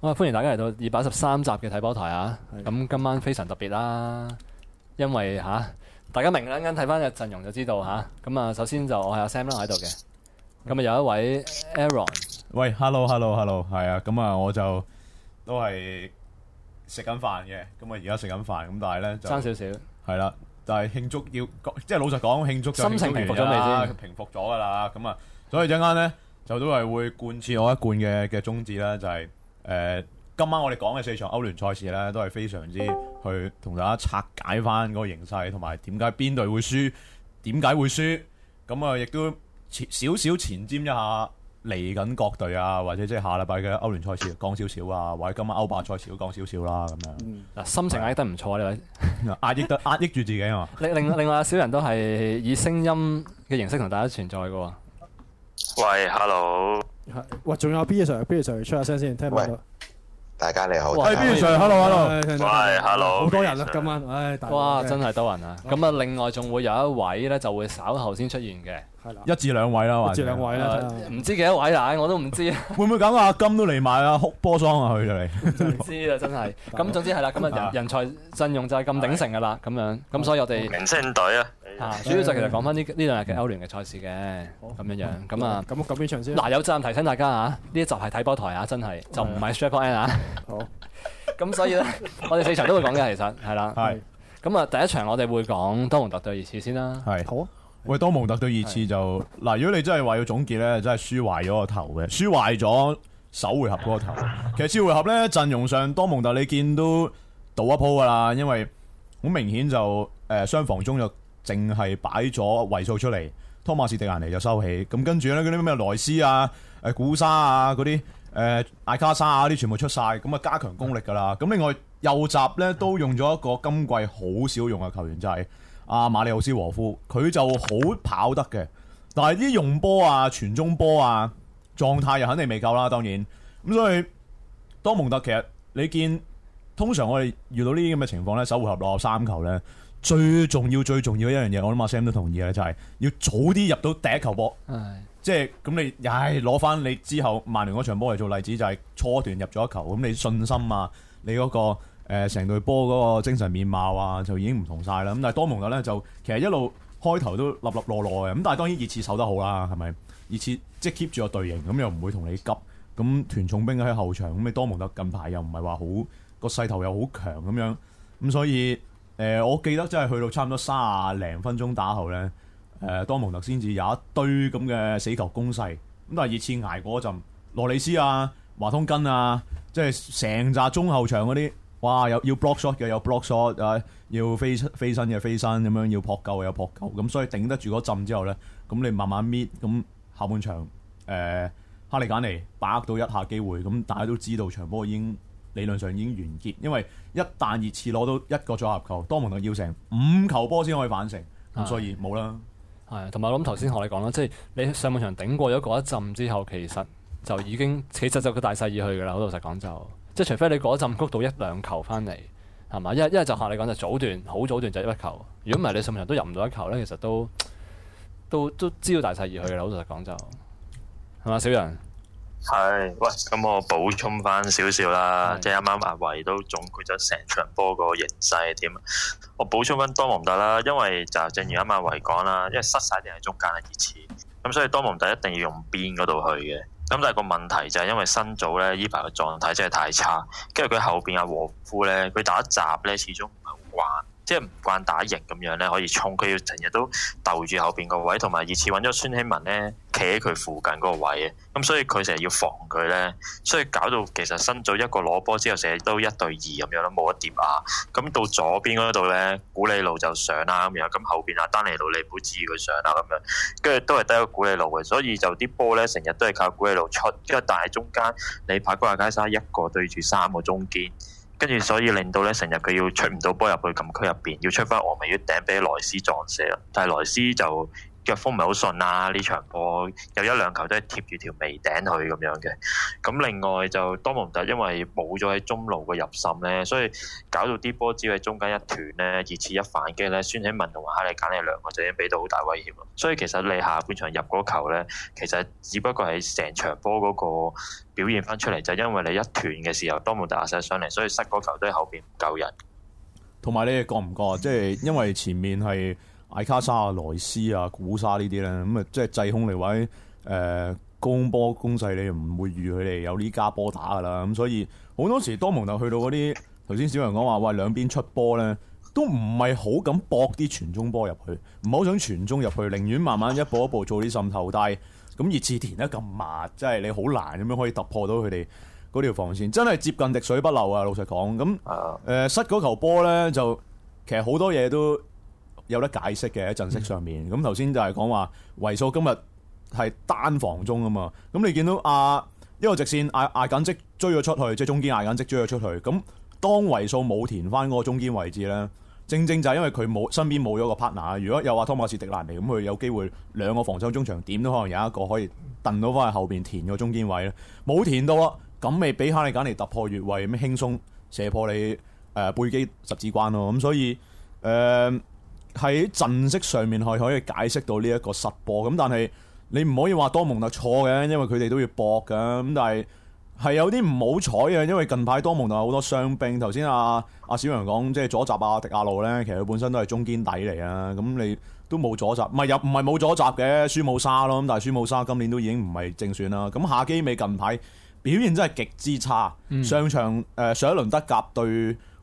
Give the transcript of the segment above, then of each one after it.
我、哦、歡迎大家嚟到二百一十三集嘅睇波台啊！咁是的、嗯、今晚非常特別啦，因為吓、啊、大家明啦，一睇翻嘅陣容就知道吓。咁啊，啊，首先就我係阿 Sam 啦喺度嘅。咁啊，有一位 Aaron。喂 hello，Hello，Hello，Hello，係啊。咁啊，我就都係食緊飯嘅。咁啊，而家食緊飯。咁但係咧，爭少少係啦。但係慶祝要即係老實講，慶祝，慶祝心情平復咗未先？平復咗噶啦。咁啊，所以陣間咧就都係會貫徹我一貫嘅嘅宗旨啦，就係、是。誒、呃，今晚我哋講嘅四場歐聯賽事咧，都係非常之去同大家拆解翻嗰個形勢，同埋點解邊隊會輸，點解會輸。咁啊，亦都少少前瞻一下嚟緊各隊啊，或者即係下禮拜嘅歐聯賽事，講少少啊，或者今晚歐霸賽事都講少少、啊、啦，咁樣。嗱、嗯，心情壓抑得唔錯啊，呢位。壓抑得 壓抑住自己啊。 另另另外小人都係以聲音嘅形式同大家存在㗎。喂，hello。係，哇！仲有 B SirB Sir 出下聲先，聽唔到。大家你好，係 B Sir，Hello，Hello，喂，Hello，好多人啦今晚，唉，哇，真係多人啊！咁啊，另外仲會有一位咧，就會稍後先出現嘅，係啦，一至兩位啦，一至兩位啦，唔知幾多位嚟，我都唔知，會唔會搞個阿金都嚟埋啊，哭波桑啊佢哋，唔知啊，真係。咁總之係啦，今日人人才陣容就係咁鼎盛噶啦，咁樣，咁所以我哋明星隊啊。主要就其實講翻呢呢兩日嘅歐聯嘅賽事嘅，咁樣樣咁啊。咁啊，咁邊場先嗱，有責任提醒大家啊！呢一集係睇波台啊，真係就唔係 streamline 啊。好，咁，所以咧，我哋四場都會講嘅，其實係啦。係咁啊，第一場我哋會講多蒙特對熱刺先啦。係好啊。喂，多蒙特對熱刺就嗱，如果你真係話要總結咧，真係輸壞咗個頭嘅，輸壞咗首回合嗰個頭。其實次回合咧，陣容上多蒙特你見都倒一鋪噶啦，因為好明顯就誒雙防中就。淨係擺咗位數出嚟，托馬士迪蘭尼就收起，咁跟住咧嗰啲咩萊斯啊、誒古沙啊嗰啲、誒、呃、艾卡沙啊啲全部出晒，咁啊加強攻力噶啦。咁另外右閘咧都用咗一個今季好少用嘅球員，就係、是、阿、啊、馬里奧斯和夫，佢就好跑得嘅，但係啲用波啊、傳中波啊，狀態又肯定未夠啦，當然咁所以多蒙特其實你見通常我哋遇到呢啲咁嘅情況咧，首回合落三球咧。最重要最重要一樣嘢，我諗阿 Sam 都同意啦，就係、是、要早啲入到第一球波，即係咁你又攞翻你之後曼聯嗰場波嚟做例子，就係、是、初段入咗一球，咁你信心啊，你嗰、嗰個成、呃、隊波嗰個精神面貌啊，就已經唔同晒啦。咁但係多蒙特咧就其實一路開頭都立立落落嘅，咁但係當然熱刺守得好啦，係咪？熱刺即係 keep 住個隊形，咁又唔會同你急，咁團重兵喺後場，咁你多蒙特近排又唔係話好個勢頭又好強咁樣，咁所以。誒、呃，我記得真係去到差唔多卅零分鐘打後咧，誒、呃，多蒙特先至有一堆咁嘅死球攻勢，咁都係熱刺捱過嗰陣，羅里斯啊、華通根啊，即係成扎中後場嗰啲，哇！有要 block shot，又有 block shot，誒、啊，要飛、飛身嘅飛身，咁樣要撲救又撲救，咁所以頂得住嗰陣之後咧，咁你慢慢搣，咁下半場，誒、呃，哈利簡尼把握到一下機會，咁大家都知道場波已經。理論上已經完結，因為一旦熱刺攞到一個組合球，多蒙特要成五球波先可以反勝，咁所以冇啦。係，同埋我諗頭先學你講啦，即係你上半場頂過咗嗰一陣之後，其實就已經其實就佢大勢而去㗎啦。老實講就，即係除非你嗰一陣谷到一兩球翻嚟，係嘛？因為因為就學你講就是、早段好早段就一球，如果唔係你上半場都入唔到一球呢，其實都都都知道大勢而去㗎啦。老實講就係嘛，小人。係，喂，咁我補充翻少少啦，的即係啱啱阿維都總括咗成場波個形勢點。我補充翻多蒙特啦，因為就正如啱阿維講啦，因為失晒一定係中間嘅熱刺，咁所以多蒙特一定要用邊嗰度去嘅。咁但係個問題就係因為新組咧依排嘅狀態真係太差，跟住佢後邊阿和夫咧，佢打一閘咧始終唔係好慣。即係唔慣打型咁樣咧，可以衝佢要成日都逗住後邊個位，同埋熱刺搵咗孫興文咧，企喺佢附近嗰個位啊，咁、嗯、所以佢成日要防佢咧，所以搞到其實新組一個攞波之後，成日都一對二咁樣啦，冇一碟啊。咁、嗯、到左邊嗰度咧，古利路就上啦，啊，咁樣，咁後邊阿丹尼路你唔好指意佢上啦，啊，咁樣，跟住都係得一個古利路嘅，所以就啲波咧成日都係靠古利路出，因爲但係中間你拍哥亞加沙一個對住三個中堅。跟住，所以令到咧，成日佢要出唔到波入去禁區入邊，要出翻峨眉，要頂俾萊斯撞射啦。但係萊斯就，腳風唔係好順啊！呢場波有一兩球都係貼住條眉頂去咁樣嘅。咁另外就多蒙特因為冇咗喺中路嘅入滲咧，所以搞到啲波只喺中間一斷咧，二次一反擊咧，孫興文同哈利簡尼兩個就已經俾到好大威脅咯。所以其實你下半場入嗰球咧，其實只不過係成場波嗰個表現翻出嚟，就因為你一斷嘅時候多蒙特壓上上嚟，所以失嗰球都係後邊唔夠人。同埋你哋覺唔覺啊？即係因為前面係。艾卡沙啊、萊斯啊、古沙呢啲咧，咁啊即係制空嚟位，誒、呃、攻波攻勢，你唔會預佢哋有呢家波打噶啦，咁所以好多時多蒙特去到嗰啲頭先小強講話，喂，兩邊出波咧，都唔係好敢搏啲傳中波入去，唔係好想傳中入去，寧願慢慢一步一步做啲滲透。但咁熱刺填得咁密，即係你好難咁樣可以突破到佢哋嗰條防線，真係接近滴水不漏啊！老實講，咁誒失嗰球波咧，就其實好多嘢都有得解釋嘅喺陣式上面，咁頭先就係講話維素今日係單防中啊嘛，咁你見到啊一個直線嗌嗌、啊啊、緊即追咗出去，即係中堅嗌、啊、緊即追咗出去，咁當維素冇填翻嗰個中堅位置咧，正正就係因為佢冇身邊冇咗個 partner，如果又話托馬士迪蘭尼，咁佢有機會兩個防守中場點都可能有一個可以掄到翻去後邊填咗中堅位咧，冇填到啊，咁咪俾哈利簡尼突破越位，咪輕鬆射破你誒、呃、背肌十字關咯，咁所以誒、呃喺陣式上面係可以解釋到呢一個失波，咁但係你唔可以話多蒙特錯嘅，因為佢哋都要搏㗎。咁但係係有啲唔好彩呀，因為近排多蒙特好多傷兵。頭先阿阿小楊講，即係左閘啊迪亞路咧，其實佢本身都係中堅底嚟啊。咁你都冇左閘，唔係又唔係冇左閘嘅，舒姆沙咯。咁但係舒姆沙今年都已經唔係正選啦。咁夏基美近排表現真係極之差。嗯、上場誒、呃、上一輪德甲對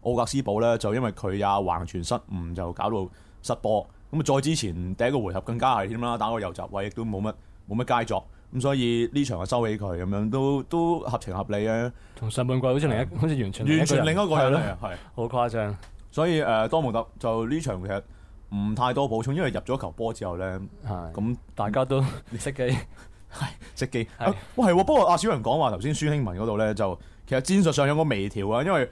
奧格斯堡咧，就因為佢阿橫傳失誤，就搞到失波，咁啊再之前第一個回合更加係添啦，打個右閘位亦都冇乜冇乜佳作，咁所以呢場啊收起佢咁樣都都合情合理嘅。同上半季好似另一、嗯、好似完全完全另一個人嚟啊，係好誇張。所以誒，多蒙特就呢場其實唔太多補充，因為入咗球波之後咧，咁的樣大家都熄機， 係熄機。喂的，係、 啊啊、不過阿小文講話頭先，孫興文嗰度咧就其實戰術上有個微調啊，因為誒、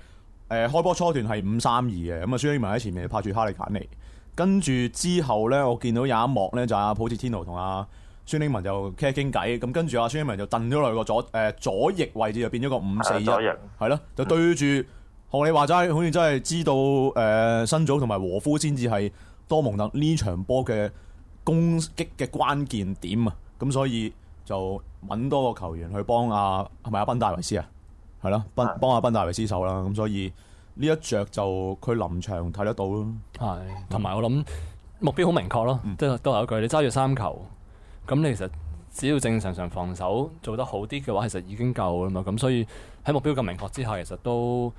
呃、開波初段係五三二嘅，咁啊孫興文喺前面拍住哈利卡尼。跟住之後咧，我見到有一幕咧，就阿普捷天奴同阿孫興文就傾傾偈。咁跟住阿孫興文就掄咗落個左誒、呃、左翼位置，就變咗個五四一，係咯，就對住學、嗯、你話齋，好似真係知道誒、呃、新組同埋和夫先至係多蒙特呢場波嘅攻擊嘅關鍵點啊！咁所以就揾多個球員去幫阿係咪阿賓戴維斯啊？係啦，幫幫阿賓戴維斯手啦。咁、嗯、所以。呢一着就佢臨場睇得到咯。係是，同埋、嗯、我諗目標好明確咯，都都係一句，你揸住三球，咁你其實只要正常常防守做得好啲嘅話，其實已經夠啦嘛。咁所以喺目標咁明確之下，其實都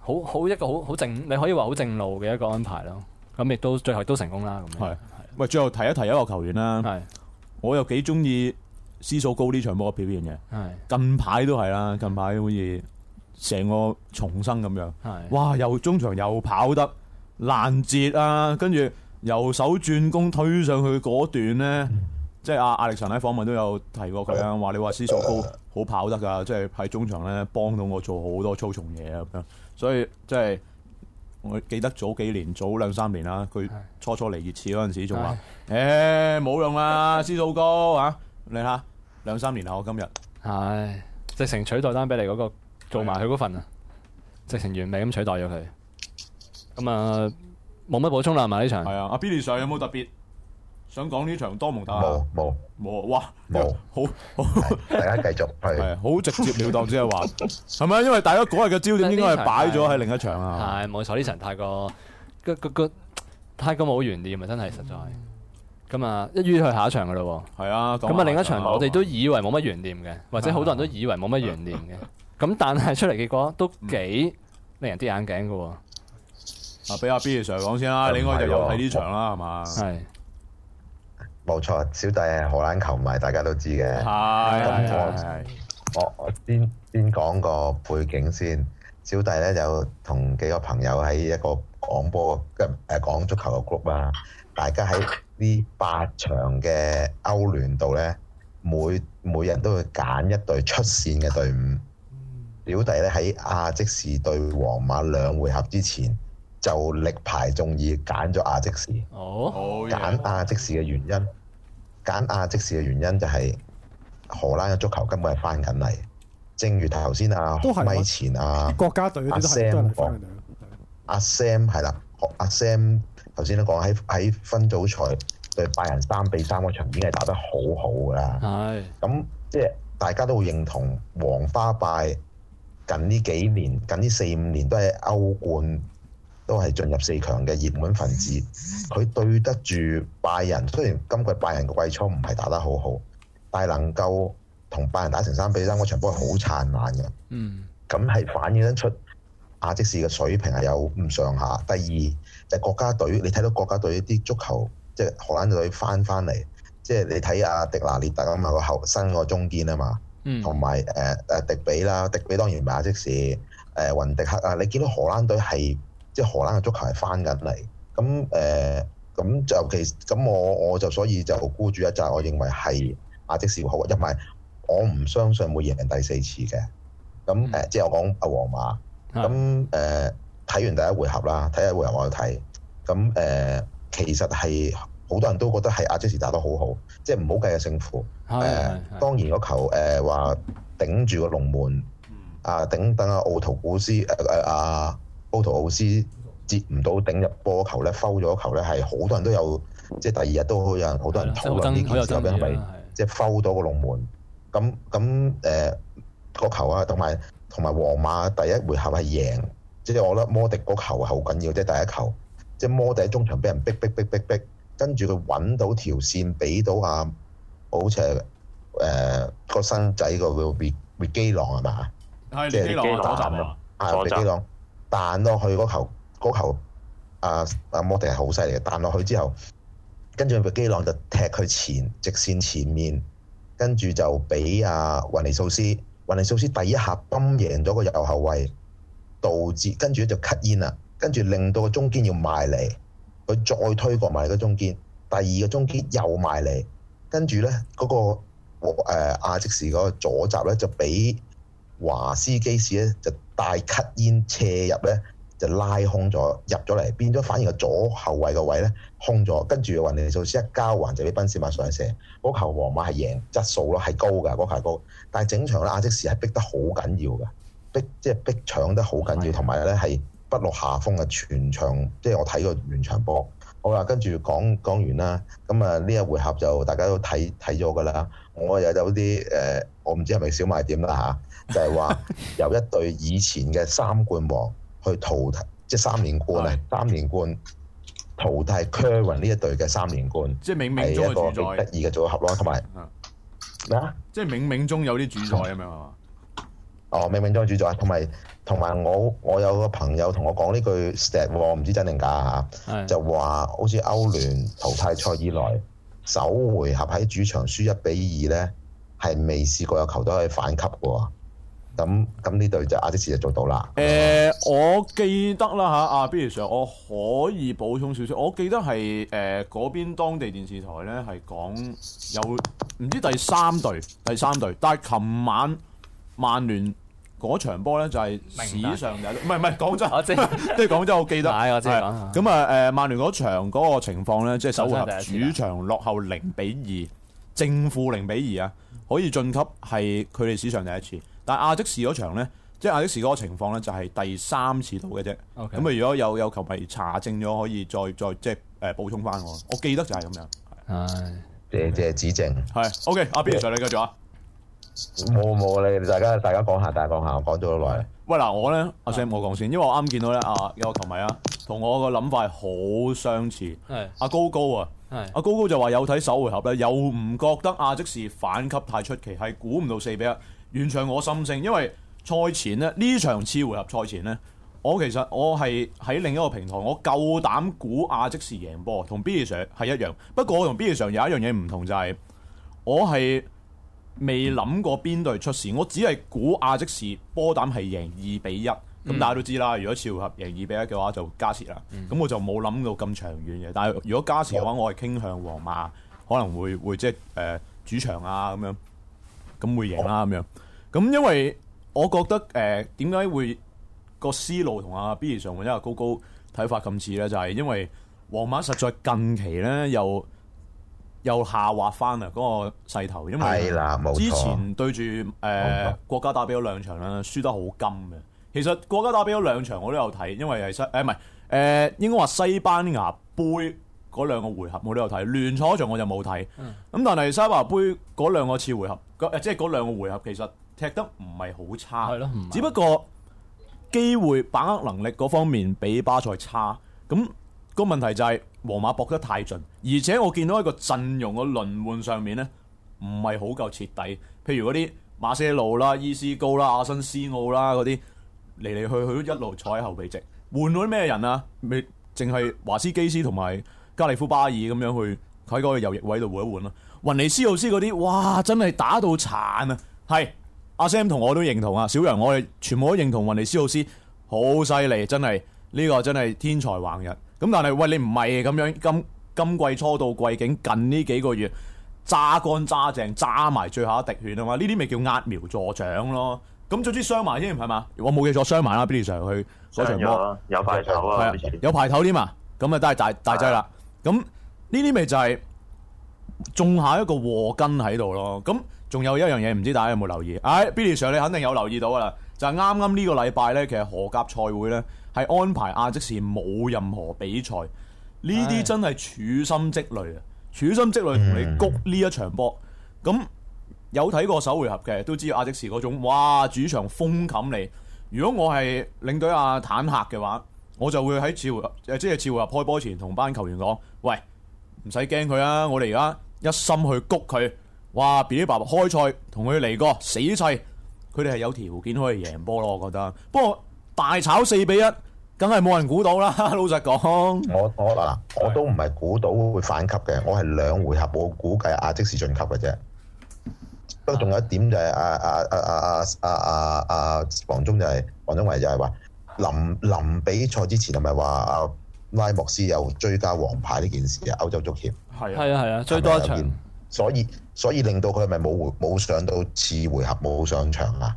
好好一個好好正，你可以話好正路嘅一個安排咯。咁亦都最後都成功啦。咁係係。是喂，最後提一提一個球員啦。係是，我又幾中意斯素高啲場波嘅表現嘅。係是是，近排都係啦，近排好似。成個重生咁樣，哇！又中場又跑得攔截啊，跟住由守轉攻推上去嗰段咧，嗯、即係阿阿力神喺訪問都有提過佢啊，話你話施素高好跑得噶，即係喺中場咧幫到我做好多粗重嘢啊。所以即、就、係、是、我記得早幾年早兩三年啦、啊，佢初初嚟熱刺嗰陣時仲話誒冇用啦、啊，施素高啊，你下，兩三年後今日係直情取代單俾你嗰、那個。做埋佢嗰份啊，直情完美咁取代咗佢。咁啊，冇乜補充啦，係咪呢場？係啊，阿 Billy sir，有冇特別想講呢場多蒙特？冇冇冇啊！哇，冇好好，大家繼續係係好直接了當，即係話係咪？因為大家嗰日嘅焦點應該係擺咗喺另一場啊。係冇錯，呢場太過太過冇懸念啊！真係實在。咁啊，一於去下一場噶啦喎。係啊，咁啊，另一場我哋都以為冇乜懸念嘅，啊、或者好多人都以為冇乜懸念嘅。 咁但係出嚟嘅結果都幾令人啲眼鏡嘅喎。啊，俾阿、嗯啊、B Sir 講先啦，啊，你應該就有睇呢場啦，係嘛？係冇錯，小弟係荷蘭球迷，大家都知嘅。係咁，我我先先講個背景先。小弟咧有同幾個朋友喺一個廣播嘅誒、呃、講足球嘅 group 啊。大家喺呢八場嘅歐聯度咧，每每日都會揀一隊出線嘅隊伍。表弟咧喺阿積士對皇馬兩回合之前，就力排眾議揀咗阿積士。好揀阿積士嘅原因，揀阿積士嘅原因就係荷蘭嘅足球根本係翻緊嚟，正如頭先阿米前阿、啊啊、國家隊阿 Sam，阿 Sam 係啦，阿 Sam 頭先都講喺喺分組賽對拜仁三比三個場面係打得好好㗎啦，係咁，即係大家都會認同黃花拜。近呢幾年，近呢四五年都係歐冠都係進入四強嘅熱門分子。佢對得住拜仁，雖然今季拜仁嘅季初唔係打得好好，但係能夠同拜仁打成三比三，嗰場波係好燦爛嘅。嗯，咁係反映得出阿積士嘅水平係有唔上下。第二就係國家隊，你睇到國家隊啲足球，即係荷蘭隊翻翻嚟，即係你睇下迪拿列特吖嘛，個後生個中堅啊嘛。同埋誒誒迪比啦，迪比當然埋阿積士，誒、呃、雲迪克啊，你見到荷蘭隊係即荷蘭嘅足球係翻緊嚟，咁誒咁就尤其咁我我就所以就孤注一擲，我認為係阿積士會好，因為我唔相信會贏第四次嘅，咁誒、呃、即係我講阿皇馬，咁誒睇完第一回合啦，睇下回合我會睇，咁誒、呃、其實係好多人都覺得係阿積士打得好好。即係唔好計個勝負，誒當然嗰球誒話、呃、頂住個龍門啊，頂等阿奧圖古斯誒誒阿奧圖奧斯接唔到頂入波球咧，摟咗球咧係好多人都有，即係第二日都有人好多人討論呢件事究竟係咪即係摟到個龍門？咁咁誒個球啊，同埋同埋皇馬第一回合係贏，即係我覺得摩迪個球係好緊要啫，即第一球即係摩迪喺中場俾人逼逼逼逼逼逼逼逼。跟住佢揾到條線，俾到阿、啊、好似係誒個生仔、那個鋭鋭基朗係嘛？係鋭基朗左站啊！係鋭基朗彈落去嗰球，嗰球啊啊摩迪係好犀利嘅，彈、那、落、個、去之後，跟住鋭基朗就踢佢前直線前面，跟住就俾阿、啊、雲尼素斯，雲尼素斯第一下崩贏咗個右後衞，導致跟住咧就 cut in 啦，跟住令到個中堅要賣嚟。佢再推過埋個中堅，第二個中堅又埋嚟，跟住呢，嗰、嗰個誒亞積士個左閘呢，就俾華斯基士呢，就帶吸煙斜入呢，就拉空咗入咗嚟，變咗反而個左後衞個位呢，空咗，跟住雲尼素斯一交還就俾賓士馬上射，嗰球皇馬係贏質素咯，係高㗎嗰球高，但係整場咧亞積士係逼得好緊要㗎，逼即係、就係、逼搶得好緊要，同埋的呢係。不落下風嘅全場即係我睇過原場波，好啦，跟住講講完啦。咁啊，呢一回合就大家都睇睇咗㗎啦。我又有啲誒、呃，我唔知係咪小賣點啦吓，就係、是、話有一隊以前嘅三冠王去淘汰，即係三連冠啊！ 三連冠淘汰 Kevin 呢一隊嘅三連冠，即係冥冥中一個最得意嘅組合咯，同埋咩啊？啊麼即係冥冥中有啲主宰咁樣啊嘛。哦，冥冥中嘅主宰，同埋。同埋我我有個朋友同我講呢句 stat 唔知真定假嚇，是就話好似歐聯淘汰賽以來，首回合喺主場輸一比二咧，係未試過有球隊可以反擊嘅喎。咁咁呢隊就阿積士就做到啦。誒、呃，吧我記得啦嚇，阿 Billy Sir，我可以補充少少，我記得係誒嗰邊當地電視台咧係講有唔知第三隊第三隊，但係琴晚曼聯嗰場波咧就係史上第一，唔係唔係講真，即係講真，我記得。咁啊誒，曼聯嗰場嗰個情況咧，即係首回合主場落後零比二，正負零比二啊，可以晉級係佢哋史上第一次。但係阿積士嗰場咧，即係阿積士嗰個情況咧，就係第三次到嘅啫。咁啊，如果有有球迷查證咗，可以再再即係誒補充翻我。我記得就係咁樣。謝謝指正。係，OK，阿 B，再你繼續啊。冇冇，你大家大家講下，大家講下，講咗好耐。喂嗱，我咧阿 s、啊、Sam 我講先，因為我啱見到咧啊有個球迷啊，同、啊、我個諗法係好相似。係阿是、啊、高高啊，係阿是、啊、高高就話有睇首回合咧，又唔覺得阿積士反擊太出奇，係估唔到四比一，完全我心聲。因為賽前呢，呢場次回合賽前咧，我其實我係喺另一個平台，我夠膽估阿積士贏波，同 B Sir 係一樣。不過我同 B Sir 有一樣嘢唔同就係、是，我係。未諗過邊隊出事，我只係估阿積士波膽係贏二比一，嗯。咁大家都知啦，如果次回合贏二比一嘅話就加時啦。咁、嗯、我就冇諗到咁長遠嘅。但係如果加時嘅話，我係傾向皇馬可能會會即係誒主場啊咁樣，咁會贏啦咁樣。咁、哦、因為我覺得誒點解會、那個思路同阿 B 如上文一個高高睇法咁似咧，就係、是、因為皇馬實在近期咧又，又下滑翻啊！嗰、那個勢頭，因為之前對住誒、呃、錯國家打比有兩場啦，輸得好金嘅。其實國家打比有兩場我都有睇，因為係西誒，唔係誒，應該話西班牙杯嗰兩個回合我都有睇，聯賽嗰場我就冇睇。咁、嗯、但係西班牙杯嗰兩個次回合，誒即係嗰兩個回合其實踢得唔係好差，只不過機會把握能力嗰方面比巴塞差。咁個問題就係皇馬搏得太盡，而且我見到一個陣容嘅輪換上面咧，唔係好夠徹底。譬如嗰啲馬些路啦、伊斯高啦、阿申斯奧啦，嗰啲嚟嚟去去都一路坐喺後備席，換到啲咩人啊？咪淨係華斯基斯同埋加利夫巴爾咁樣去喺嗰個右翼位度換一換咯。雲尼斯奧斯嗰啲哇，真係打到殘啊！係阿 Sam 同我都認同啊，小楊我哋全部都認同雲尼斯奧斯好犀利，真係呢、呢個真係天才橫溢。咁但係，喂，你唔係咁樣，今今季初到季景近呢幾個月榨乾榨淨揸埋最後一滴血啊嘛，呢啲咪叫壓苗助長咯。咁、嗯、最之傷埋添，係嘛？我冇記錯傷埋啦，Billie Sir 佢嗰場波有排頭有排頭添啊。咁啊，都係大大劑啦。咁呢啲咪就係種下一個禍根喺度咯。咁仲有一樣嘢，唔知大家有冇留意？哎，Billie Sir 你肯定有留意到噶啦，就係啱啱呢個禮拜咧，其實荷甲賽會咧。呢係安排阿積士冇任何比賽，呢啲真係儲心積累啊！儲心積累同你谷呢一場波，咁有睇過首回合嘅都知阿積士嗰種，哇，主場封冚你！如果我係領隊阿坦克嘅話，我就會喺召誒即係回合開波前同班球員講：喂，唔使驚佢啊！我哋而家一心去谷佢，哇 b 爸爸開賽同佢嚟個死勢，佢哋係有條件可以贏波咯，啊，我覺得。不過大炒四比一，梗係冇人估到啦！老實講，我我嗱，我都唔係估到會反級嘅，我係兩回合我估計壓、啊、即時晉級嘅啫。不過仲有一點就係阿阿阿阿阿阿阿黃忠就係黃宗偉就係話，臨臨比賽之前係咪話阿拉莫斯又追加黃牌呢件事啊？歐洲足協係係啊係啊，再、啊啊、多一場，所以所以令到佢係咪冇回冇上到次回合冇上場啊？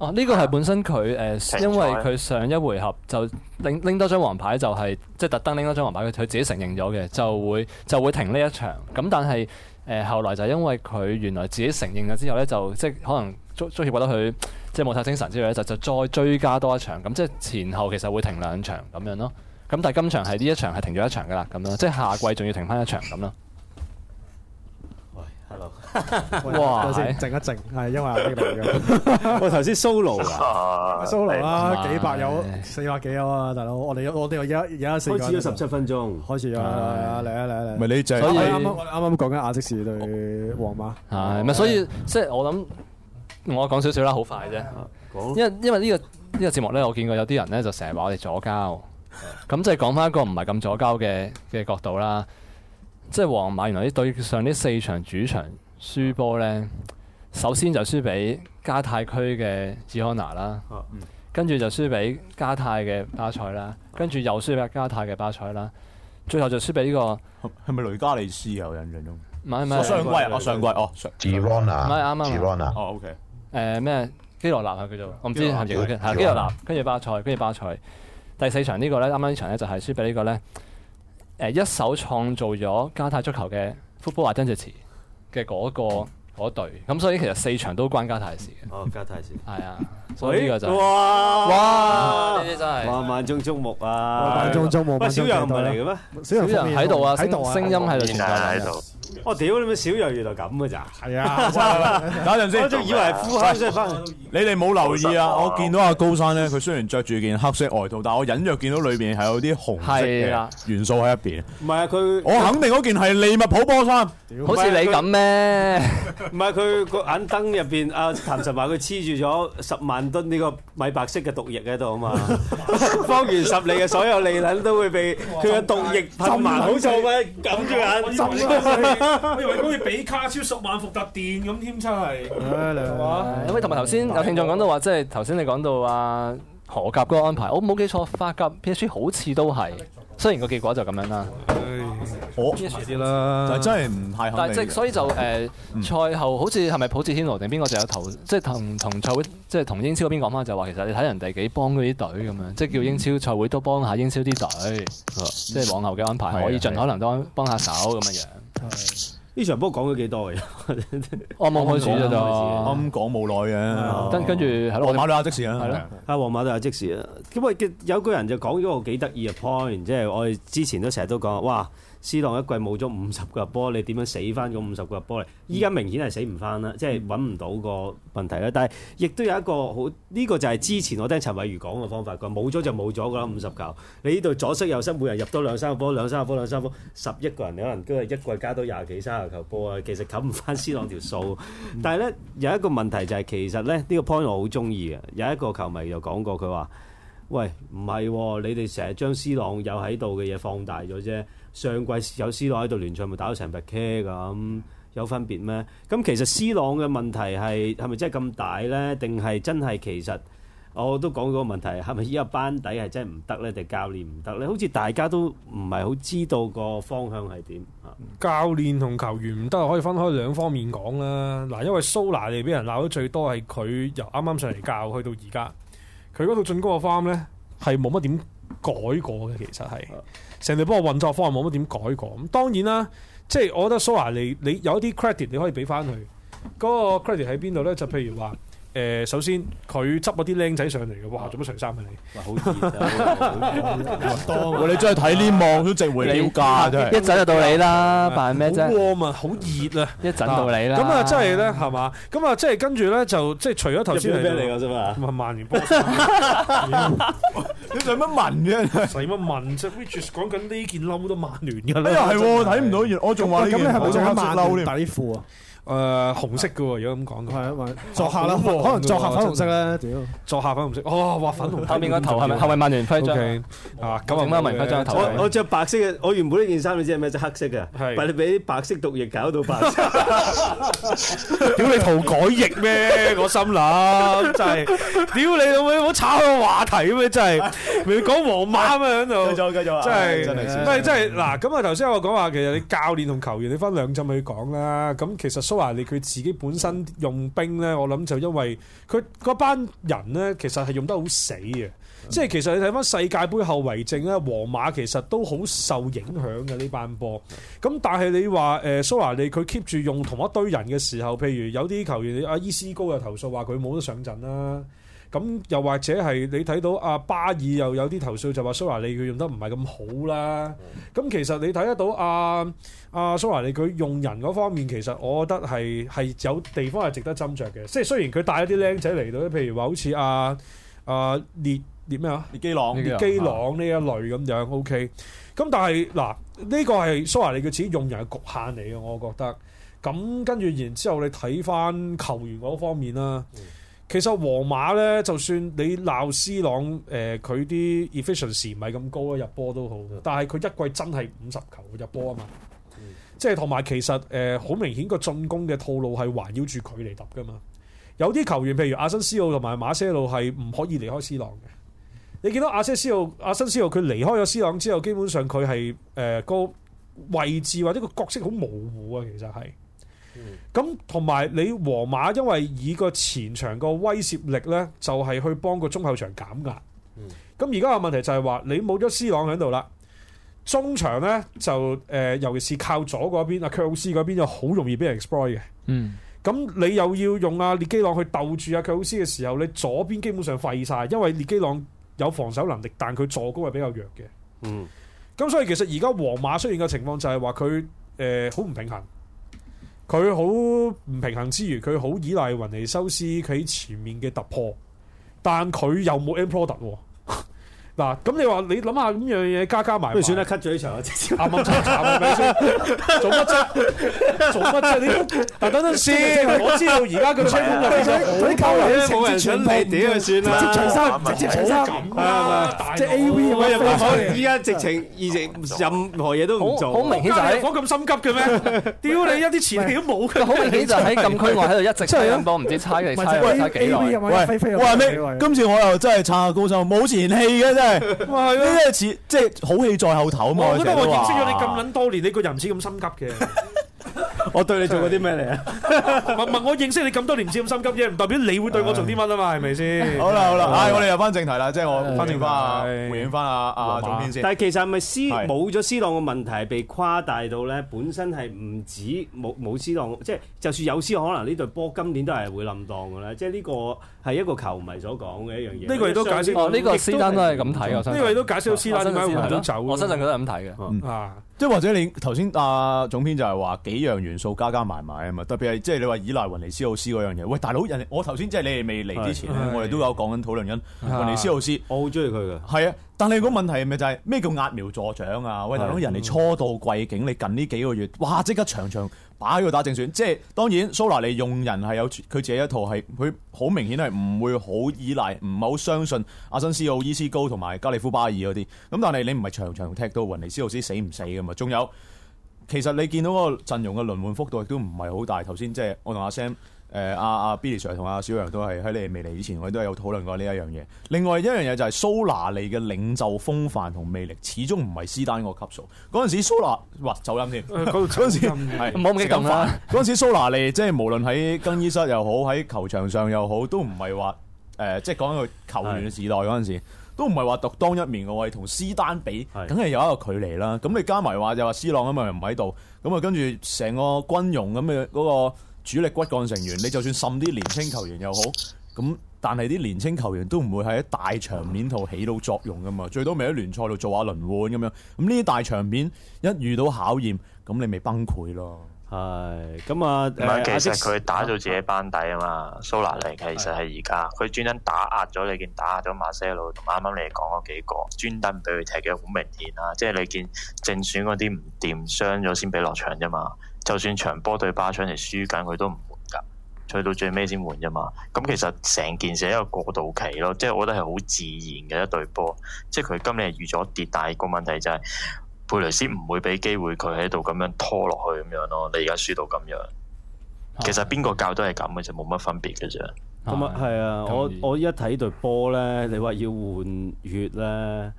哦，呢、這個係本身佢誒，啊呃、因為佢上一回合就拎拎多張黃牌，就是就是牌，就係即係特登拎多張黃牌。佢佢自己承認咗嘅，就會就會停呢一場。咁、嗯、但係誒、呃、後來就係因為佢原來自己承認咗之後咧，就即係可能足足協覺得佢即係冇晒精神之類咧，就就再追加多一場咁，嗯，即係前後其實會停兩場咁樣咯。咁但係今場係呢一場係停咗一場㗎喇，咁咯，即係下季仲要停返一場咁咯。哇！先靜一靜，係因為阿基佬咁。我頭先 solo 啊，solo 啊，幾百有四百幾有啊，大佬。我哋我哋而家而家四開始咗十七分鐘，開始咗嚟啊嚟啊嚟！唔係你最，所以啱啱講緊阿積士對皇馬係。咁所以即係我諗，我講少少啦，好快啫。因為因為呢個呢個節目咧，我見過有啲人咧就成日話我哋左膠，咁即係講返一個唔係咁左膠嘅嘅角度啦。即係皇馬原來呢對上呢四場主場輸波咧，首先就輸俾加泰區嘅基羅納啦，跟住就輸俾加泰嘅巴塞啦，跟住又輸俾加泰嘅巴塞啦，最後就輸俾呢、呢個係咪雷加利斯啊？我印象中，唔係唔係我上季、哦、啊，上季哦，基羅納啱基羅納，哦、啊啊 iron 啊、OK，誒咩、呃、基羅納啊叫做，我唔知係咪，係基羅納，跟住巴塞，跟住巴塞，第四場個呢個咧，啱啱呢場咧就係輸俾呢個咧。誒一手創造咗加泰足球嘅福波亞、張哲恆嘅嗰個嗰隊，咁所以其實四場都關加泰事嘅。哦，加泰事係啊，所以呢個就欸、哇哇，哇真係哇萬眾矚目啊，萬眾矚目。乜小楊唔係嚟嘅咩？小楊喺度啊，喺度啊，聲，啊啊聲音喺度。我屌，你咪小遊魚就咁嘅咋？係啊，等一陣先。我仲以為灰呼色翻。你哋冇留意啊！我見到阿高山咧，佢雖然着住件黑色外套，但係我隱約見到裏邊係有啲紅色嘅元素喺入邊。唔係啊，佢我肯定嗰件係利物浦波衫。好似你咁咩？唔係佢個眼燈入邊，啊，譚神話佢黐住咗十萬噸呢個米白色嘅毒液喺度啊嘛！方圓十里嘅所有利肯都會被佢嘅毒液浸埋，好臭咩？敢住眼我以為好似比卡超十萬伏特電咁添，真係。唉，兩話。同埋頭先有聽眾講到話，即係頭先你講到話荷甲嗰個安排，我冇記錯，法甲、英超好似都係。雖然個結果就咁樣啦。唉，我 y 啲啦。但真係唔係。但係即係所以就誒賽後好似係咪普捷天奴定邊個就有投？即係同同賽會即係同英超嗰邊講翻，就話其實你睇人哋幾幫嗰啲隊咁樣，即係叫英超賽會都幫下英超啲隊，即係往後嘅安排可以盡可能多幫下手咁樣樣。呢是場不過講咗幾多嘅，我 冇、哦、開始啫，都啱講冇耐嘅。跟跟住，皇馬啦，阿積士吧吧啊，係咯，係皇馬都係阿積士啦。咁啊，有個人就講咗個幾得意嘅 point，即係我哋之前都成日都講啊，哇！斯朗一季冇咗五十個波，你點樣死翻嗰五十個波嚟？依家明顯係死唔翻啦，即係揾唔到個問題啦。但係亦都有一個好呢、呢個就係之前我聽陳偉如講嘅方法，佢話冇咗就冇咗噶啦五十球。你呢度左塞右塞，每人入多兩三個波，兩三個波，兩三個波，十一個人你可能都係一季加多廿幾、三十球波啊。其實冚唔翻斯朗條數，但係咧有一個問題就係、是、其實咧呢、呢個 point 我好中意嘅，有一個球迷又講過佢話，喂唔係、喎、你哋成日將斯朗有喺度嘅嘢放大咗啫。上季有 C 朗喺度，聯賽咪打咗成百 K 咁有分別咩？咁其實 C 朗嘅問題係係咪真係咁大咧？定係真係其實我都講嗰個問題係咪而家班底係真係唔得咧，定係教練唔得咧？好似大家都唔係好知道個方向係點。教練同球員唔得可以分開兩方面講啦。嗱，因為蘇拿你俾人鬧得最多係佢由啱啱上嚟教 去到而家，佢嗰套進攻嘅 form 咧係冇乜點。改過嘅其實係成日幫我運作方案，冇乜點改過，咁當然啦，即係我覺得蘇華你你有一啲 credit 你可以俾翻佢，嗰個 credit 喺邊度咧？就譬如話。誒，首先佢執嗰啲靚仔上嚟嘅，哇！做乜除衫啊你？好熱啊！當你真係睇呢望都值回了價，一陣就到你啦，扮咩啫？好啊，好熱啊！一陣到你啦。咁啊，真係咧，係嘛？咁啊，即係跟住咧，就即係除咗頭先係咩嚟嘅啫嘛？曼曼聯波，你做乜問嘅？使乜問啫 Which is 講緊呢件褸都曼聯嘅咧。又係喎，睇唔到我仲話你係咪著萬年底褲啊？誒，紅色嘅喎，如果咁講，係啊，作客啦，可能作客粉紅色咧，屌作客粉紅色，哦，畫粉紅。後面個頭係咪係咪曼聯徽章啊？九廿蚊曼聯徽章頭。我我著白色嘅，我原本呢件衫你知係咩？即係黑色嘅。係，但係你俾白色毒液搞到白色。屌你塗改液咩？我心諗真係，屌你老味，冇炒個話題咩？真係，未講皇馬咩喺度？繼續，繼續啊！真係真係，真係嗱咁啊！頭先我講話，其實你教練同球員你分兩浸去講啦。咁其實蘇。蘇華利佢自己本身用兵咧，我諗就因為佢嗰班人咧，其實係用得好死啊！即係其實你睇翻世界盃後遺症咧，皇馬其實都好受影響嘅呢班波。咁但係你話誒，蘇、呃、華利佢 keep 住用同一堆人嘅時候，譬如有啲球員阿、啊、伊斯高又投訴話佢冇得上陣啦。咁又或者係你睇到阿、啊、巴爾又有啲投訴，就話蘇華利佢用得唔係咁好啦。咁其實你睇得到阿、啊、阿、啊、蘇華利佢用人嗰方面，其實我覺得係係有地方係值得斟酌嘅。即係雖然佢帶一啲僆仔嚟到，譬如話好似阿阿列列咩啊？啊列，列，列基朗、列基朗呢一類咁樣。OK。咁但係嗱，呢、這個係蘇華利佢自己用人嘅局限嚟嘅，我覺得。咁跟住然之後，你睇翻球員嗰方面啦。嗯其實皇馬咧，就算你鬧斯朗，誒佢啲 efficiency 唔係咁高咧入波都好，但係佢一季真係五十球入波啊嘛！嗯、即係同埋其實誒好、呃、明顯個進攻嘅套路係環繞住佢嚟揼㗎嘛。有啲球員譬如阿森斯奧同埋馬些路係唔可以離開斯朗嘅。你見到阿森斯奧、阿森斯奧佢離開咗斯朗之後，基本上佢係誒個位置或者個角色好模糊啊，其實係。咁同埋你皇馬，因為以個前場個威懾力咧，就係去幫個中後場減壓、嗯。咁而家個問題就係話，你冇咗 C 朗喺度啦，中場咧就誒，尤其是靠左嗰邊阿喬斯嗰邊，就好容易俾人 exploit 嘅。咁、嗯、你又要用阿列基朗去鬥住阿喬斯嘅時候，你左邊基本上廢晒，因為列基朗有防守能力，但佢助攻係比較弱嘅。咁、嗯嗯嗯、所以其實而家皇馬出現嘅情況就係話佢誒好唔平衡。佢好唔平衡之餘，佢好依賴雲尼修斯佢前面嘅突破，但佢又冇 end product 喎。嗱，咁你話你諗下咁樣嘢加加埋，算啦，cut 咗呢場，啱啱查查，做乜啫？做乜啫？你，但等等先，我知道而家佢吹邊嘅嘢，佢啲狗啊，冇人搶你，屌佢算啦，直接除衫，直接除衫，係即 A V，依家直情，依直任何嘢都唔做，好明顯就係我咁心急嘅咩？屌你，一啲前戲都冇嘅，好明顯就喺禁區外喺度一直等波，唔知差幾耐？飛飛，哇！你今次我又真係下高手，冇前戲嘅真係。係呢一次即係好戲在後頭啊嘛！ 我覺得我認識咗你咁捻多年，你個人唔似咁心急嘅。我對你做過啲咩嚟啊？唔係，我認識你咁多年唔知咁心急啫，唔代表你會對我做啲乜啊嘛，係咪先？好啦好啦，唉，我哋入翻正題啦，即係我翻正話回應翻阿阿總編先。但係其實係咪 C 冇咗 C 朗嘅問題係被誇大到咧？本身係唔止冇冇 C 朗，即係就算有 C，可能呢隊波今年都係會冧檔嘅咧。即係呢個係一個球迷所講嘅一樣嘢。呢個亦都解釋哦，呢個施丹都係咁睇嘅，呢個亦都解釋到施丹點解會走。我相信佢都係咁睇嘅。即係或者你頭先阿總編就係話幾樣元素加加埋埋啊嘛，特別係即係你話依賴雲尼斯奧斯嗰樣嘢。喂，大佬人，我頭先即係你哋未嚟之前，我哋都有講緊討論緊雲尼斯奧斯。我好中意佢嘅。係啊。但係個問題係咪就係咩叫壓苗助長啊？喂的，大佬人哋初到貴境，你近呢幾個月哇，即刻場場擺喺度打正選。即係當然蘇拿利用人係有佢自己一套，係佢好明顯係唔會好依賴，唔係好相信阿新斯奧伊斯高同埋加利夫巴爾嗰啲咁。但係你唔係場場踢到雲尼斯奧斯死唔死㗎嘛？仲有其實你見到個陣容嘅輪換幅度亦都唔係好大。頭先即係我同阿 Sam。誒阿阿 Billy Sir 同阿小楊都係喺你哋未嚟之前，我哋都有討論過呢一樣嘢。另外一樣嘢就係蘇拿利嘅領袖風範同魅力，始終唔係斯丹個級數。嗰陣時蘇拿嘩走音添，嗰陣、嗯、 時係冇咁激發。嗰陣時蘇拿利即係無論喺更衣室又好，喺球場上又好，都唔係話誒，即係講一個球員嘅時代嗰陣時，都唔係話獨當一面嘅。我係同斯丹比，梗係有一個距離啦。咁你加埋話就話、是、斯朗咁咪唔喺度，咁啊跟住成個軍容咁嘅嗰主力骨幹成員，你就算滲啲年青球員又好，咁但係啲年青球員都唔會喺大場面度起到作用噶嘛，最多咪喺聯賽度做下輪換咁樣。咁呢啲大場面一遇到考驗，咁你咪崩潰咯。係，咁啊，唔、呃、係其實佢打造自己班底啊嘛。蘇拿尼其實係而家，佢專登打壓咗你見打壓咗馬西路，同啱啱你講嗰幾個專登俾佢踢嘅好明顯啊，即係你見正選嗰啲唔掂，傷咗先俾落場啫嘛。就算長波對巴槍嚟輸緊，佢都唔換㗎，去到最尾先換啫嘛。咁其實成件事一個過渡期咯，即係我覺得係好自然嘅一對波。即係佢今年預咗跌，但係個問題就係佩雷斯唔會俾機會佢喺度咁樣拖落去咁樣咯。你而家輸到咁樣，其實邊個教都係咁嘅就冇乜分別嘅啫。咁啊，係啊，我我一睇對波咧，你話要換血咧。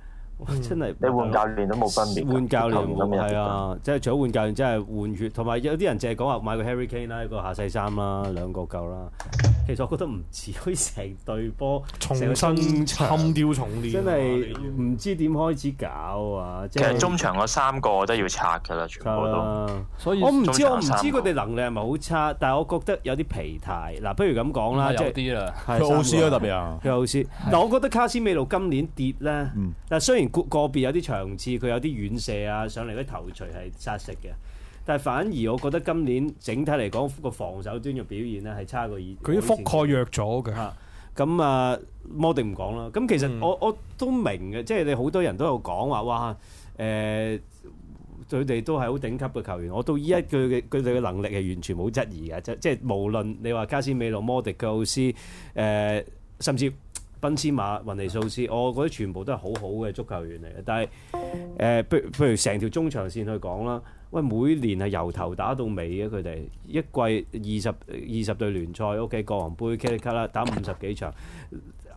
真係你換教練都冇分別，換教練係啊，即係除咗換教練，真係換血，同埋有啲人淨係講話買個 Harry Kane 啦，一個下世衫啦，兩個夠啦。其實我覺得唔似，可以成隊波，重新參掉重練，真係唔知點開始搞啊！即係中場個三個我都要拆噶啦，全部都，所以我唔知我唔知佢哋能力係咪好差，但係我覺得有啲疲態。嗱，不如咁講啦，即係啲啦，佢奧斯特別啊，奧斯。嗱，我覺得卡斯美路今年跌咧，嗱雖然。個別有啲場次佢有啲遠射啊，上嚟啲頭槌係殺食嘅，但係反而我覺得今年整體嚟講個防守端嘅表現咧係差過以前，佢啲覆蓋弱咗嘅。嚇、啊，咁、嗯、啊，摩迪唔講啦。咁、嗯、其實我我都明嘅，即係你好多人都有講話，哇，誒、呃，佢哋都係好頂級嘅球員。我到依一句嘅佢哋嘅能力係完全冇質疑嘅，即即係無論你話卡斯美路、摩迪嘅奧斯誒，甚至。奔賓斯馬、雲尼素斯，我覺得全部都係好好嘅足球員嚟嘅。但係誒、呃，譬如譬如成條中場線去講啦，喂，每年係由頭打到尾嘅佢哋，一季二十二十隊聯賽，O.K. 國王杯、卡列卡啦，打五十幾場，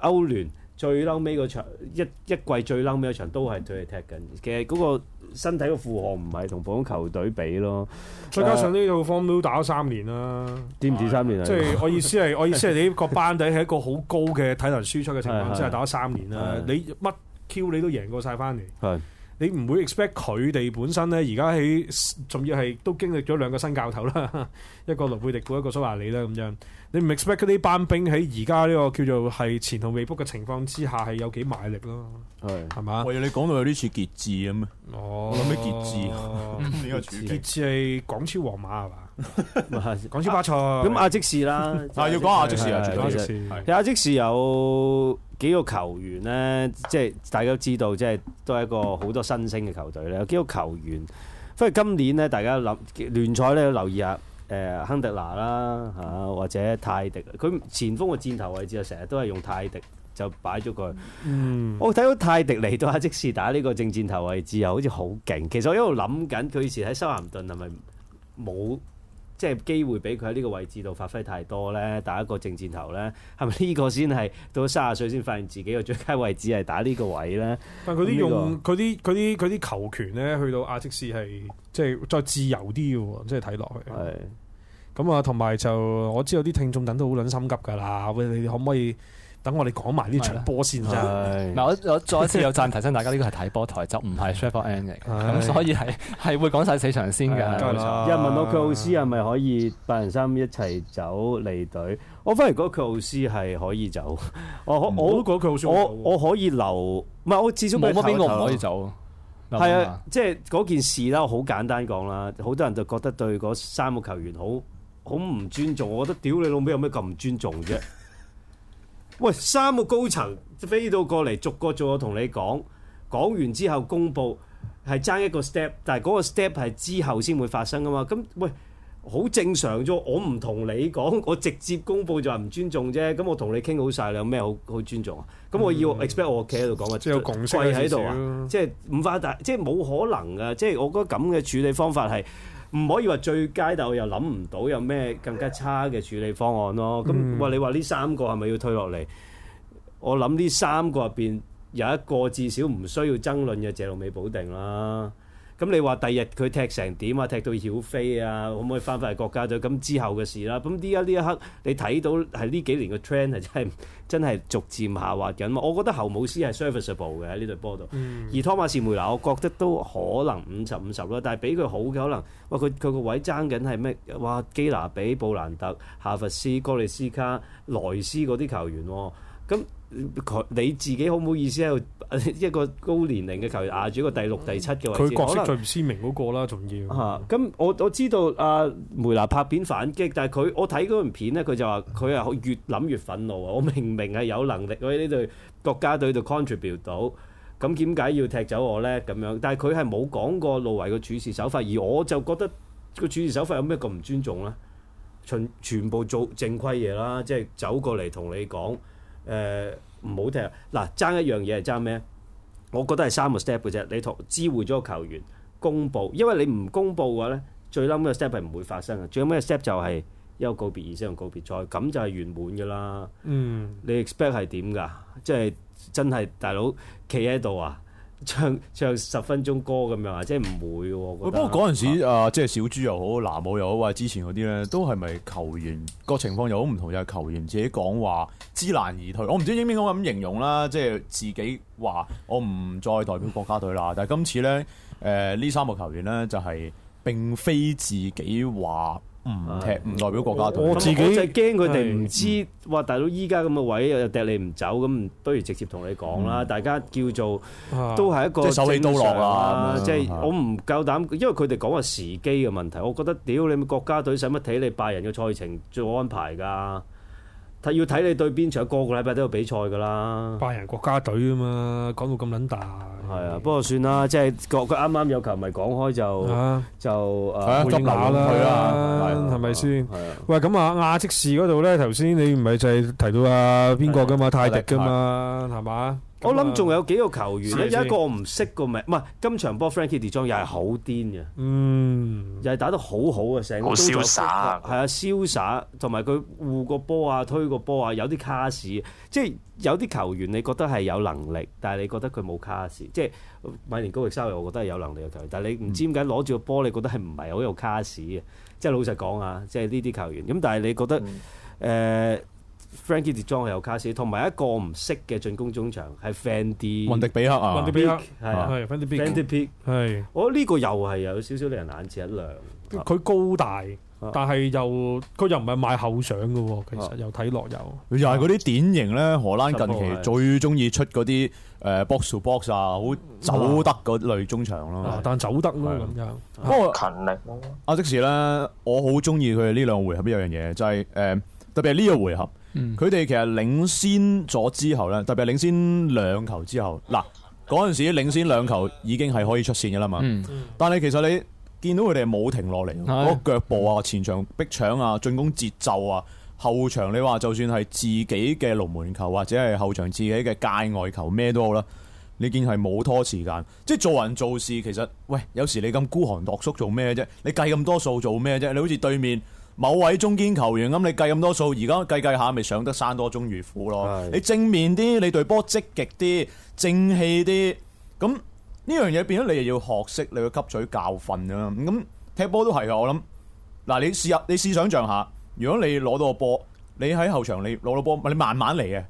歐聯最嬲尾個場，一一季最嬲尾一場都係佢哋踢緊。其實嗰、那個。身體嘅負荷唔係同普通球隊比咯，再加上呢套方都打咗三年啦，知唔止三年啊？即係 我意思係，我意思係你個班底係一個好高嘅體能輸出嘅情況之下打咗三年啦， 你乜 Q 你都贏過晒翻嚟。 你唔會 expect 佢哋本身咧，而家喺仲要係都經歷咗兩個新教頭啦，一個盧貝迪古，一個蘇亞利啦咁樣。你唔 expect 呢班兵喺而家呢個叫做係前途未卜嘅情況之下係有幾賣力咯？係係嘛？我以為你講到有啲似傑志咁啊！哦、我諗起傑志啊？傑志係港超皇馬係嘛？講超巴塞。咁阿積士啦，啊要講阿積士啊，最緊要阿積士有幾個球員咧，即係大家都知道，即係都係一個好多新星嘅球隊咧。有幾個球員，因為今年咧，大家諗聯賽咧，留意下誒、呃、亨特拿啦，吓或者泰迪，佢前鋒嘅箭頭位置啊，成日都係用泰迪就擺咗佢。嗯、我睇到泰迪嚟到阿積士打呢個正箭頭位置，又好似好勁。其實我一路諗緊，佢以前喺修咸頓係咪冇？即係機會俾佢喺呢個位置度發揮太多咧，打一個正箭頭咧，係咪呢個先係到三十歲先發現自己嘅最佳位置係打呢個位咧？但佢啲用佢啲佢啲佢啲球權咧，去到阿積士係即係再自由啲嘅喎，即係睇落去。係咁啊，同埋就我知有啲聽眾等都好卵心急㗎啦，喂，你哋可唔可以？等我哋講埋呢場波先啫。嗱，我我再一次有暫提醒大家，呢個係睇波台，就唔係 s h e r e i n g 咁，所以係係會講晒四場先嘅。有人問到佢老斯係咪可以八人三一齊走離隊？我反而覺得佢老斯係可以走。我我都覺得佢我我可以留。唔係我至少冇冇邊個可以走。係啊，即係嗰件事啦，好簡單講啦。好多人就覺得對嗰三個球員好好唔尊重。我覺得屌你老母有咩咁唔尊重啫？喂，三個高層飛到過嚟，逐個逐個同你講，講完之後公佈，係爭一個 step，但係嗰個 step 係之後先會發生噶嘛？咁喂，好正常啫！我唔同你講，我直接公佈就話唔尊重啫。咁我同你傾好晒，你有咩好好尊重啊？咁我要 expect、嗯、我企喺度講嘅，跪喺度啊！即係唔發達，即係冇可能噶。即係我覺得咁嘅處理方法係。唔可以話最佳，但我又諗唔到有咩更加差嘅處理方案咯。咁、嗯，喂，你話呢三個係咪要推落嚟？我諗呢三個入邊有一個至少唔需要爭論嘅，謝路美保定啦。咁你話第日佢踢成點啊？踢到曉飛啊？可唔可以翻返去國家隊？咁之後嘅事啦。咁依家呢一刻你睇到係呢幾年嘅 trend 係真係逐漸下滑緊。我覺得侯姆斯係 serviceable 嘅喺呢隊波度，嗯、而湯馬士梅拿，我覺得都可能五十五十啦。50，但係俾佢好嘅可能，哇！佢佢個位爭緊係咩？哇！基拿比、布蘭特、夏佛斯、哥里斯卡、萊斯嗰啲球員喎，咁。佢你自己好唔好意思喺一個高年齡嘅球員壓住一個第六、第七嘅位置，佢角色最唔鮮明嗰、那個啦，仲能要嚇。咁、啊、我我知道阿梅拿拍片反擊，但係佢我睇嗰段片咧，佢就話佢啊越諗越憤怒啊！我明明係有能力喺呢度國家隊度 contribute 到，咁點解要踢走我咧？咁樣，但係佢係冇講過路維嘅處事手法，而我就覺得個處事手法有咩咁唔尊重咧？全全部做正規嘢啦，即係走過嚟同你講誒。呃唔好聽嗱，爭一樣嘢係爭咩？我覺得係三個 step 嘅啫。你同知會咗個球員，公布，因為你唔公布嘅話咧，最屘嘅 step 係唔會發生嘅。最屘咩 step 就係一個告別儀式同告別賽，咁就係圓滿嘅啦。嗯，你 expect 係點㗎？即係真係大佬企喺度啊！唱唱十分鐘歌咁樣，即係唔會喎。不過嗰陣時，啊，即係小豬又好，拿姆又好，或者之前嗰啲咧，都係咪球員個情況又好唔同，就係、是、球員自己講話知難而退。我唔知應唔應該咁形容啦，即係自己話我唔再代表國家隊啦。但係今次咧，誒、呃、呢三個球員咧就係、是、並非自己話。唔踢唔代表國家隊，我，我自己我就驚佢哋唔知。是哇！大佬依家咁嘅位又踢你唔走，咁不如直接同你講啦。嗯、大家叫做、啊、都係一個即手起刀落啦。即係、啊、我唔夠膽，因為佢哋講話時機嘅問題。我覺得屌你，咪國家隊使乜睇你拜仁嘅賽程做安排㗎？要睇你對邊場，個個禮拜都有比賽㗎啦。拜仁國家隊啊嘛，講到咁撚大。係啊，不過算、就是、剛剛不啦，即係個佢啱啱有球，咪係講開就就誒捉拿啦，係咪先？吧啊啊、喂，咁啊阿積士嗰度咧，頭先你唔係就係提到啊邊個㗎嘛，啊、泰迪㗎嘛，係嘛、啊？我諗仲有幾個球員咧，有試一個我唔識個名，唔係今場波 Frankie De Jong 又係好癲嘅，嗯，又係打得好好、啊、嘅，成個都係，係啊，瀟灑，同埋佢護個波啊，推個波啊，有啲卡士，即、就、係、是、有啲球員你覺得係有能力，但係你覺得佢冇卡士，即係米連高力沙我覺得係有能力嘅球員，但係你唔知點解攞住個波你覺得係唔係好有卡士，即係老實講啊，即係呢啲球員，咁但係你覺得誒？嗯 Frankie De Jong 係有卡士，同埋一個唔識嘅進攻中場係 Fan 迪，雲迪比克啊，雲迪比克係啊，係 Fan 迪比克，係我呢個又係有少少令人眼前一亮，佢高大，但係又佢又唔係賣後相嘅喎，其實又睇落又又係嗰啲典型咧，荷蘭近期最中意出嗰啲誒 box box 啊，好走得嗰類中場咯，但走得咯咁樣，不過勤力咯。阿積士咧，我好中意佢呢兩回合一樣嘢，就係誒特別係呢個回合。佢哋其實領先咗之後呢，特別係領先兩球之後，嗱嗰陣時領先兩球已經係可以出線嘅啦嘛。嗯、但係其實你見到佢哋冇停落嚟，嗰個腳步啊、前場逼搶啊、進攻節奏啊、後場你話就算係自己嘅龍門球或者係後場自己嘅界外球咩都好啦，你見係冇拖時間。即係做人做事其實，喂，有時你咁孤寒獨縮做咩啫？你計咁多數做咩啫？你好似對面。某位中堅球員咁，你計咁多數，而家計計下，咪上得山多終如虎咯？是的 你正面啲，你對波積極啲，正氣啲，咁呢樣嘢變咗你又要學識，你要吸取教訓啦。咁踢波都係啊，我諗嗱，你試下，你試想象下，如果你攞到個波，你喺後場你攞到波，你慢慢嚟嘅，誒、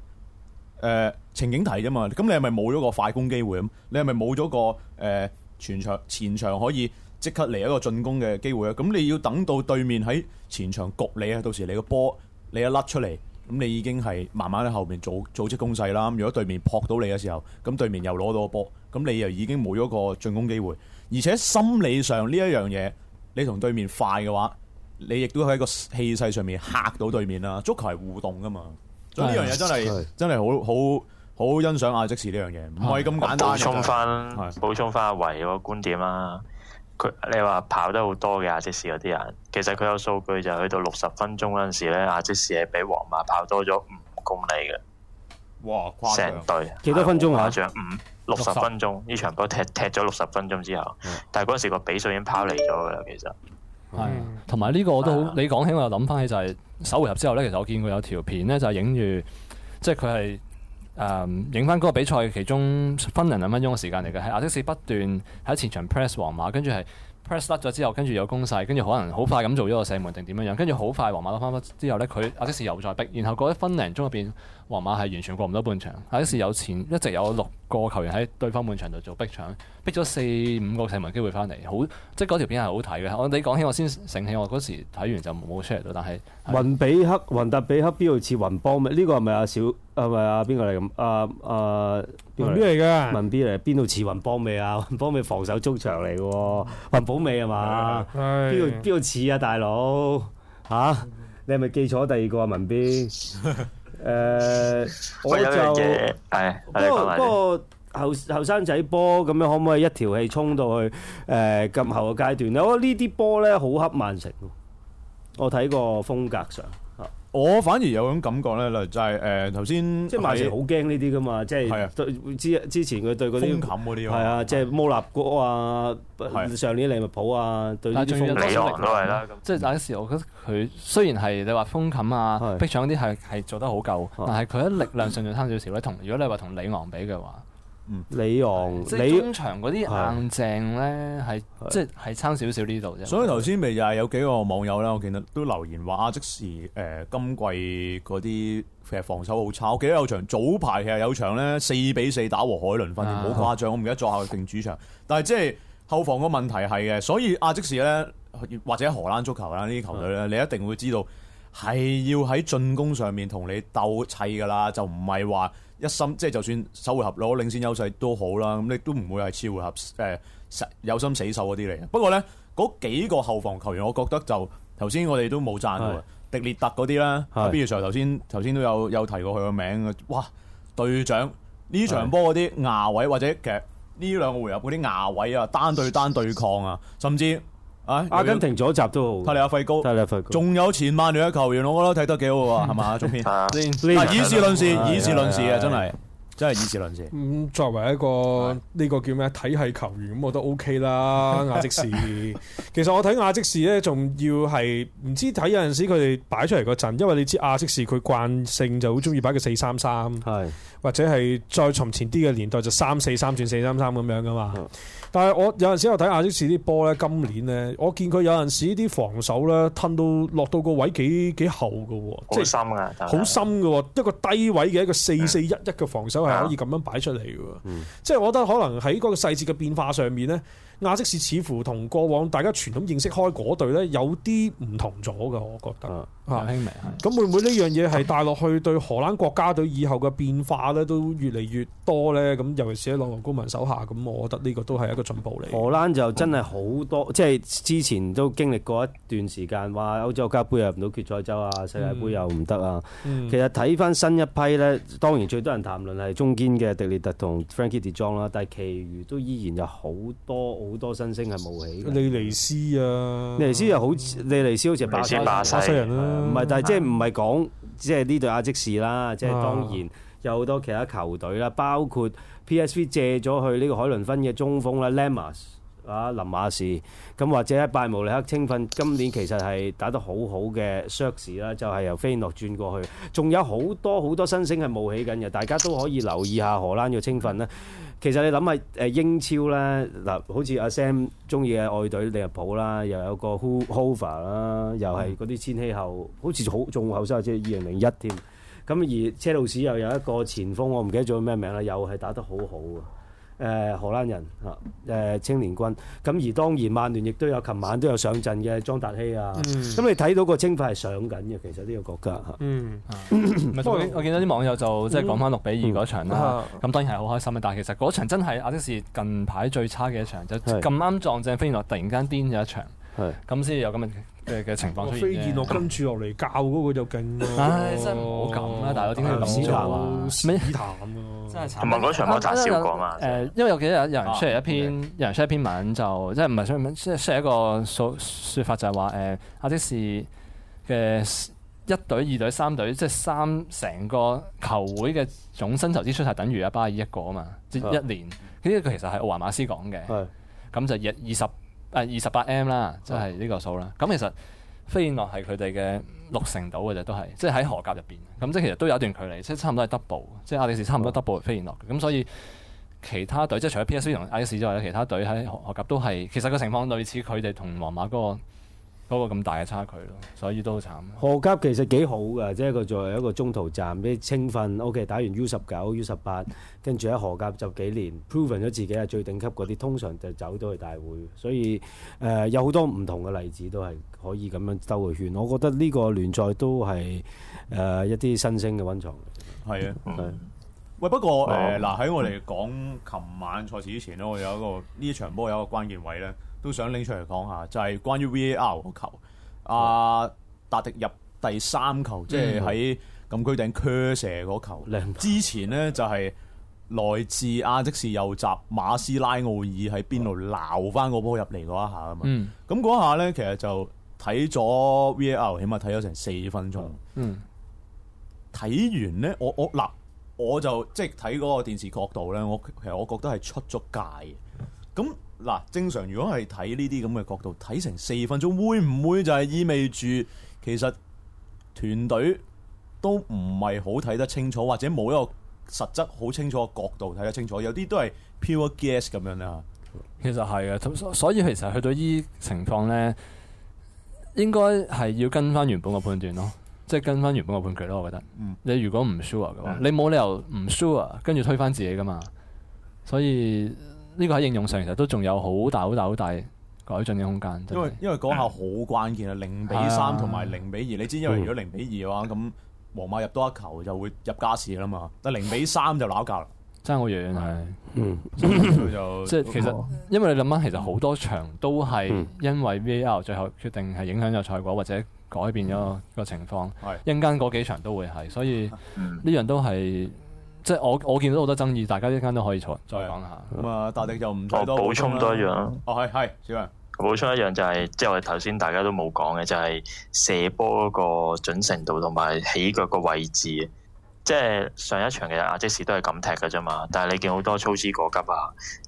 呃、情景題啫嘛，咁你係咪冇咗個快攻機會咁？你係咪冇咗個誒、呃、前場前場可以？即刻嚟一個進攻嘅機會啊！咁你要等到對面喺前場焗你啊，到時你個波你一甩出嚟，咁你已經係慢慢喺後邊組組織攻勢啦。如果對面撲到你嘅時候，咁對面又攞到個波，咁你又已經冇咗個進攻機會。而且心理上呢一樣嘢，你同對面快嘅話，你亦都喺個氣勢上面嚇到對面啦。足球係互動噶嘛，咁呢樣嘢真係是的 真係好好好欣賞阿積士呢樣嘢，唔係咁簡單。補充翻，補充返阿維嗰個觀點啊！佢你話跑得好多嘅阿積士嗰啲人，其實佢有數據就去到六十分鐘嗰陣時咧，阿積士係比皇馬跑多咗五公里嘅。哇！成隊幾多分鐘啊？仲有五六十分鐘，呢 60? 場波踢踢咗六十分鐘之後，嗯、但係嗰陣時個比數已經拋離咗嘅啦。其實係，同埋呢個我都好，的你講起我又諗翻起就係、是、首回合之後咧，其實我見過有條片咧就係、是、影住，即係佢係。誒影翻嗰個比賽，其中分零兩分鐘嘅時間嚟嘅，係阿積士不斷喺前場 press 皇馬，跟住係 press 甩咗之後，跟住有攻勢，跟住可能好快咁做咗個射門定點樣樣，跟住好快皇馬攞翻之後呢，佢阿積士又再逼，然後過一分零鐘入邊。皇馬係完全過唔到半場，啊！一時有前，一直有六個球員喺對方半場度做逼搶，逼咗四五個射門機會翻嚟，即好即係嗰條片係好睇嘅。我你講起我先醒起我，我嗰時睇完就冇出嚟到，但係。雲比克、雲達比克邊度似雲波味？呢、這個係咪阿小？係咪阿邊個嚟咁？阿阿文 B 嚟嘅，文 B 嚟邊度似雲波味啊？雲邦味防守中場嚟嘅，雲寶味係嘛？邊度邊度似啊，大佬吓？你係咪記錯第二個啊？文 B？誒，uh, 我就係，哎、不過、哎、不過、哎、不過後後生仔波咁樣可唔可以一條氣衝到去誒咁、呃、後嘅階段咧？我覺得呢啲波咧好黑曼城。我睇過風格上。我反而有種感覺咧、就是，嗱就係誒，頭先，即係曼城好驚呢啲㗎嘛，即係對之的之前佢對嗰啲冚啲，係啊，即係摩納哥啊，是的 上年利物浦啊，的對啲力都係啦。即係有時我覺得佢雖然係你話封冚啊、逼搶啲係係做得好夠，的但係佢喺力量上仲差少少咧。同如果你話同李昂比嘅話。嗯，里昂你對即係嗰啲硬淨咧，係即係差少少呢度啫。所以頭先咪就係有幾個網友咧，我見到都留言話阿積士誒、呃，今季嗰啲其實防守好差。我記得有場早排其實有場咧四比四打和海倫芬，好誇張。我唔記得作客定主場，但係即係後防個問題係嘅。所以阿積士咧，或者荷蘭足球啦呢啲球隊咧，吧你一定會知道係要喺進攻上面同你鬥砌噶啦，就唔係話。一心即係、就是、就算首回合攞領先優勢都好啦，咁你都唔會係次回合誒、呃、有心死守嗰啲嚟啊。不過咧，嗰幾個後防球員，我覺得就頭先我哋都冇贊喎，是迪列特嗰啲啦，阿 Bryan 頭先頭先都有有提過佢個名嘅。哇，隊長呢場波嗰啲牙位或者其實呢兩個回合嗰啲牙位啊，單對單對抗啊，甚至。阿根廷左閘都好，泰利亞費高，泰利亞費高，仲有前曼聯嘅球員，我覺得睇得幾好喎，係嘛？鐘片，以事論事，以事論事啊，真係，真係以事論事。作為一個呢個叫咩體系球員，咁我都 OK 啦。阿積士，其實我睇阿積士咧，仲要係唔知睇有陣時佢哋擺出嚟嗰陣，因為你知阿積士佢慣性就好中意擺個四三三，係或者係再從前啲嘅年代就三四三轉四三三咁樣噶嘛。但係我有陣時我睇阿積士啲波咧，今年咧，我見佢有陣時啲防守咧，吞到落到個位幾幾厚嘅，即係深嘅，好深嘅一個低位嘅一個四四一一嘅防守係可以咁樣擺出嚟嘅，啊、即係我覺得可能喺嗰個細節嘅變化上面咧，阿積士似乎同過往大家傳統認識開嗰隊咧有啲唔同咗嘅，我覺得。咁會唔會呢樣嘢係帶落去對荷蘭國家隊以後嘅變化咧，都越嚟越多咧？咁尤其是喺羅蘭高文手下，咁我覺得呢個都係一個進步嚟。荷蘭就真係好多，嗯、即係之前都經歷過一段時間，話歐洲國家杯入唔到決賽周啊，世界杯又唔得啊。嗯、其實睇翻新一批咧，當然最多人談論係中堅嘅迪列特同 Frankie De Jong 啦，但係其餘都依然有好多好多新星係冒起。尼尼斯啊，尼尼斯又好，似，尼尼斯好似係巴西巴西人啦。唔係，但係、嗯、即係唔係講，嗯、即係呢隊阿積士啦，即係當然有好多其他球隊啦，嗯、包括 PSV 借咗去呢個海倫芬嘅中鋒啦，Lemus 啊林馬士，咁或者拜慕尼克青訓今年其實係打得好好嘅 Sharks 啦，就係、是、由菲諾轉過去，仲有好多好多新星係冒起緊嘅，大家都可以留意下荷蘭嘅青訓啦。其實你諗下，誒英超咧，嗱，好似阿 Sam 中意嘅外隊利物浦啦，又有一個 Hoover 啦，又係嗰啲千禧後，好似好仲後生，即係二零零一添。咁而車路士又有一個前鋒，我唔記得咗佢咩名啦，又係打得好好啊！誒、呃、荷蘭人嚇，誒、呃、青年軍，咁而當然曼聯亦都有，琴晚都有上陣嘅莊達希啊，咁你睇到個青訓係上緊嘅，其實呢個國家嚇、啊嗯。嗯，我見到啲網友就即係講翻六比二嗰場啦，咁、嗯、當然係好開心嘅。但係其實嗰場真係阿積士近排最差嘅場，就咁啱撞正飛燕諾，突然間癲咗一場。的的係，咁先至有咁嘅嘅嘅情況，所以咧。我我跟住落嚟教嗰個就勁，唉、哎，真係唔好講啦，大佬，點解林斯坦啊？咩斯坦？真係慘。同埋嗰場我笑過嘛。誒、啊，因為有幾日有人出嚟一篇，啊 okay. 有人出一篇文就即係唔係出一篇，即係寫一個說說法就說，就係話誒阿積士嘅一隊、二隊、三隊，即、就、係、是、三成個球會嘅總薪酬支出係等於阿巴爾一個啊嘛，即一年。呢一個其實係奧華馬斯講嘅，咁的就二十。啊，二十八 M 啦，即係呢個數啦。咁、嗯嗯、其實飛燕諾係佢哋嘅六成到嘅啫，都係即係喺荷甲入邊。咁、嗯、即係其實都有一段距離，即係差唔多係 double，即係阿積士差唔多 double 飛燕諾。咁、嗯、所以其他隊即係除咗 PSV 同阿積士之外，其他隊喺荷甲都係其實個情況類似佢哋同皇馬嗰、那個。嗰個咁大嘅差距咯，所以都好慘。荷甲其實幾好嘅，即係佢作為一個中途站，啲青訓 OK 打完 U 十九、U 十八，跟住喺荷甲就幾年 proven 咗自己係最頂級嗰啲，通常就走咗去大會。所以誒、呃，有好多唔同嘅例子都係可以咁樣兜個圈。我覺得呢個聯賽都係誒、呃、一啲新星嘅溫床。係啊，係。喂，不過誒嗱，喺、嗯呃、我哋講，琴晚賽事之前咧，我有一個呢場波有一個關鍵位咧。都想拎出嚟講下，就係、是、關於 VAR 個球，阿、啊、達迪入第三球，即係喺禁區頂射射嗰球。嗯、之前呢，嗯、就係來自阿積士右閘馬斯拉奧爾喺邊度鬧翻個波入嚟嗰一下啊嘛。咁嗰、嗯、下呢，其實就睇咗 VAR，起碼睇咗成四分鐘。睇、嗯、完呢，我我嗱，我就即係睇嗰個電視角度呢，我其實我覺得係出咗界咁。嗱、啊，正常如果係睇呢啲咁嘅角度，睇成四分鐘，會唔會就係意味住其實團隊都唔係好睇得清楚，或者冇一個實質好清楚嘅角度睇得清楚？有啲都係 pure guess 咁樣啦。其實係啊，所以其實去到情況呢情況咧，應該係要跟翻原本嘅判斷咯，即係跟翻原本嘅判決咯。我覺得，嗯、你如果唔 sure 嘅話，嗯、你冇理由唔 sure，跟住推翻自己㗎嘛，所以。呢個喺應用上其實都仲有好大好大好大改進嘅空間。因為因為嗰下好關鍵啊，零比三同埋零比二，你知因為如果零比二嘅話，咁皇、嗯、馬入多一球就會入加時啦嘛。嗯、但零比三就咬架啦。差好遠，係，是嗯，就即係其實，因為你諗翻，其實好多場都係因為 VAR 最後決定係影響咗賽果或者改變咗個情況，係、嗯，一陣間嗰幾場都會係，所以呢 樣都係。即係我我見到好多爭議，大家一陣都可以坐再講下。咁啊、嗯，那達迪就唔。我補充多一樣。哦係係，小明補充一樣就係、是，即、就、係、是、我哋頭先大家都冇講嘅，就係、是、射波嗰個準程度同埋起腳個位置。即係上一場嘅阿積士都係咁踢嘅啫嘛，但係你見好多操之過急啊，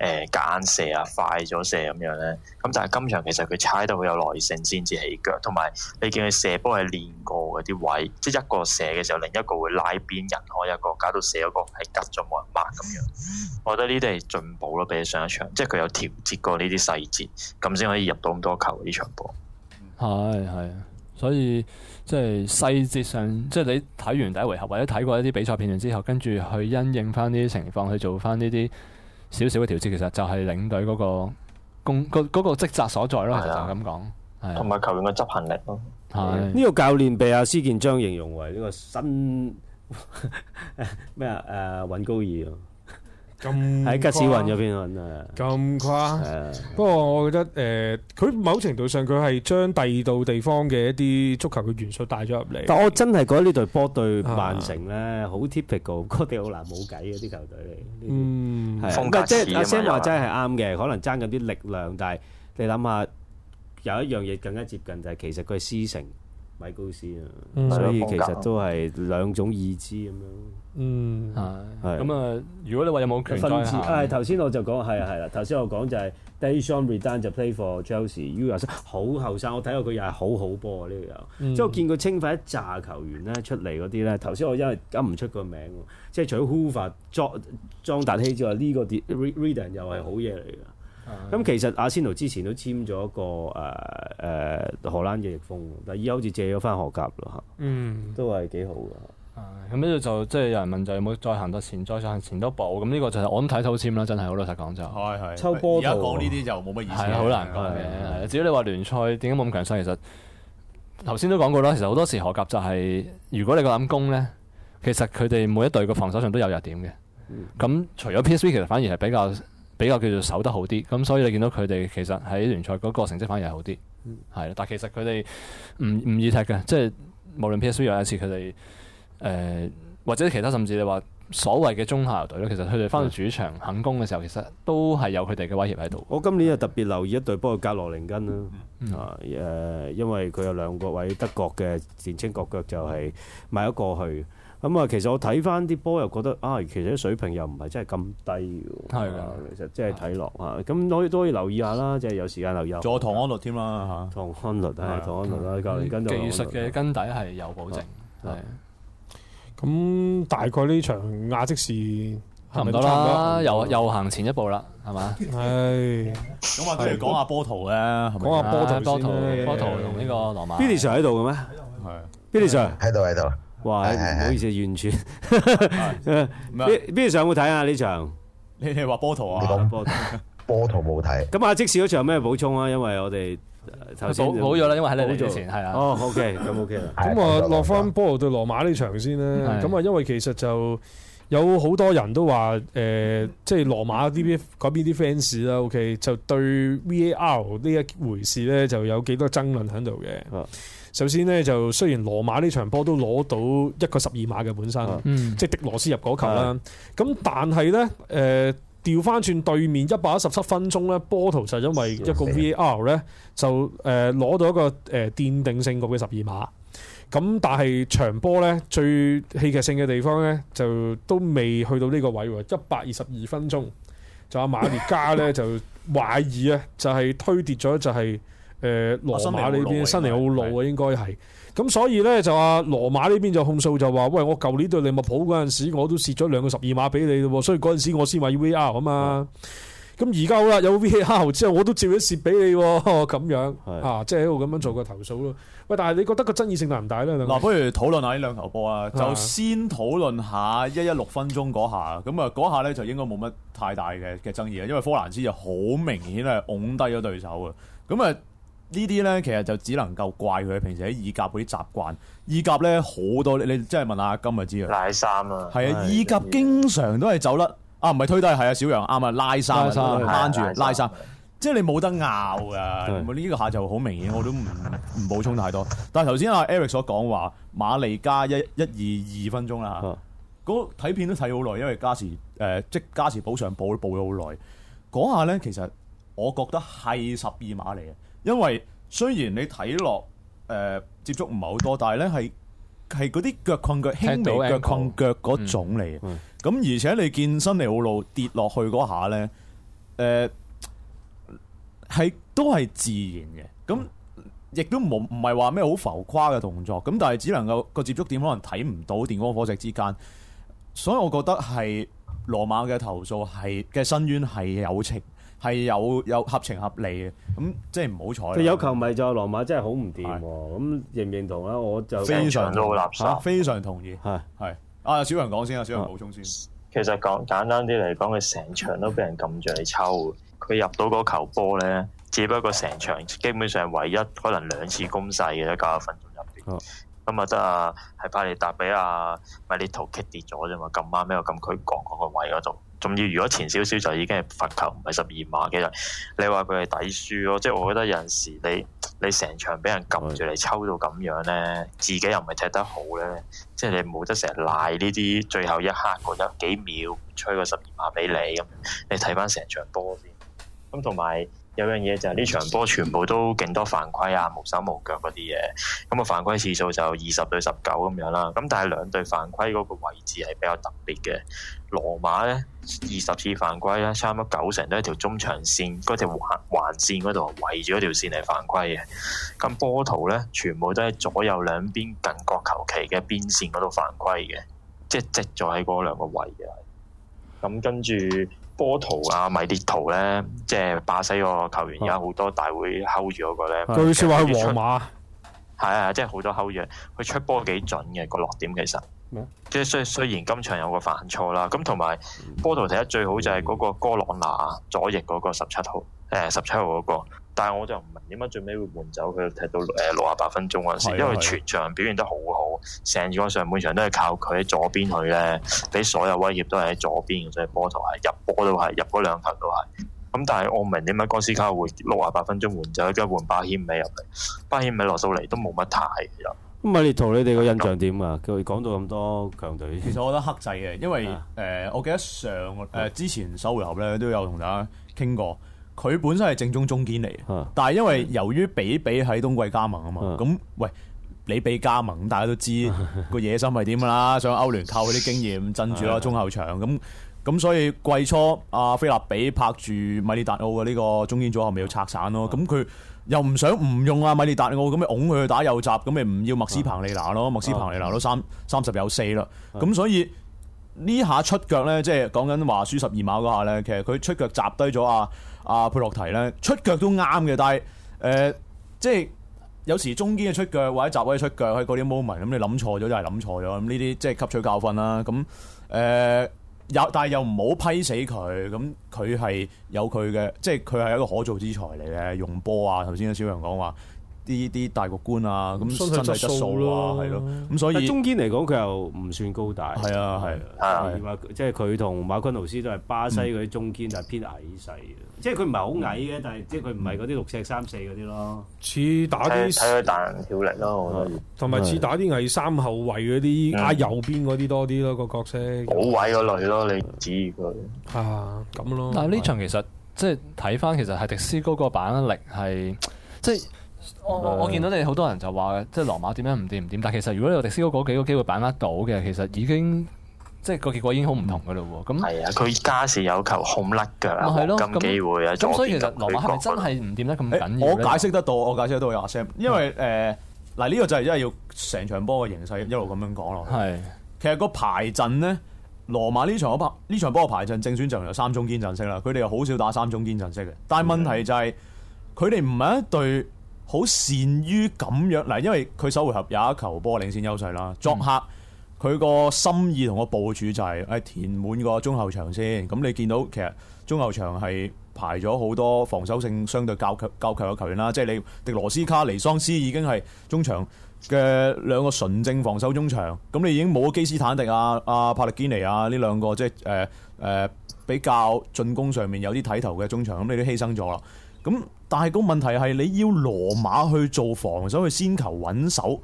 誒夾硬射啊，快咗射咁樣咧，咁但係今場其實佢猜到佢有耐性先至起腳，同埋你見佢射波係練過嗰啲位，即係一個射嘅時候，另一個會拉邊人開一個，搞到射一個係吉咗冇人抹咁樣，我覺得呢啲係進步咯，比起上一場，即係佢有調節過呢啲細節，咁先可以入到咁多球呢場波。係係，所以。即係細節上，即係你睇完第一回合，或者睇過一啲比賽片段之後，跟住去因應翻呢啲情況，去做翻呢啲少少嘅調節，其實就係領隊嗰、嗰個公嗰嗰個職責所在咯，係咁講，係同埋球員嘅執行力咯。係呢的的個教練被阿施健章形容為呢個新咩啊？誒 尹、呃、高爾喺吉士雲嗰邊揾啊！咁誇，不過我覺得誒，佢某程度上佢係將第二度地方嘅一啲足球嘅元素帶咗入嚟。但我真係覺得呢隊波對曼城咧好 typical，哥迪奧拿冇計嘅啲球隊。嗯，即係阿 Sam 話真係啱嘅，可能爭緊啲力量，但係你諗下有一樣嘢更加接近就係其實佢係師承米高斯啊，所以其實都係兩種意志咁樣。嗯，係。係。咁啊，如果你話有冇分枝，係頭先我就講係啊係啦。頭先我講就係 Daishawn Redan 就 play for Chelsea，U21 好後生。我睇過佢又係好好波啊，呢個又。即係我見佢青訓一紮球員咧出嚟嗰啲咧，頭先我因為揀唔出個名喎，即係除咗 Houfa、John、莊達希之外，呢個啲 Redan 又係好嘢嚟㗎。咁其實阿仙奴之前都簽咗個誒誒荷蘭嘅翼鋒，但係而家好似借咗翻荷甲咯嚇。嗯，都係幾好㗎。咁跟住就即係有人問，就有冇再行得前，再上行前多步？咁、嗯、呢、這個就係我諗睇抽籤啦，真係好老實講就係係係而家講呢啲就冇乜意思，好難講嘅。至於你話聯賽點解冇咁強勢？其實頭先都講過啦。其實好多時荷甲就係、是、如果你個諗攻咧，其實佢哋每一隊個防守上都有弱點嘅。咁、嗯、除咗 PSV，其實反而係比較比較叫做守得好啲。咁所以你見到佢哋其實喺聯賽嗰個成績反而係好啲，係啦、嗯。但其實佢哋唔唔易踢嘅，即係無論 PSV 有一次佢哋。誒或者其他甚至你話所謂嘅中下游隊咧，其實佢哋翻到主場肯攻嘅時候，其實都係有佢哋嘅威脅喺度。我今年就特別留意一隊，不過格羅寧根啦啊誒，因為佢有兩個位德國嘅年青國腳就係賣咗過去。咁啊，其實我睇翻啲波又覺得啊，其實啲水平又唔係真係咁低㗎。係啦，其實真係睇落嚇，咁可以都可以留意下啦，即係有時間留意。仲有唐安奴添啦嚇，唐安奴係唐安奴啦，格羅寧根技術嘅根底係有保證係。咁大概呢場阿積士行唔到啦，又又行前一步啦，係嘛？係。咁啊，不如講下波圖嘅，講下波士波圖同呢個羅馬。Billy Sir 喺度嘅咩？係。Billy Sir 喺度喺度。哇，唔好意思，完全。Billy 邊邊個想我睇啊？呢場？你哋話波圖啊？波圖。波圖冇睇。咁阿積士嗰場有咩補充啊？因為我哋。頭先好咗啦，因為喺你好早前係啊。哦，OK，咁 OK 啦。咁啊、 嗯，落翻波羅對羅馬呢場先啦。咁啊、 嗯，嗯、因為其實就有好多人都話誒，即、呃、係、就是、羅馬啲邊嗰邊啲 fans 啦。OK，就對 VAR 呢一回事咧，就有幾多爭論喺度嘅。嗯、首先呢，就雖然羅馬呢場波都攞到一個十二碼嘅本身，嗯、即係迪羅斯入嗰球啦。咁、嗯嗯、但係咧，誒、呃。調翻轉對面一百一十七分鐘呢，波圖就因為一個 VAR 呢， 就誒攞到一個誒、呃、奠定勝局嘅十二碼。咁但係場波呢，最戲劇性嘅地方呢，就都未去到呢個位喎，一百二十二分鐘就阿馬列加呢， 就懷疑就、就是呃、啊，就係推跌咗就係誒羅馬呢邊新尼奧路啊，應該係。咁所以咧就話羅馬呢邊就控訴就話喂我舊年對利物浦嗰陣時我都蝕咗兩個十二碼俾你咯，所以嗰陣時我先話要 VR 啊嘛。咁而家好啦，有 VR 之後我都照樣蝕俾你喎咁、哦、樣是的 啊，即係喺度咁樣做個投訴咯。喂，但係你覺得個爭議性大唔大咧？嗱，不如討論下呢兩球波啊。就先討論下一一六分鐘嗰下，咁啊嗰下咧就應該冇乜太大嘅嘅爭議啊，因為科蘭斯就好明顯係㧬低咗對手啊。咁啊～呢啲咧，其實就只能夠怪佢平時喺意甲嗰啲習慣。意甲咧好多，你你即係問下阿金知啊？拉三啊，係啊，意甲經常都係走甩啊，唔係推低，係啊，小楊啱啊，拉三啊，擔住拉三，即係你冇得拗噶。呢對 個下就好明顯，我都唔唔補充太多。但係頭先阿 Eric 所講話，馬利加一一二二分鐘啦吓，嗰睇、啊、片都睇好耐，因為加時誒，即係加時補償補都補咗好耐。嗰下咧，其實我覺得係十二碼嚟嘅。因為雖然你睇落誒接觸唔係好多，但係咧，係係嗰啲腳困腳、輕微腳困腳嗰種嚟嘅。咁、嗯嗯、而且你見新尼奧路跌落去嗰下咧，誒、呃、係都係自然嘅。咁亦都冇唔係話咩好浮誇嘅動作。咁但係只能夠個接觸點可能睇唔到電光火石之間。所以我覺得係羅馬嘅投訴係嘅深淵係有情。係有有合情合理嘅，咁即係唔好彩。有球迷就羅馬真係好唔掂，咁認唔認同啊？我就成場都垃圾，非常同意。係係是。阿小強講先啊，小強補充先。是其實講簡單啲嚟講，佢成場都俾人撳住嚟抽。佢入到個球波咧，只不過成場基本上唯一可能兩次攻勢嘅喺九一分鐘入邊。咁啊得啊，係帕利達俾阿米利圖 k i t 跌咗啫嘛，咁啱咩？又咁，佢槓嗰個位嗰度。仲要如果前少少就已經係罰球唔係十二碼嘅，你話佢係抵輸咯？即係我覺得有陣時你你成場俾人撳住嚟抽到咁樣咧，自己又唔係踢得好咧，即係你冇得成日賴呢啲最後一刻嗰一幾秒吹個十二碼俾你咁，你睇翻成場波先。咁同埋。有樣嘢就係呢場波全部都勁多犯規啊，無手無腳嗰啲嘢。咁啊，犯規次數就二十對十九咁樣啦。咁但係兩隊犯規嗰個位置係比較特別嘅。羅馬呢，二十次犯規呢，差唔多九成都係條中場線嗰條橫橫線嗰度圍住條線嚟犯規嘅。咁波圖呢，全部都係左右兩邊近角球旗嘅邊線嗰度犯規嘅，即係積咗喺嗰兩個位嘅。咁跟住。波圖啊，米列圖咧，即係巴西個球員，而家好多大會 hold 住嗰個咧。據說話皇馬，係啊，即係好多 hold 住，佢出波幾準嘅個落點，其實即係雖雖然今場有個犯錯啦，咁同埋波圖睇得最好就係嗰個哥朗拿左翼嗰個十七號，誒、欸，十七號嗰、那個。但係我就唔明點解最尾會換走佢踢到誒六十八分鐘嗰陣時，因為全場表現得好好，成個上半場都係靠佢喺左邊去咧，俾所有威脅都係喺左邊，所以波圖係入波都係入波兩分都係。咁但係我唔明點解哥斯卡會六十八分鐘換走，跟住換巴仙咪入嚟，巴仙咪落到嚟都冇乜大。咁米列圖，你哋個印象點啊？佢會講到咁多強隊，其實我覺得剋制嘅，因為誒、啊呃，我記得上誒、呃、之前首回合咧都有同大家傾過。嗯嗯。佢本身係正宗中堅嚟，但係因為由於比比喺冬季加盟啊嘛，咁 喂你比加盟大家都知個野心係點啊啦。上歐聯靠佢啲經驗鎮住咗中後場咁咁， 所以季初阿、啊、菲立比拍住米利達奧嘅呢個中堅組合，咪要拆散咯。咁佢又唔想唔用阿米利達奧，咁咪擁佢去打右閘，咁咪唔要麥斯彭利拿咯。麥斯彭利拿 都三三十有四啦，咁 所以呢下出腳咧，即係講緊話輸十二碼嗰下咧，其實佢出腳砸低咗阿。阿佩洛提咧出腳都啱嘅，但係誒、呃、即係有時中堅嘅出腳或者閘位出腳喺嗰啲 moment，咁你諗錯咗就係諗錯咗，咁呢啲即係吸取教訓啦。咁、嗯、誒、呃、又但係又唔好批死佢，咁佢係有佢嘅，即係佢係一個可造之材嚟嘅，用波啊！頭先阿小楊講話。啲啲大局觀啊，咁身體質素咯，係咯，咁所以中堅嚟講佢又唔算高大。係啊，係，啊。即係佢同馬昆奴斯都係巴西嗰啲中堅，就偏矮細嘅。即係佢唔係好矮嘅，但係即係佢唔係嗰啲六尺三四嗰啲咯。似打啲睇佢彈跳力咯，我覺得。同埋似打啲係三後衞嗰啲，挨右邊嗰啲多啲咯，個角色補位嗰類咯，你指佢啊咁咯。但係呢場其實即係睇翻，其實係迪斯高個板力係即係。我我見到你好多人就話，即係羅馬點樣唔掂唔掂，但其實如果你有迪斯哥嗰幾個機會把握到嘅，其實已經即係個結果已經好唔同嘅咯喎。咁係、嗯、啊，佢加時有球控甩腳咁機會啊，咁所以其實羅馬係咪真係唔掂得咁緊要？我解釋得到，我解釋得到。阿 Sam，因為誒嗱呢個就係真係要成場波嘅形勢一路咁樣講落。係、嗯、其實個排陣咧，羅馬呢場呢場波嘅排陣正選就係三中堅陣式啦，佢哋又好少打三中堅陣式嘅，但係問題就係佢哋唔係一隊嗯好善於咁樣嗱，因為佢首回合有一球波領先優勢啦。作客佢個心意同個部署就係誒填滿個中後場先。咁、嗯、你見到其實中後場係排咗好多防守性相對較強較強嘅球員啦，即係你迪羅斯卡尼桑斯已經係中場嘅兩個純正防守中場。咁、嗯、你已經冇基斯坦迪啊、阿、啊、帕力基尼啊呢兩個即係誒誒比較進攻上面有啲睇頭嘅中場，咁、嗯、你都犧牲咗啦。咁、嗯但係個問題係你要羅馬去做防守，去先求穩守。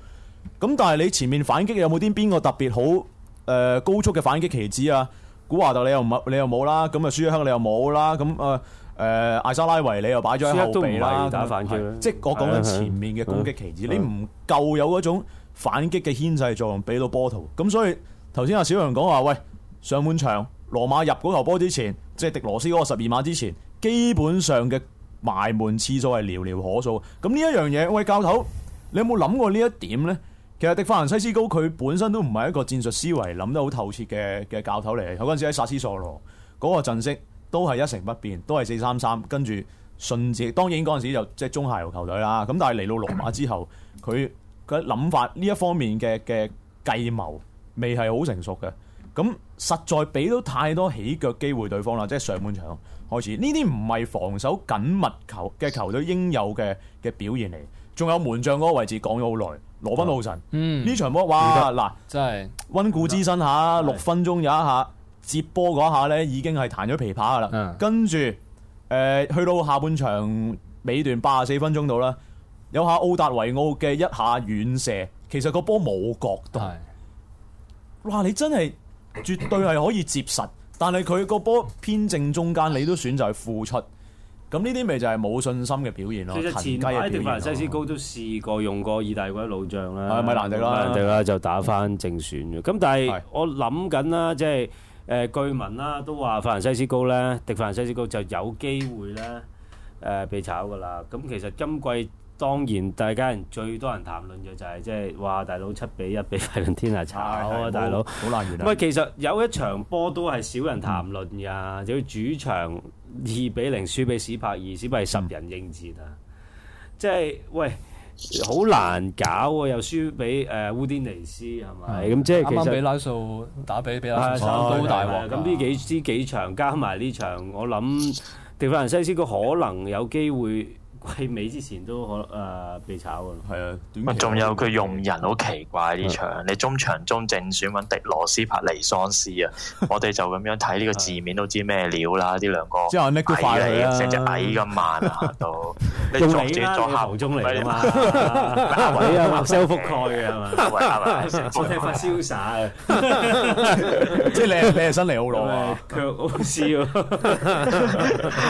咁但係你前面反擊有冇啲邊個特別好？誒，高速嘅反擊旗子啊？古華特你又唔，你又冇啦。咁啊，舒克你又冇啦。咁啊，誒，艾莎拉維你又擺咗喺後備啦。反即係我講緊前面嘅攻擊旗子，你唔夠有嗰種反擊嘅牽制作用俾到波圖。咁所以頭先阿小楊講話，喂，上半場羅馬入嗰球波之前，即係迪羅斯嗰個十二碼之前，基本上嘅。埋門次數係寥寥可數，咁呢一樣嘢，喂，教頭，你有冇諗過呢一點咧？其實迪法蘭西斯高佢本身都唔係一個戰術思維諗得好透徹嘅嘅教頭嚟，佢嗰陣時喺薩斯索羅嗰個陣式都係一成不變，都係四三三，跟住順治，當然嗰陣時就即係中下游球隊啦。咁但係嚟到羅馬之後，佢佢諗法呢一方面嘅嘅計謀未係好成熟嘅，咁實在俾到太多起腳機會對方啦，即係上半場。開始呢啲唔係防守緊密球嘅球隊應有嘅嘅表現嚟，仲有門將嗰個位置講咗好耐，羅賓好神。嗯，呢場波哇嗱，温故知新下，六、嗯、分鐘有一下的接波嗰下呢已經係彈咗琵琶噶啦。跟住誒，去到下半場尾段八十四分鐘度啦，有下奧達維奧嘅一下遠射，其實個波冇角度，哇的的！你真係絕對係可以接實。但係佢個波偏正中間，你都選擇係付出，咁呢啲咪就係冇信心嘅表現咯。其實前排迪凡西斯高都試過用過意大利老將啦，米蘭迪啦，米蘭迪啦，就打翻正選嘅。咁但係我諗緊啦，即係誒據聞啦，都話凡西斯高咧，迪凡西斯高就有機會咧誒被炒㗎啦。咁其實今季。當然，大家人最多人談論嘅就係即係話大佬七比一俾費倫天拿差，啊是大佬哥好、哦、難完。唔係其實有一場波都係少人談論呀，嗯、就要主場二比零輸俾史柏爾，史柏爾十人應戰啊，嗯、即係喂好難搞喎，又輸俾誒、呃、烏丁尼斯係咪？係咁即係啱啱俾拉素打比，俾拉素差好大鑊。咁呢、哦啊、幾呢幾場加埋呢場，我諗迪，迪法蘭西斯佢可能有機會。喺尾之前都可誒被炒喎，係啊，仲有佢用人好奇怪啲場，你中場中正選揾迪羅斯帕尼桑斯啊，我哋就咁樣睇呢個字面都知咩料啦，呢兩個，即係矮嚟嘅，成隻矮咁慢啊都，做做後中嚟噶嘛，打位啊，發 show 覆蓋嘅係嘛，打位啊，我係發瀟灑嘅，即係靚靚身嚟好攞啊，佢好笑，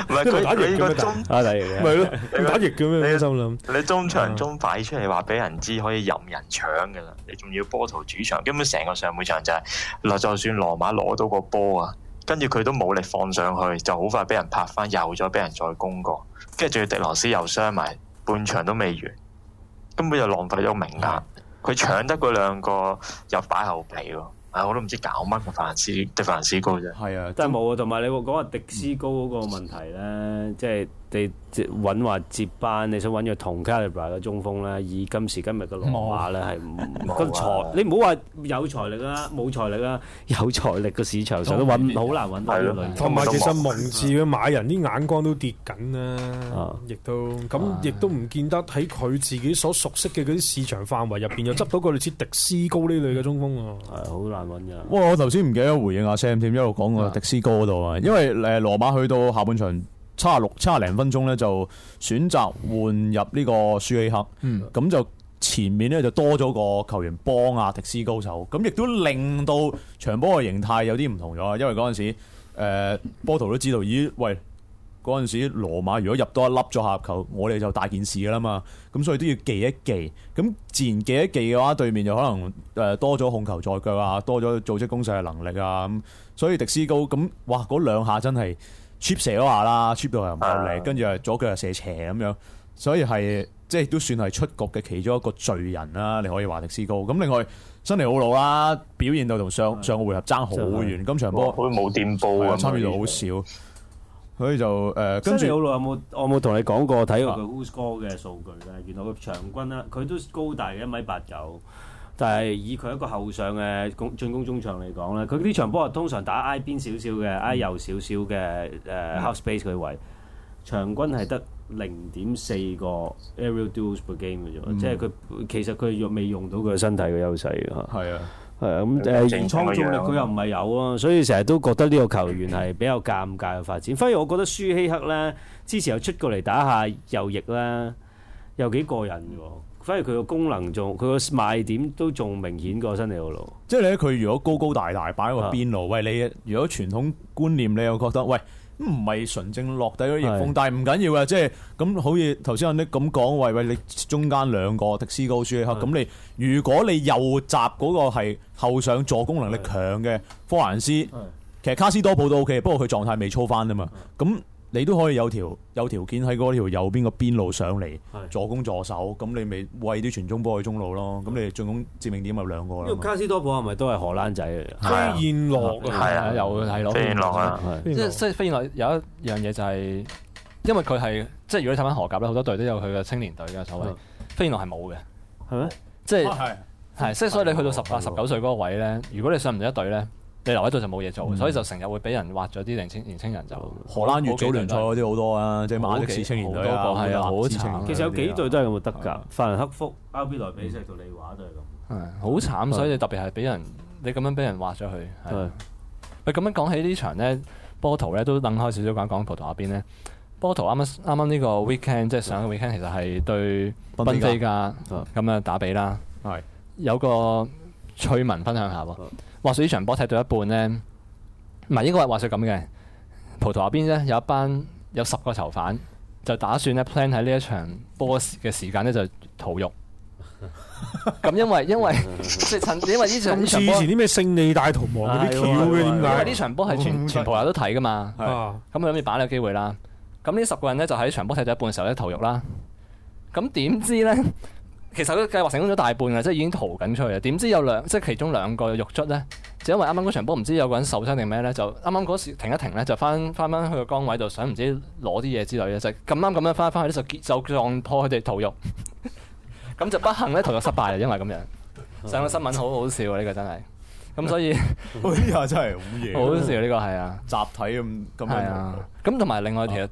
唔係佢打贏咁啊，打嘅，係咯。打翼嘅你心諗，你中場中擺出嚟話俾人知可以任人搶嘅啦。你仲、uh, 要波圖主場，根本成個上半場就係、是，嗱就算羅馬攞到個波啊，跟住佢都冇力放上去，就好快俾人拍翻，又再俾人再攻過，跟住仲要迪羅斯又傷埋，半場都未完，根本就浪費咗名額。佢搶得嗰兩個又擺後備喎、啊，我都唔知搞乜嘅法蘭斯，迪法蘭斯高啫。係啊，真係冇啊，同埋就你講下迪斯高嗰個問題咧，即係、嗯。就是你即揾話接班，你想揾個同 Calibre 嘅中鋒咧？以今時今日嘅羅馬咧，係唔財，你唔好話有財力啦、啊，冇財力啦、啊，有財力嘅市場上都揾好難揾到嘅類型。同埋文其實蒙治嘅買人啲眼光都跌緊啦、啊，亦、啊、都咁亦都唔見得喺佢自己所熟悉嘅嗰啲市場範圍入邊，又執到個類似迪斯高呢類嘅中鋒啊！係好難揾嘅。哇、哦！我頭先唔記得回應阿 Sam 添，一路講個迪斯高嗰度啊，因為誒羅馬去到下半場。差廿六、差廿零分鐘咧，就選擇換入呢個舒埃克，咁、嗯、就前面咧就多咗個球員幫啊迪斯高手，咁亦都令到場波嘅形態有啲唔同咗。因為嗰陣時、呃，波圖都知道，咦喂，嗰陣時羅馬如果入多一粒咗下球，我哋就大件事噶啦嘛，咁所以都要記一記。咁自然記一記嘅話，對面就可能誒多咗控球在腳啊，多咗組織攻勢嘅能力啊，咁所以迪斯高咁，哇嗰兩下真係～cheap 射咗下啦，cheap 到又唔夠力，跟住又左腳又射斜咁樣，所以係即係都算係出局嘅其中一個罪人啦。你可以話迪斯高。咁另外，新尼奧魯啦、啊，表現到同上上個回合爭好遠。今場波佢冇掂波啊，參與度好少。所以就誒，呃、新尼奧魯有冇我冇同你講過睇佢嘅 WhoScored 嘅數據咧？原來佢長軍啦，佢都高大嘅一米八九。但係以佢一個後上嘅攻進攻中場嚟講咧，佢呢場波啊，通常打 I 邊少少嘅，I 右少少嘅誒 half space 佢位，場、嗯呃啊、均係得零點四個 Aerial Duels per game 嘅啫、嗯，即係佢其實佢未用到佢身體嘅優勢嘅係啊，係啊、嗯，咁誒創造力佢又唔係有啊，嗯、所以成日都覺得呢個球員係比較尷尬嘅發展。反而我覺得舒希克咧，之前又出過嚟打下右翼啦，又幾過癮喎。反而佢個功能仲，佢個賣點都仲明顯過新迪奧路。即係咧，佢如果高高大大擺個邊路，是的 喂你，如果傳統觀念你又覺得喂唔係純正落底嗰翼鋒，是的 但係唔緊要啊。即係咁，好似頭先阿 Nick 咁講，喂喂，你中間兩個迪斯高書克，咁是的 你如果你右閘嗰個係後上助攻能力強嘅科蘭斯，是的 其實卡斯多普都 OK，不過佢狀態未操翻啊嘛，咁。你都可以有條有條件喺嗰條右邊個邊路上嚟，助攻助手。咁你咪喂啲傳中波去中路咯。咁你進攻致命點咪兩個咯。咁卡斯多普係咪都係荷蘭仔嚟？飛燕諾啊，係啊，又係攞飛燕諾啊。即係飛燕諾有一樣嘢就係，因為佢係即係如果你睇翻荷甲咧，好多隊都有佢嘅青年隊嘅所謂飛燕諾係冇嘅，係咩？即係係，即係所以你去到十八、十九歲嗰位咧，如果你上唔到一隊咧。你留喺度就冇嘢做，所以就成日會俾人挖咗啲年青年青人，就荷蘭乙組聯賽嗰啲好多啊，即係馬克士青年隊啊，好慘。其實有幾隊都係咁得㗎，法蘭克福、阿比萊比錫，即係套利話都係咁。係好慘，所以特別係俾人你咁樣俾人挖咗佢。係喂，咁樣講起呢場咧，波圖咧都等開少少講講葡萄牙邊咧，波圖啱啱啱啱呢個 weekend 即係上一個 weekend 其實係對賓菲加噶，咁啊打比啦，係有個趣聞分享下喎。話説呢場波踢到一半咧，唔係應該話話説咁嘅，葡萄牙邊咧有一班有十個囚犯就打算咧 plan 喺呢一場波嘅時，時間咧就逃獄。咁 因為因為因為呢場波，似以前啲咩勝利大逃亡啲橋嘅，呢、啊、場波係全、嗯、全葡萄牙都睇噶嘛，咁佢諗住把握機會啦。咁呢十個人咧就喺場波踢到一半嘅時候咧逃獄啦。咁點知咧？其實佢計劃成功咗大半啦，即係已經逃緊出去啦。點知有兩即係其中兩個獄卒咧，就因為啱啱嗰場波唔知有個人受傷定咩咧，就啱啱嗰時停一停咧，就返返返去個崗位度想唔知攞啲嘢之類嘅，就咁啱咁樣返返去咧就就撞破佢哋逃獄，咁 就不幸咧逃獄失敗啊！因為咁樣上個新聞好好笑啊！呢個真係咁所以，呢下、 哎、真係好嘢，好笑呢個係啊，這個、啊集體咁咁樣。咁同埋另外、啊、剛剛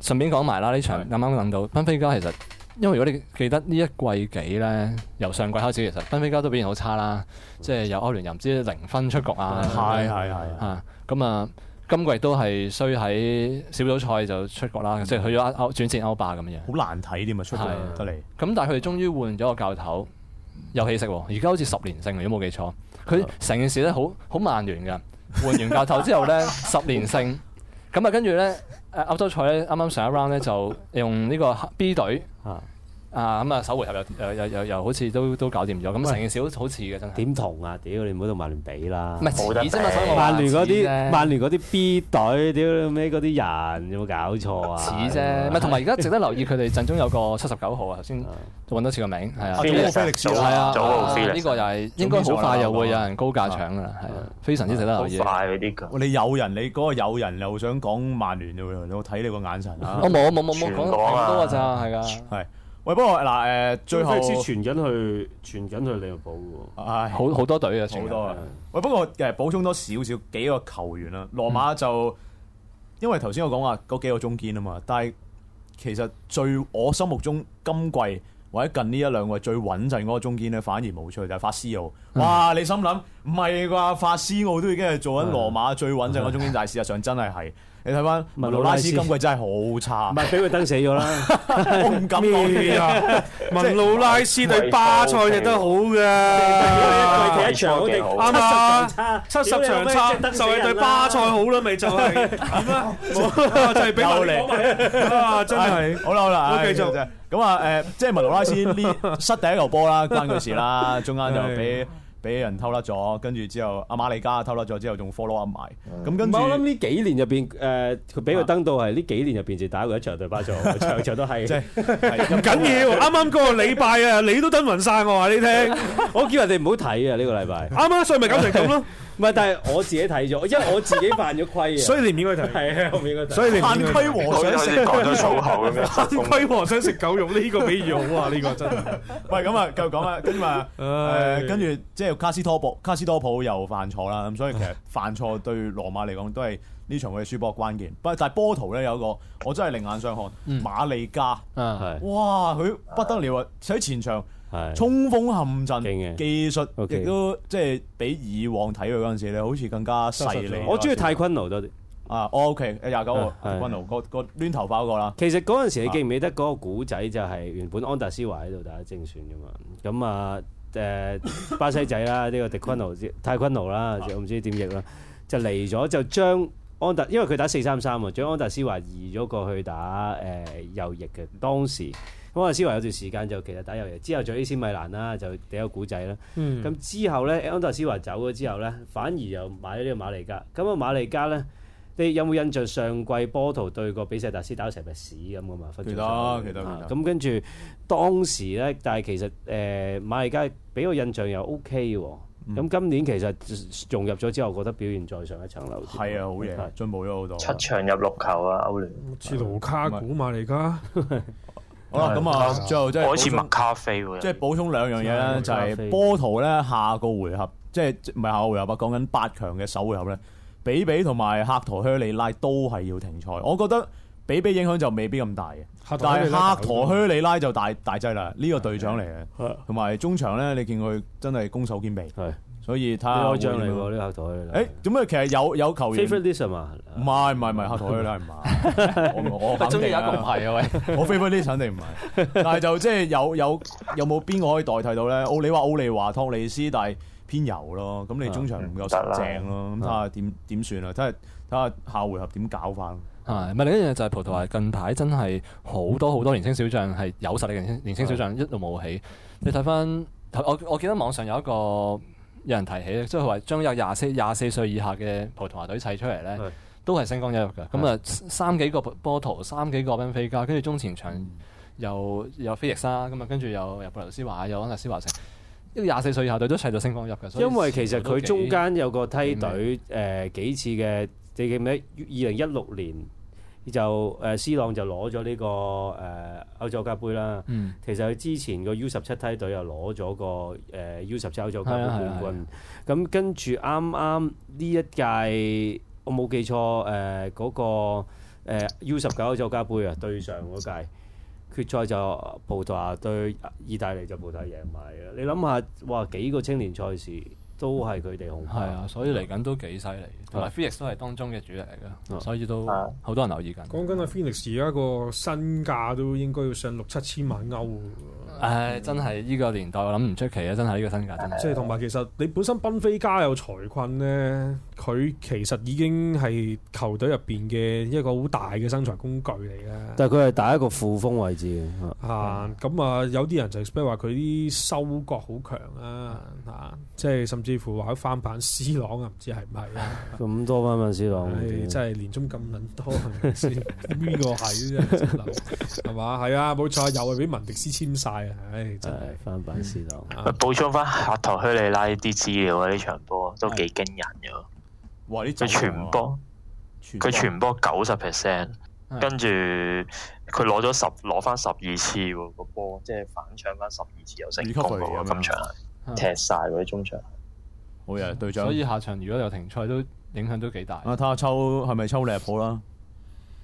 其實順便講埋啦，呢場啱啱講到賓菲加其實。因為如果你記得呢一季幾咧，由上季開始其實賓菲加都表現好差啦，即係由歐聯又唔知零分出局啊。係係係嚇咁啊！今季都係衰喺小組賽就出局啦，即係去咗歐轉戰歐霸咁樣。好難睇添啊，出嚟咁，但係佢哋終於換咗個教頭，有起色喎，啊！而家好似十連勝，如果冇記錯，佢成件事咧好好慢完㗎。換完教頭之後咧， 十連勝咁啊！跟住咧，歐洲賽咧啱啱上一 round 咧就用呢個 B 隊。啊。啊咁啊，首回合又又又又好似都都搞掂咗，咁成件事好似嘅真係。點同啊？屌你唔好同曼聯比啦！唔係似啫嘛，曼聯嗰啲曼聯嗰啲 B 隊屌咩嗰啲人有冇搞錯啊？似啫，唔係同埋而家值得留意，佢哋陣中有個七十九號啊，頭先揾多次個名係啊，菲力斯，係啊，祖高菲力斯呢個又係應該好快又會有人高價搶㗎，係啊，非常之值得留意。快嗰啲㗎，你有人你嗰個有人又想講曼聯你我睇你個眼神啊！冇冇冇冇講咁多㗎咋，係㗎。喂，不過嗱，誒、呃，最後一斯傳緊去，傳緊去利物浦嘅喎，係唉，好好多隊啊，好人多啊。是喂，不過誒，補充多少少幾個球員啦，羅馬就、嗯、因為頭先我講話嗰幾個中堅啊嘛，但係其實最我心目中今季或者近一兩呢一兩位最穩陣嗰個中堅咧，反而冇出就係、是、法斯奧。哇，嗯、你心諗唔係啩？法斯奧都已經係做緊羅馬最穩陣個中堅，但事實上真係係。 你睇翻文奴拉斯今季真係好差，唔係俾佢登死咗啦，我唔敢講。文奴拉斯對巴塞亦都好嘅，七十場差，七十場差，就係對巴塞好啦，咪就係真係俾後力啊！真係好啦好啦，我繼續咁啊！誒，即係文奴拉斯呢失第一球波啦，關佢事啦，中間就俾。俾人偷甩咗，跟住之後阿馬利加偷甩咗，之後仲 follow 一埋，咁跟住。我諗呢幾年入邊，誒，佢俾佢登到係呢幾年入邊，就打過一場隊巴咗，場場都係。唔緊要，啱啱嗰個禮拜啊，你都登雲晒，我話你聽，我叫人哋唔好睇啊！呢個禮拜，啱啱所以咪搞成咁咯。唔係，但係我自己睇咗，因為我自己犯咗規啊。 所以你唔應該睇。係啊，唔應該 所以你犯規和尚想食 狗肉咁樣，犯規和尚想食狗肉呢個比喻好啊，呢、這個真係。 喂，咁啊，繼續講啊，跟住啊，誒、哎，跟住即係卡斯托普，卡斯托普又犯錯啦。咁所以其實犯錯對羅馬嚟講都係呢場嘅輸波關鍵。不，但係波圖咧有一個，我真係另眼相看。嗯、馬利加、啊、哇，佢不得了啊！喺前場，係衝鋒陷陣，技術亦、okay、都即係比以往睇佢嗰陣時咧，好似更加犀利。我中意泰昆奴多啲啊，我 OK 廿九號泰昆奴個個攣頭包過啦。嗯、其實嗰陣時你記唔記得嗰個古仔就係原本安達斯華喺度打正選噶嘛？咁啊，誒巴西仔啦，呢、這個迪昆奴、泰昆、嗯嗯、奴啦，就唔知點譯啦，就嚟咗就將安達因為佢打四三三啊，將安達斯華移咗過去打誒右翼嘅當時。咁阿思華有段時間就其實打油油，之後再 AC 米蘭啦，就第一個古仔啦。咁之後咧，安德斯華走咗之後咧，反而又買咗呢個馬利加。咁啊馬利加咧，你有冇印象上季波圖對個比薩達斯打成白屎咁噶嘛？記得記得。咁跟住當時咧，但係其實誒馬利加俾我印象又 O K 嘅。咁今年其實融入咗之後，覺得表現再上一層樓。係啊，好嘢，進步咗好多。七場入六球啊，歐聯。切盧卡古馬利加。好啦，咁啊、 嗯，最後真係好似抹咖啡喎，即係補充兩樣嘢咧，fe, 就係波圖咧下個回合，即係唔係下個回合，講緊八強嘅首回合咧，比比同埋黑陀靴里拉都係要停賽，我覺得比比影響就未必咁大嘅，但係黑陀靴里拉就大大劑啦，呢、呢個隊長嚟嘅，同埋中場咧，你見佢真係攻守兼備。所以太開張嚟喎呢客台！誒，做咩、欸？其實有有球員。favorite 嘛？唔係唔係唔係客台啦，唔係。 我我中意 有一個唔係啊喂！我 favorite 肯定唔係，但係就即係有有有冇邊個可以代替到咧？奧利話奧利華托利斯，但係偏柔咯。咁你中場唔夠實淨咯。咁睇下點點算啊？睇下睇下下回合點搞翻？係咪另一樣就係葡萄牙近排真係好多好多年青小將係有實力年青年青小將的一路冇起。你睇翻我我記得網上有一個。有人提起咧，即係話將有廿四廿四歲以下嘅葡萄牙隊砌出嚟咧，的都係星光熠熠嘅。咁啊的，三幾個波圖，三幾個賓菲加，跟住中前場又有菲又菲力沙，咁啊，跟住又入布魯斯華，又安達斯華城，呢個廿四歲以下隊都砌咗星光熠熠嘅。因為其實佢中間有個梯隊，誒、呃、幾次嘅，你記唔記？二零一六年，就誒，C 朗就攞咗呢個誒、呃、歐洲盃啦。嗯、其實佢之前個 U 十七梯隊又攞咗個誒 U 十七歐洲盃冠軍。咁跟住啱啱呢一屆，我冇記錯誒嗰、呃那個、呃、U 十九歐洲盃啊，對上嗰屆決賽就葡萄牙對意大利，就葡萄牙贏埋嘅。你諗下，哇幾個青年賽事？都係佢哋控，係啊，所以嚟緊都幾犀利，同埋 Felix 都係當中嘅主力嚟嘅，嗯、所以都好多人留意緊。講緊阿 Felix 而家個身價都應該要上六七千萬歐喎。誒、嗯啊，真係呢個年代我諗唔出奇啊！真係呢個身價真係。即係同埋其實你本身賓菲加有財困咧，佢其實已經係球隊入邊嘅一個好大嘅生財工具嚟嘅。但係佢係打一個副鋒位置嚇，咁、嗯、啊，啊有啲人就 expect 話佢啲收割好強啊嚇。啊即係甚至乎話佢翻版 C 朗啊，唔知係唔係啦？咁多翻版 C 朗，唉，真係年中咁撚多，係咪先？呢個係，係嘛？係啊，冇錯，又係俾文迪斯簽晒。啊！唉，真係翻版 C 朗。補充翻阿唐虛利拉啲資料啊！呢場波都幾驚人㗎，佢傳波，佢傳波九十 percent，跟住佢攞咗十攞翻十二次喎個波，即係反搶翻十二次又成功喎今場。踢晒嗰啲中場，所以下場如果有停賽都影響都幾大。啊，睇下抽係咪抽利物浦啦！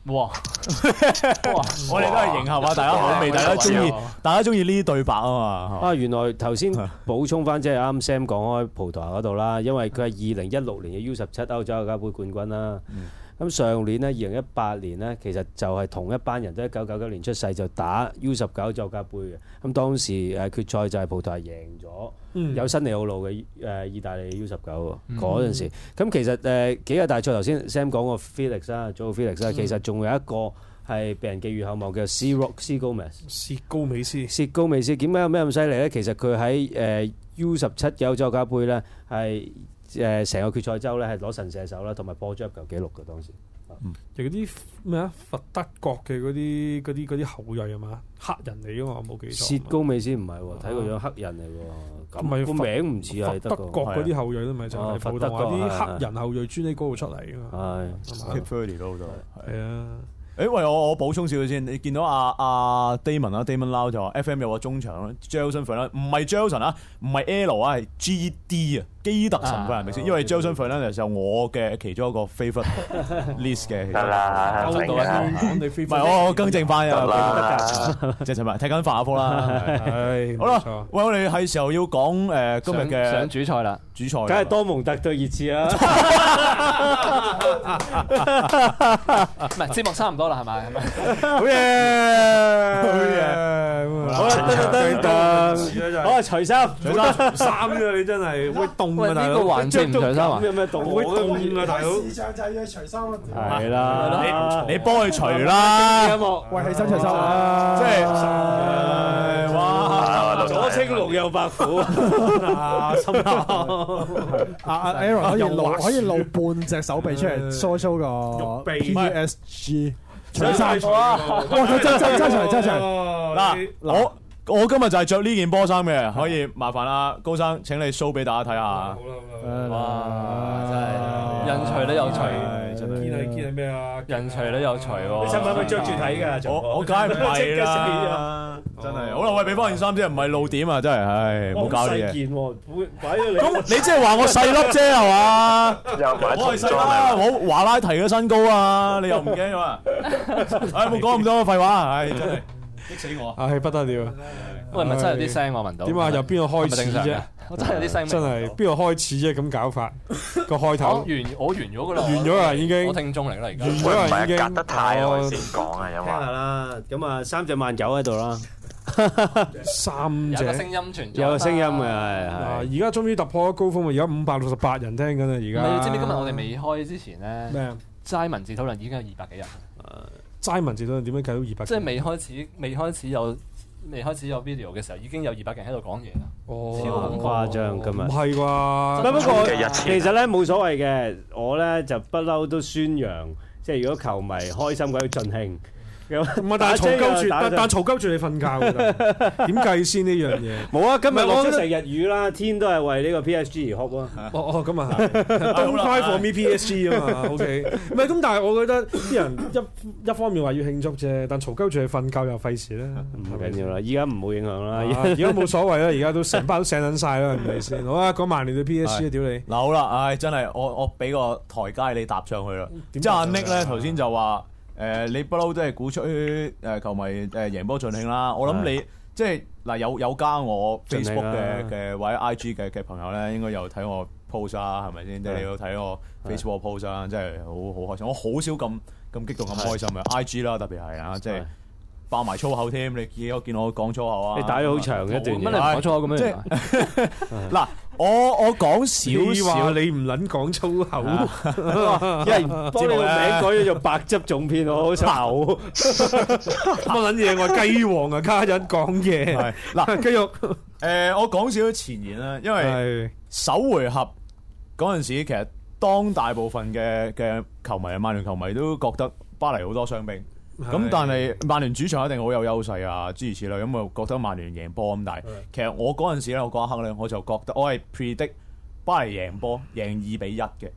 哇，我哋都係迎合下大家口味，大家中意，大家中意呢啲對白啊嘛。啊，原來頭先補充翻即係啱 Sam 講開葡萄牙嗰度啦，因為佢係二零一六年嘅 U 十七歐洲國家杯冠軍啦。咁上年咧，二零一八年咧，其實就係同一班人都一九九九年出世就打 U 十九洲際杯嘅。咁當時誒決賽就係葡萄牙贏咗，有新尼奧路嘅誒意大利 U 十九喎。嗰陣時，咁其實誒幾個大賽頭先 Sam 講過 Felix 啦，JoaoFelix 啦，其實仲有一個係畀人寄予厚望嘅 Croc C 高美斯。C 高美斯。C 高美斯點解有咩咁犀利咧？其實佢喺誒 U 十七嘅洲際杯咧係。誒成個決賽周咧係攞神射手啦，同埋破咗入球紀錄嘅當時。嗯。就嗰啲咩啊？佛德國嘅嗰啲嗰啲嗰啲後裔啊嘛，黑人嚟嘅嘛，冇記錯。薛高美先唔係喎，睇個樣黑人嚟喎。咁咪個名唔似係德國。德國嗰啲後裔都咪就係葡萄牙啲黑人後裔專喺嗰度出嚟㗎嘛。係。Keep a r y 都好多。係啊。誒餵我我補充少少先，你見到阿阿 Damon 啦，Damon Lau 就話 FM 有個中場咧，Johnson 翻啦，唔係 Johnson 啊，唔係 L 啊，係 G D 啊，基特神翻，明唔明先？因為 Johnson 翻咧就我嘅其中一個 favorite list 嘅，其實啦，明啦，唔係我更正翻又，謝謝唔該，睇緊化學科啦，好啦，喂，我哋係時候要講誒今日嘅主菜啦。煮菜，梗係多蒙特對熱刺啦。唔係節目差唔多啦，係咪？好嘢，好嘢。好啦，得得得，好啊，除衫，除衫，衫啫你真係會凍㗎啦。呢個環境唔係咁熱，市場就要除衫啦。係啦，你你幫佢除啦。喂，起身除衫啊！即係哇。左青龍右白虎啊！啊啊！Aaron 可以露可以露半隻手臂出嚟梳 show 個 P S G 搶晒場！哇！真真真係真係嗱攞。我今日就係着呢件波衫嘅，可以麻煩啦。高生請你 show 俾大家睇下。好啦，哇，真係人材你有才，見係咩啊？人材你有才。你使唔使佢着住睇噶？我我梗係唔係啦，真係。好啦，喂，俾翻件衫先，唔係露點啊，真係，唉，冇搞你件。咁你即係話我細粒啫係嘛？我係細啦，我華拉提嘅身高啊，你又唔驚咗啊？唉，唔好講咁多廢話，唉，真係。激死我！唉，不得了，喂係咪真係有啲聲，我聞到。點啊？由邊度開始啫？我真係有啲聲，真係邊度開始啫？咁搞法個開頭完，我完咗噶啦，完咗啦已經。我聽鐘嚟啦，而家！完咗啦已經。夾得太耐先講啊，因為聽下啦。咁啊，三隻萬九喺度啦，三隻。有聲音存在，有聲音嘅。而家終於突破咗高峰，而家五百六十八人聽緊啦，而家。你知唔知今日我哋未開之前咧？咩啊？齋文字討論已經有二百幾人。齋文字都點樣計到二百？即係未開始，未開始有，未開始有 video 嘅時候，已經有二百人喺度講嘢啦。哦、oh，超誇張㗎嘛！唔係啩？不過、啊、其實咧，冇所謂嘅，我咧就不嬲都宣揚，即係如果球迷開心，佢要盡興。唔係，但係嘈鳩住，但但嘈鳩住你瞓覺，點計先呢樣嘢？冇啊，今日落咗成日雨啦，天都係為呢個 P S G 而哭啊！哦哦，今日啊，好 high for me P S G 啊嘛，OK。唔係咁，但係我覺得啲人一一方面話要慶祝啫，但嘈鳩住你瞓覺又費事啦。唔緊要啦，依家唔冇影響啦，而家冇所謂啦，而家都成班都醒緊晒啦，係咪先？好啊，講埋你對 P S G 啊，屌你！嗱好啦，唉，真係我我俾個台階你搭上去啦。點知阿 Nick 咧頭先就話。誒、呃、你不嬲都係鼓吹誒、呃、球迷誒、呃、贏波盡興啦！的我諗你即係嗱有有加我 Facebook 嘅嘅或者、啊、IG 嘅嘅朋友咧，應該有睇我 post 啦的，係咪先？Post, 的即係你都睇我 Facebook post 啦，即係好好開心！我好少咁咁激動咁開心嘅的 IG 啦，特別係啊，即係。爆埋粗口添，你我見我講粗口啊！你打咗好長嘅，一段唔係。講粗口咁樣，嗱，我我講少少，你唔捻講粗口，因為將你個名改咗做白汁總編，我好醜。我捻嘢，我雞王啊，家陣講嘢。嗱，繼續，誒，我講少啲前言啦，因為首回合嗰陣時，其實當大部分嘅嘅球迷啊，曼聯球迷都覺得巴黎好多傷兵。咁但係曼聯主場一定好有優勢啊，諸如此類咁我覺得曼聯贏波咁大。但其實我嗰陣時咧，我嗰一刻咧，我就覺得我係 predict 巴黎贏波，贏二比一嘅，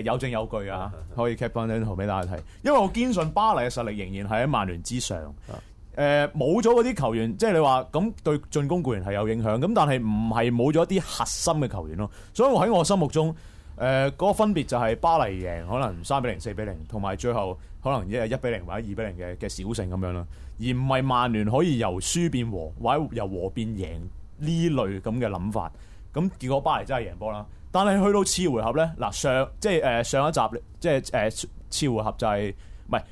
亦有證有據啊，嗯嗯嗯嗯嗯、可以 keep 翻張圖俾大家睇。因為我堅信巴黎嘅實力仍然係喺曼聯之上。誒、嗯，冇咗嗰啲球員，即、就、係、是、你話咁對進攻固然係有影響，咁但係唔係冇咗啲核心嘅球員咯。所以我喺我心目中。誒嗰、呃那個，分別就係巴黎贏可能三比零、四比零，同埋最後可能一係一比零或者二比零嘅嘅小勝咁樣啦，而唔係曼聯可以由輸變和，或者由和變贏呢類咁嘅諗法。咁結果巴黎真係贏波啦。但係去到次回合咧，嗱上即係誒、呃、上一集，即係誒、呃、次回合就係唔係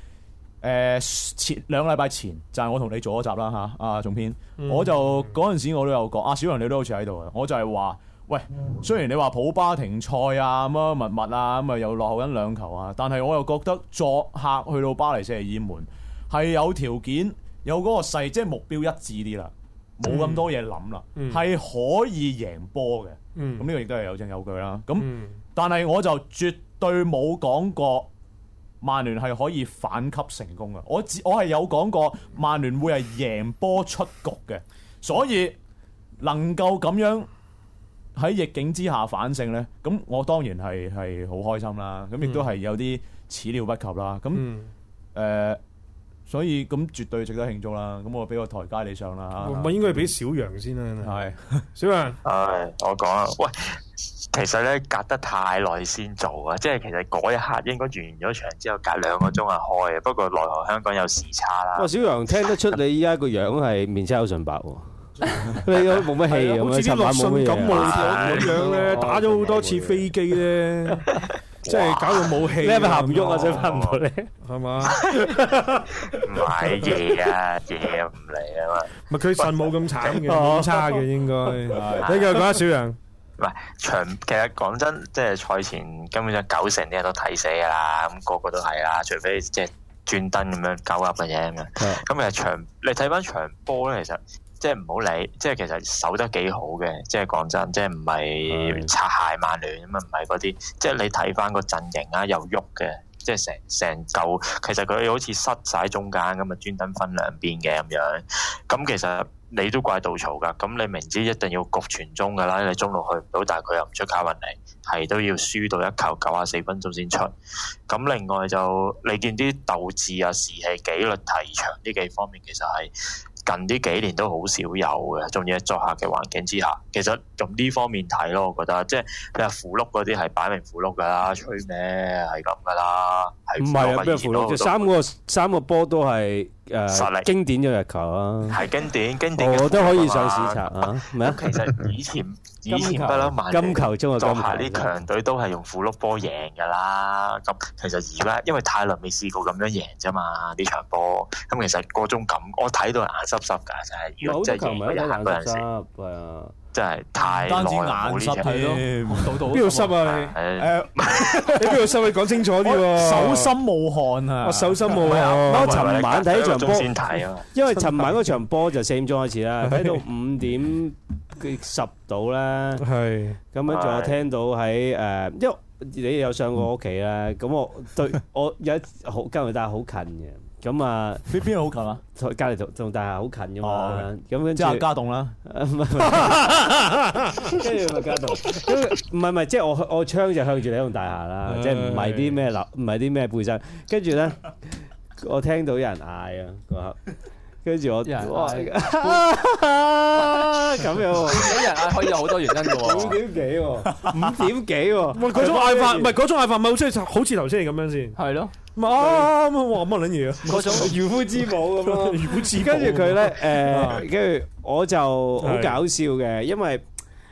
誒前兩個禮拜前就係、是、我同你做一集啦嚇。阿、啊、總編，嗯我我啊，我就嗰陣時我都有講，阿小強你都好似喺度嘅，我就係話。喂，雖然你話普巴停賽啊，乜乜密密啊，咁啊又落後緊兩球啊，但係我又覺得作客去到巴黎聖日耳門係有條件，有嗰個勢，即係目標一致啲啦，冇咁多嘢諗啦，係可以贏波嘅。咁呢、嗯、個亦都係有證有據啦。咁、嗯、但係我就絕對冇講過曼聯係可以反級成功嘅。我我係有講過曼聯會係贏波出局嘅，所以能夠咁樣。喺逆境之下反勝咧，咁我當然係係好開心啦，咁亦都係有啲始料不及啦。咁誒、嗯呃，所以咁、嗯、絕對值得慶祝啦。咁我俾個台階你上啦嚇，唔係應該俾小楊先啦，係是對小楊，係、呃、我講啦。喂，其實咧隔得太耐先做啊，即係其實嗰一刻應該完咗場之後隔兩個鐘係開嘅。不過奈何香港有時差啦。哇、哦，小楊聽得出你依家個樣係面色好純白喎。 你冇乜氣啊？好似啲諾信感冒咁樣咧，打咗好多次飛機咧，即係搞到冇氣。你係咪行唔喐啊？想翻唔到嚟，係嘛？唔係借啊，借唔嚟啊嘛？咪佢信冇咁慘嘅，咁差嘅應該比較寡少人。唔係長，其實講真，即係賽前根本上九成啲人都睇死噶啦，咁個個都係啦，除非即係轉燈咁樣狗入嘅嘢咁樣。咁其實長，你睇翻場波咧，其實。即係唔好理，即係其實守得幾好嘅，即係講真，即係唔係擦鞋曼聯咁啊，唔係嗰啲，嗯、即係你睇翻個陣型啊，又喐嘅，即係成成嚿，其實佢好似塞晒中間咁啊，專登分兩邊嘅咁樣，咁其實你都怪稻草噶，咁你明知一定要焗全中噶啦，你中路去唔到，但係佢又唔出卡雲尼，係都要輸到一球九啊四分鐘先出，咁另外就你見啲鬥志啊、士氣、紀律、提場呢幾方面，其實係。近呢幾年都好少有嘅，仲要係作客嘅環境之下。其實用呢方面睇咯，我覺得即係你話富碌嗰啲係擺明富碌㗎啦，吹咩係咁㗎啦。唔係啊，咩富碌三？三個三個波都係、呃、實力、啊經，經典咗入球啊，係經典經典嘅，我都可以上視察啊。咩啊 麼？Okay, 其實以前。 以前不嬲，金球，金球中金球，當下啲強隊都係用符碌波贏嘅啦。咁其實而家，因為太耐未試過咁樣贏啫嘛，啲場波。咁其實嗰種感，我睇到眼濕濕㗎，真、就、係、是。足球唔係一個眼濕啊。真係太單止眼濕係咯，邊度濕啊？你誒你邊度濕？你講清楚啲喎，手心冇汗啊！我手心冇汗啊！我尋晚睇一場波先睇，因為尋晚嗰場波就四點鐘開始啦，睇到五點十到啦，係咁樣仲有聽到喺誒，因為你有上過屋企啦，咁我對我有好跟住，但係好近嘅。咁啊，喺邊度好近啊？隔籬棟棟大廈好近嘅嘛，啊。咁跟住就家棟啦。跟住咪家棟。跟住，唔係唔係，即係我我窗就向住你棟大廈啦， 即係唔係啲咩樓，唔係啲咩背身。跟住咧，我聽到有人嗌啊，嗰刻。跟住我，哇！咁樣喎，一日啊可以有好多原因嘅喎，五點幾喎，五點幾喎，唔係嗰種嗌法，唔係嗰種嗌法，唔係好中意食，好似頭先你咁樣先，係咯，哇咁撚嘢啊，嗰種漁夫之舞咁咯，漁夫之，跟住佢咧誒，跟住我就好搞笑嘅，因為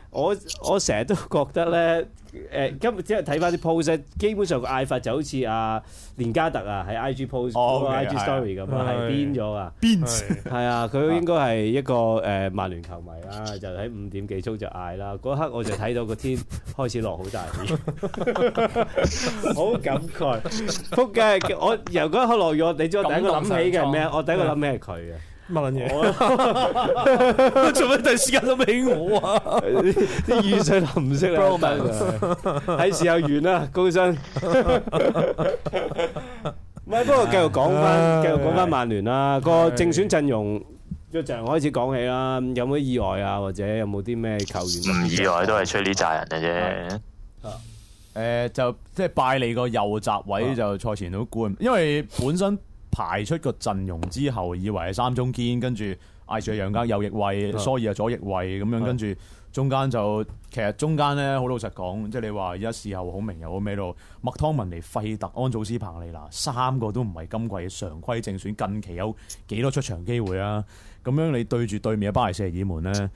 我我成日都覺得咧。誒，今日即係睇翻啲 post 咧，基本上個嗌法就好似阿連加特啊，喺 IG post，IG story 咁啊，係癲咗啊，癲，係啊，佢應該係一個誒曼聯球迷啦，就喺五點幾鐘就嗌啦，嗰刻我就睇到個天開始落好大雨，好感慨，撲街，我由嗰一刻落雨，我你知我第一個諗起嘅係咩啊？我第一個諗起係佢啊。乜嘢？做乜？第時間都俾我啊！啲雨水淋唔識你，睇時又遠啦，高升。唔係，不過繼續講翻，繼續講翻曼聯啦。個正選陣容，一陣開始講起啦。有冇意外啊？或者有冇啲咩球員？唔意外，都係出呢扎人嘅啫。誒，就即係拜你個右閘位，就賽前都估，因為本身。排出個陣容之後，以為係三中堅，跟住嗌住阿楊家右翼衛，是的 所以阿左翼衛咁樣，跟住中間就其實中間咧，好老實講，即係你話而家事後孔明，又好咩度？麥湯文尼費特安祖斯彭利娜三個都唔係今季嘅常規正選，近期有幾多出場機會啊？咁樣你對住對面嘅巴黎聖日耳門咧？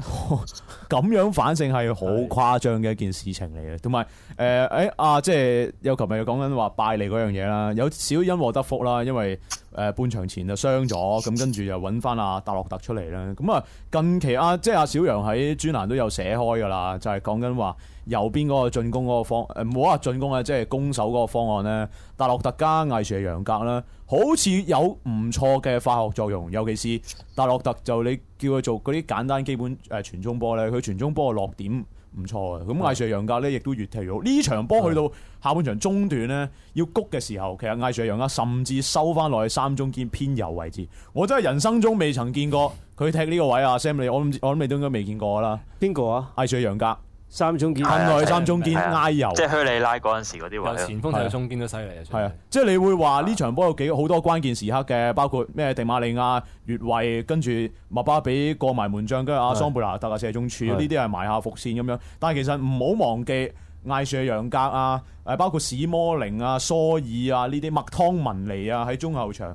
咁 樣反正係好誇張嘅一件事情嚟嘅，同埋誒誒啊，即係有琴日講緊話拜利嗰樣嘢啦，有少因禍得福啦，因為誒、呃、半場前就傷咗，咁跟住又揾翻阿達洛特出嚟啦，咁、嗯、啊近期阿、啊、即係阿小楊喺專欄都有寫開噶啦，就係講緊話。右邊嗰個進攻嗰個方，唔好話進攻啊，即係攻守嗰個方案咧。達洛特加艾殊利楊格咧，好似有唔錯嘅化學作用，尤其是達洛特就你叫佢做嗰啲簡單基本誒傳中波咧，佢傳中波嘅落點唔錯嘅。咁艾殊利楊格咧，亦都越踢越好。呢場波去到下半場中段咧，的要谷嘅時候，其實艾殊利楊格甚至收翻落去三中堅偏右位置。我真係人生中未曾見過佢踢呢個位啊，Sam 你我我諗你都應該未見過啦。邊個啊？艾殊利楊格。三中堅，近三中堅拉油，即係虛擬拉嗰陣時嗰啲位，前鋒就係中堅都犀利啊！係啊，即係你會話呢場波有幾好多關鍵時刻嘅，包括咩迪馬利亞越位，跟住麥巴比過埋門將，跟住阿桑貝拿突下射中柱，呢啲係埋下伏線咁樣。但係其實唔好忘記艾舒楊格啊，誒包括史摩寧啊、蘇爾啊呢啲麥湯文尼啊喺中後場。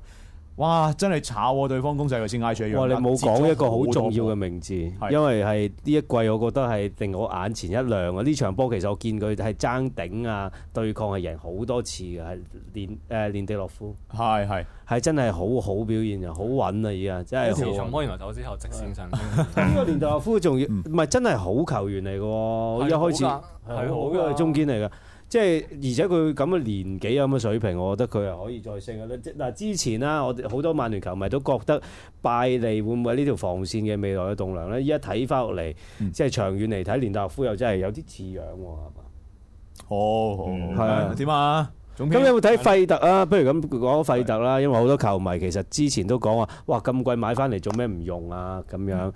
哇！真係炒，對方公仔佢先嗌出一樣。哇！你冇講一個好重要嘅名字，的因為係呢一季我覺得係令我眼前一亮啊！呢的場波其實我見佢係爭頂啊，對抗係贏好多次嘅，係連誒、呃、連地洛夫。係係係真係好好表現，又好穩啊！而家真係。一場波之後，直線上的。呢個 連地洛夫仲要唔係、嗯、真係好球員嚟嘅？一開始係好嘅中堅嚟嘅。即係而且佢咁嘅年紀咁嘅水平，我覺得佢係可以再升嘅咧。即嗱之前啦，我哋好多曼聯球迷都覺得拜利會唔會呢條防線嘅未來嘅棟梁咧？依家睇翻落嚟，嗯、即係長遠嚟睇，連達夫又真係有啲似樣喎，係嘛？好好，係點啊？咁你有冇睇費特啊？不如咁講費特啦，是的 因為好多球迷其實之前都講話，哇咁貴買翻嚟做咩唔用啊？咁樣咁、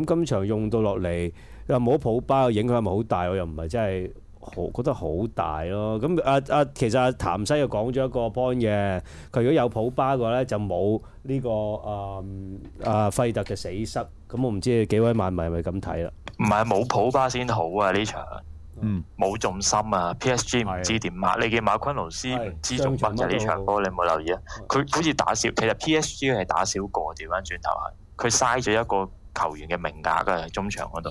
嗯、今場用到落嚟，又冇普巴，影響係咪好大？我又唔係真係。好覺得好大咯，咁啊啊，其實啊，譚西又講咗一個 point 嘅，佢如果有普巴嘅話咧、這個，就冇呢個啊啊費特嘅死塞，咁我唔知幾位曼迷係咪咁睇啦？唔係冇普巴先好啊呢場，嗯，冇、啊、重、嗯啊嗯、心啊，PSG 唔知點啊，你見馬昆奴斯唔知中乜嘅呢場波，你有冇留意啊？佢好似打少，其實 PSG 係打少個調翻轉頭係，佢嘥咗一個球員嘅名額喺中場嗰度。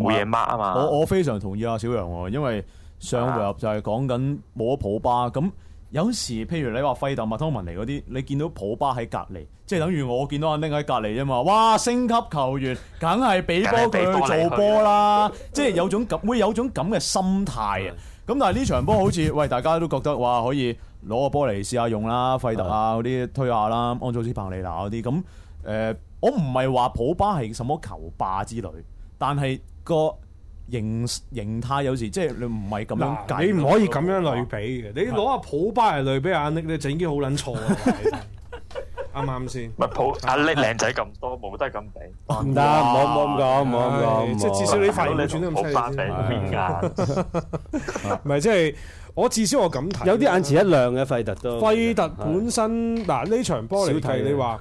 冇嘢掹啊嘛！我我非常同意阿小楊喎，因為上回合就係講緊冇咗普巴，咁有時譬如你話費特、麥湯文尼嗰啲，你見到普巴喺隔離，即係等於我見到阿拎喺隔離啫嘛。哇，升級球員梗係俾波佢去做波啦，即係有種會有種咁嘅心態啊。咁 但係呢場波好似喂，大家都覺得哇可以攞個波嚟試,試用下用啦，費特啊嗰啲推下啦，安祖斯帕里娜嗰啲咁誒。我唔係話普巴係什麼球霸之類，但係。個形形態，有時即係你唔係咁樣，你唔可以咁樣類比嘅。你攞阿普巴嚟類比阿阿力，你已經好捻錯，啱啱先？唔，阿力靚仔咁多，冇得咁比。唔得，唔好唔好咁講，唔好咁講。即係至少你費爾你都唔犀利先。唔係，即係我至少我咁睇，有啲眼前一亮嘅費特都。費特本身，嗱，呢場波你睇，你話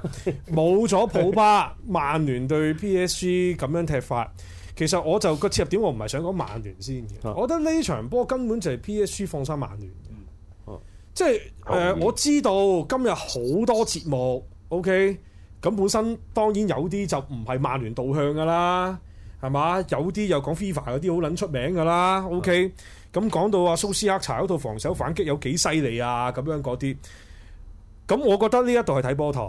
冇咗普巴，曼聯對 PSG 咁樣踢法。其實我就個切入點，我唔係想講曼聯先嘅。啊、我覺得呢場波根本就係 PSG 放生曼聯嘅，啊、即係誒、呃嗯、我知道今日好多節目，OK，咁本身當然有啲就唔係曼聯導向㗎啦，係嘛？有啲又講 FIFA 嗰啲好撚出名㗎啦，OK，咁講、啊、到阿蘇斯克查嗰套防守反擊有幾犀利啊？咁樣嗰啲，咁我覺得呢一度係睇波台，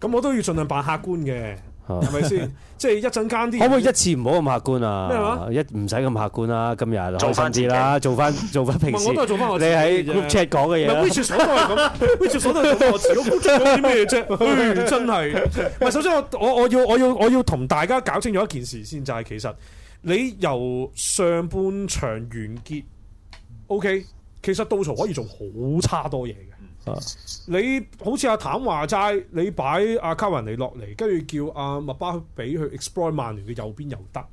咁我都要盡量扮客觀嘅。嗯嗯係咪先？即係一陣間啲。可唔可以一次唔好咁客觀啊？咩話？一唔使咁客觀啦，今日做翻啲啦，做翻做翻平時。唔係，我都係做翻我自己。你喺 Lucas 講嘅嘢。唔係 Lucas 所講咁，Lucas 所講係講到我自己做咗啲咩嘢啫。真係。唔係，首先我我我要我要我要同大家搞清咗一件事先，就係其實你由上半場完結，OK，其實杜潮可以做好差多嘢嘅。啊！ 你好似阿譚話齋，你擺阿卡文尼落嚟，跟住叫阿麥巴去俾佢 explore 曼聯嘅右邊又得，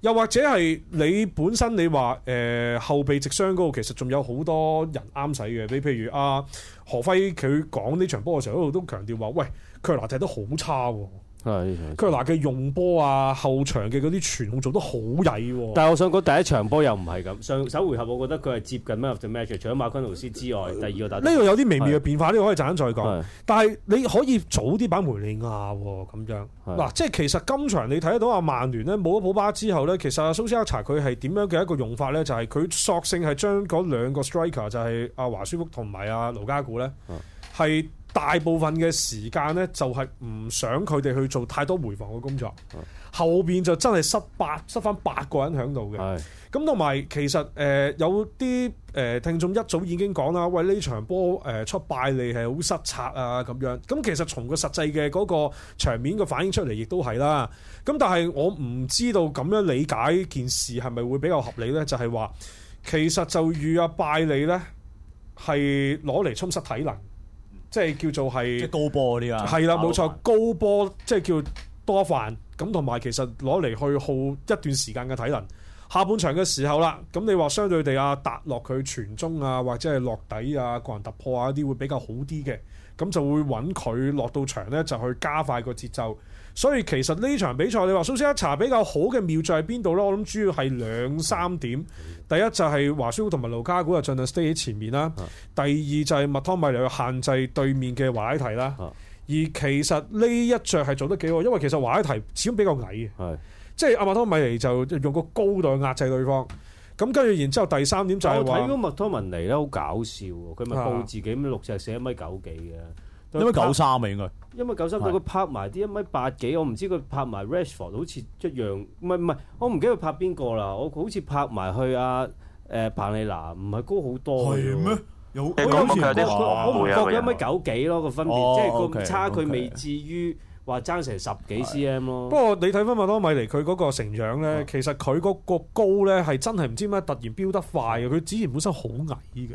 又或者係你本身你話誒、呃、後備席雙度，其實仲有好多人啱使嘅，你譬如阿、啊、何輝，佢講呢場波嘅時候，一路都強調話，喂佢拿踢得好差。佢話嘅用波啊，後場嘅嗰啲傳控做得好曳喎。但係我想講第一場波又唔係咁。上首回合我覺得佢係接近 m a 者咩，除除咗馬昆奴斯之外，嗯、第二個大。呢個有啲微妙嘅變化，呢個的可以陣間再講。的但係你可以早啲擺梅利亞咁、啊、樣。嗱的、啊，即係其實今場你睇得到阿、啊、曼聯咧冇咗普巴之後咧，其實阿蘇斯克查佢係點樣嘅一個用法咧？就係、是、佢索性係將嗰兩個 striker 就係阿、啊、華舒福同埋阿盧加古咧係。大部分嘅時間呢，就係、是、唔想佢哋去做太多回防嘅工作，是的 後邊就真係失八失翻八個人喺度嘅。咁同埋其實誒、呃、有啲誒、呃、聽眾一早已經講啦，喂呢場波誒出拜利係好失策啊咁樣。咁其實從個實際嘅嗰個場面嘅反應出嚟，亦都係啦。咁但係我唔知道咁樣理解件事係咪會比較合理呢？就係、是、話其實就與阿拜利呢，係攞嚟充塞體能。即係叫做係高波嗰啲啊，係啦，冇錯，高波即係叫多犯咁，同埋其實攞嚟去耗一段時間嘅體能。下半場嘅時候啦，咁你話相對地啊，達落佢傳中啊，或者係落底啊，個人突破啊啲會比較好啲嘅，咁就會揾佢落到場咧，就去加快個節奏。所以其實呢場比賽你話蘇斯卡查比較好嘅妙在喺邊度咧？我諗主要係兩三點。第一就係華舒同埋盧卡古啊，盡量 stay 喺前面啦。第二就係麥托米尼去限制對面嘅華裔提啦。而其實呢一著係做得幾好，因為其實華裔提始終比較矮嘅，的即係阿麥托米尼就用個高度去壓制對方。咁跟住，然之後，後第三點就係話，我睇到麥托文尼咧好搞笑啊！佢咪報自己六尺四一米九幾嘅。一米九三啊，應該一米九三。因為九三，佢佢拍埋啲一米八幾，我唔知佢拍埋 Rashford 好似一樣，唔係唔係，我唔記得佢拍邊個啦。我好似拍埋去阿誒彭利娜，唔係高好多。係咩？有。你講乜嘢？我我唔覺一米九幾咯個分別，哦、即係個差距，佢 okay, okay. 未至於話爭成十幾 cm 咯。不過你睇翻麥多米尼佢嗰個成長咧，其實佢嗰個高咧係真係唔知點解突然飆得快嘅。佢之前本身好矮嘅。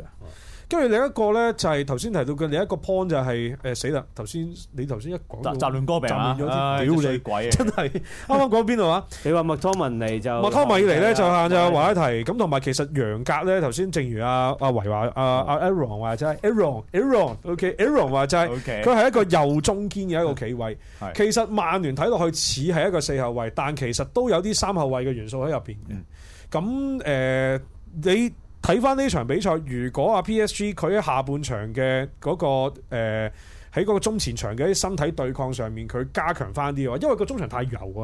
跟住另一個咧，就係頭先提到嘅另一個 point 就係，誒死啦！頭先你頭先一講到雜亂歌病咗啲屌你鬼啊！真係，啱啱講邊度啊？你話麥湯文尼就麥湯文尼咧，就係就話一提，咁同埋其實楊格咧，頭先正如阿阿維話，阿阿 Aaron 話就係 Aaron Aaron OK Aaron 話就係佢係一個右中堅嘅一個企位，其實曼聯睇落去似係一個四後衛，但其實都有啲三後衛嘅元素喺入邊嘅。咁誒你？睇翻呢場比賽，如果啊 PSG 佢喺下半場嘅嗰個、呃、喺嗰個中前場嘅一啲身體對抗上面，佢加強翻啲嘅話，因為個中場太柔啊，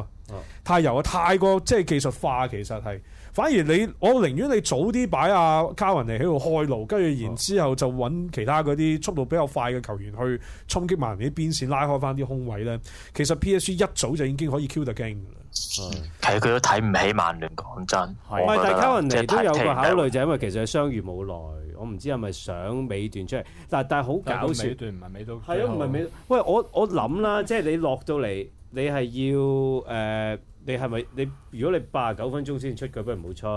太柔啊，太過即係技術化，其實係。反而你，我寧願你早啲擺阿卡雲尼喺度開路，跟住然之後，後就揾其他嗰啲速度比較快嘅球員去衝擊人哋啲邊線，拉開翻啲空位咧。其實 PSG 一早就已經可以 Q 得驚噶啦。係佢都睇唔起曼聯，講真。唔係但卡雲尼，都有個考慮就係因為其實佢傷愈冇耐，我唔知係咪想尾段出嚟。但係但係好搞笑，尾段唔係尾到。啊，唔係尾。喂，我我諗啦，即係你落到嚟，你係要誒。呃你係咪你？如果你八啊九分鐘先出腳，不如唔好出。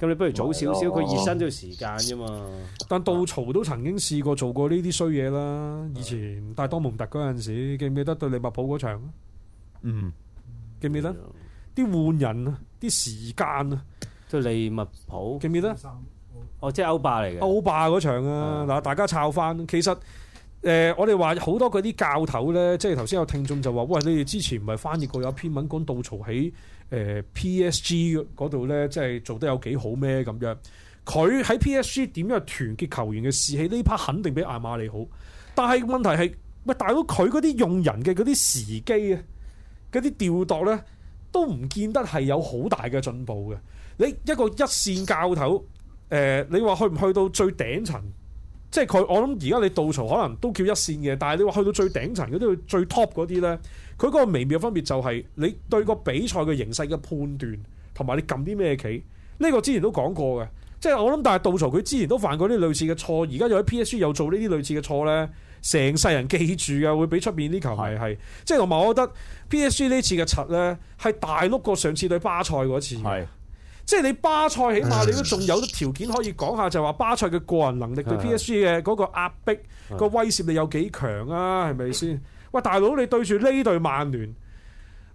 咁你不如早少少，佢、啊、熱身都要時間啫嘛。但杜曹都曾經試過做過呢啲衰嘢啦。以前帶多蒙特嗰陣時，記唔記得對利物浦嗰場？嗯，記唔記得？啲換人啊，啲時間啊，嗯、記記對利物浦。記唔記得？哦，即、就、係、是、歐霸嚟嘅。歐霸嗰場啊，嗱、嗯、大家抄翻，其實。誒、呃，我哋話好多嗰啲教頭咧，即係頭先有聽眾就話，喂，你哋之前唔係翻譯過有篇文講杜曹喺誒 P.S.G 嗰度咧，即係做得有幾好咩咁樣？佢喺 P.S.G 點樣團結球員嘅士氣？呢 part 肯定比阿馬利好，但係問題係，喂，大佬佢嗰啲用人嘅嗰啲時機啊，嗰啲調度咧，都唔見得係有好大嘅進步嘅。你一個一線教頭，誒、呃，你話去唔去到最頂層？即係佢，我諗而家你杜曹可能都叫一線嘅，但係你話去到最頂層嗰啲最 top 嗰啲咧，佢嗰個微妙分別就係你對個比賽嘅形勢嘅判斷同埋你撳啲咩棋，呢個之前都講過嘅。即係我諗，但係杜曹佢之前都犯過啲類似嘅錯，而家又喺 PSG 又做呢啲類似嘅錯咧，成世人記住嘅，會俾出邊啲球迷係。即係同埋我覺得 PSG 呢次嘅柒咧，係大碌過上次對巴塞嗰次。即係你巴塞，起碼你都仲有啲條件可以講下，就係話巴塞嘅個人能力對 PSG 嘅嗰個壓迫、個威懾力有幾強啊？係咪先？喂，大佬，你對住呢隊曼聯，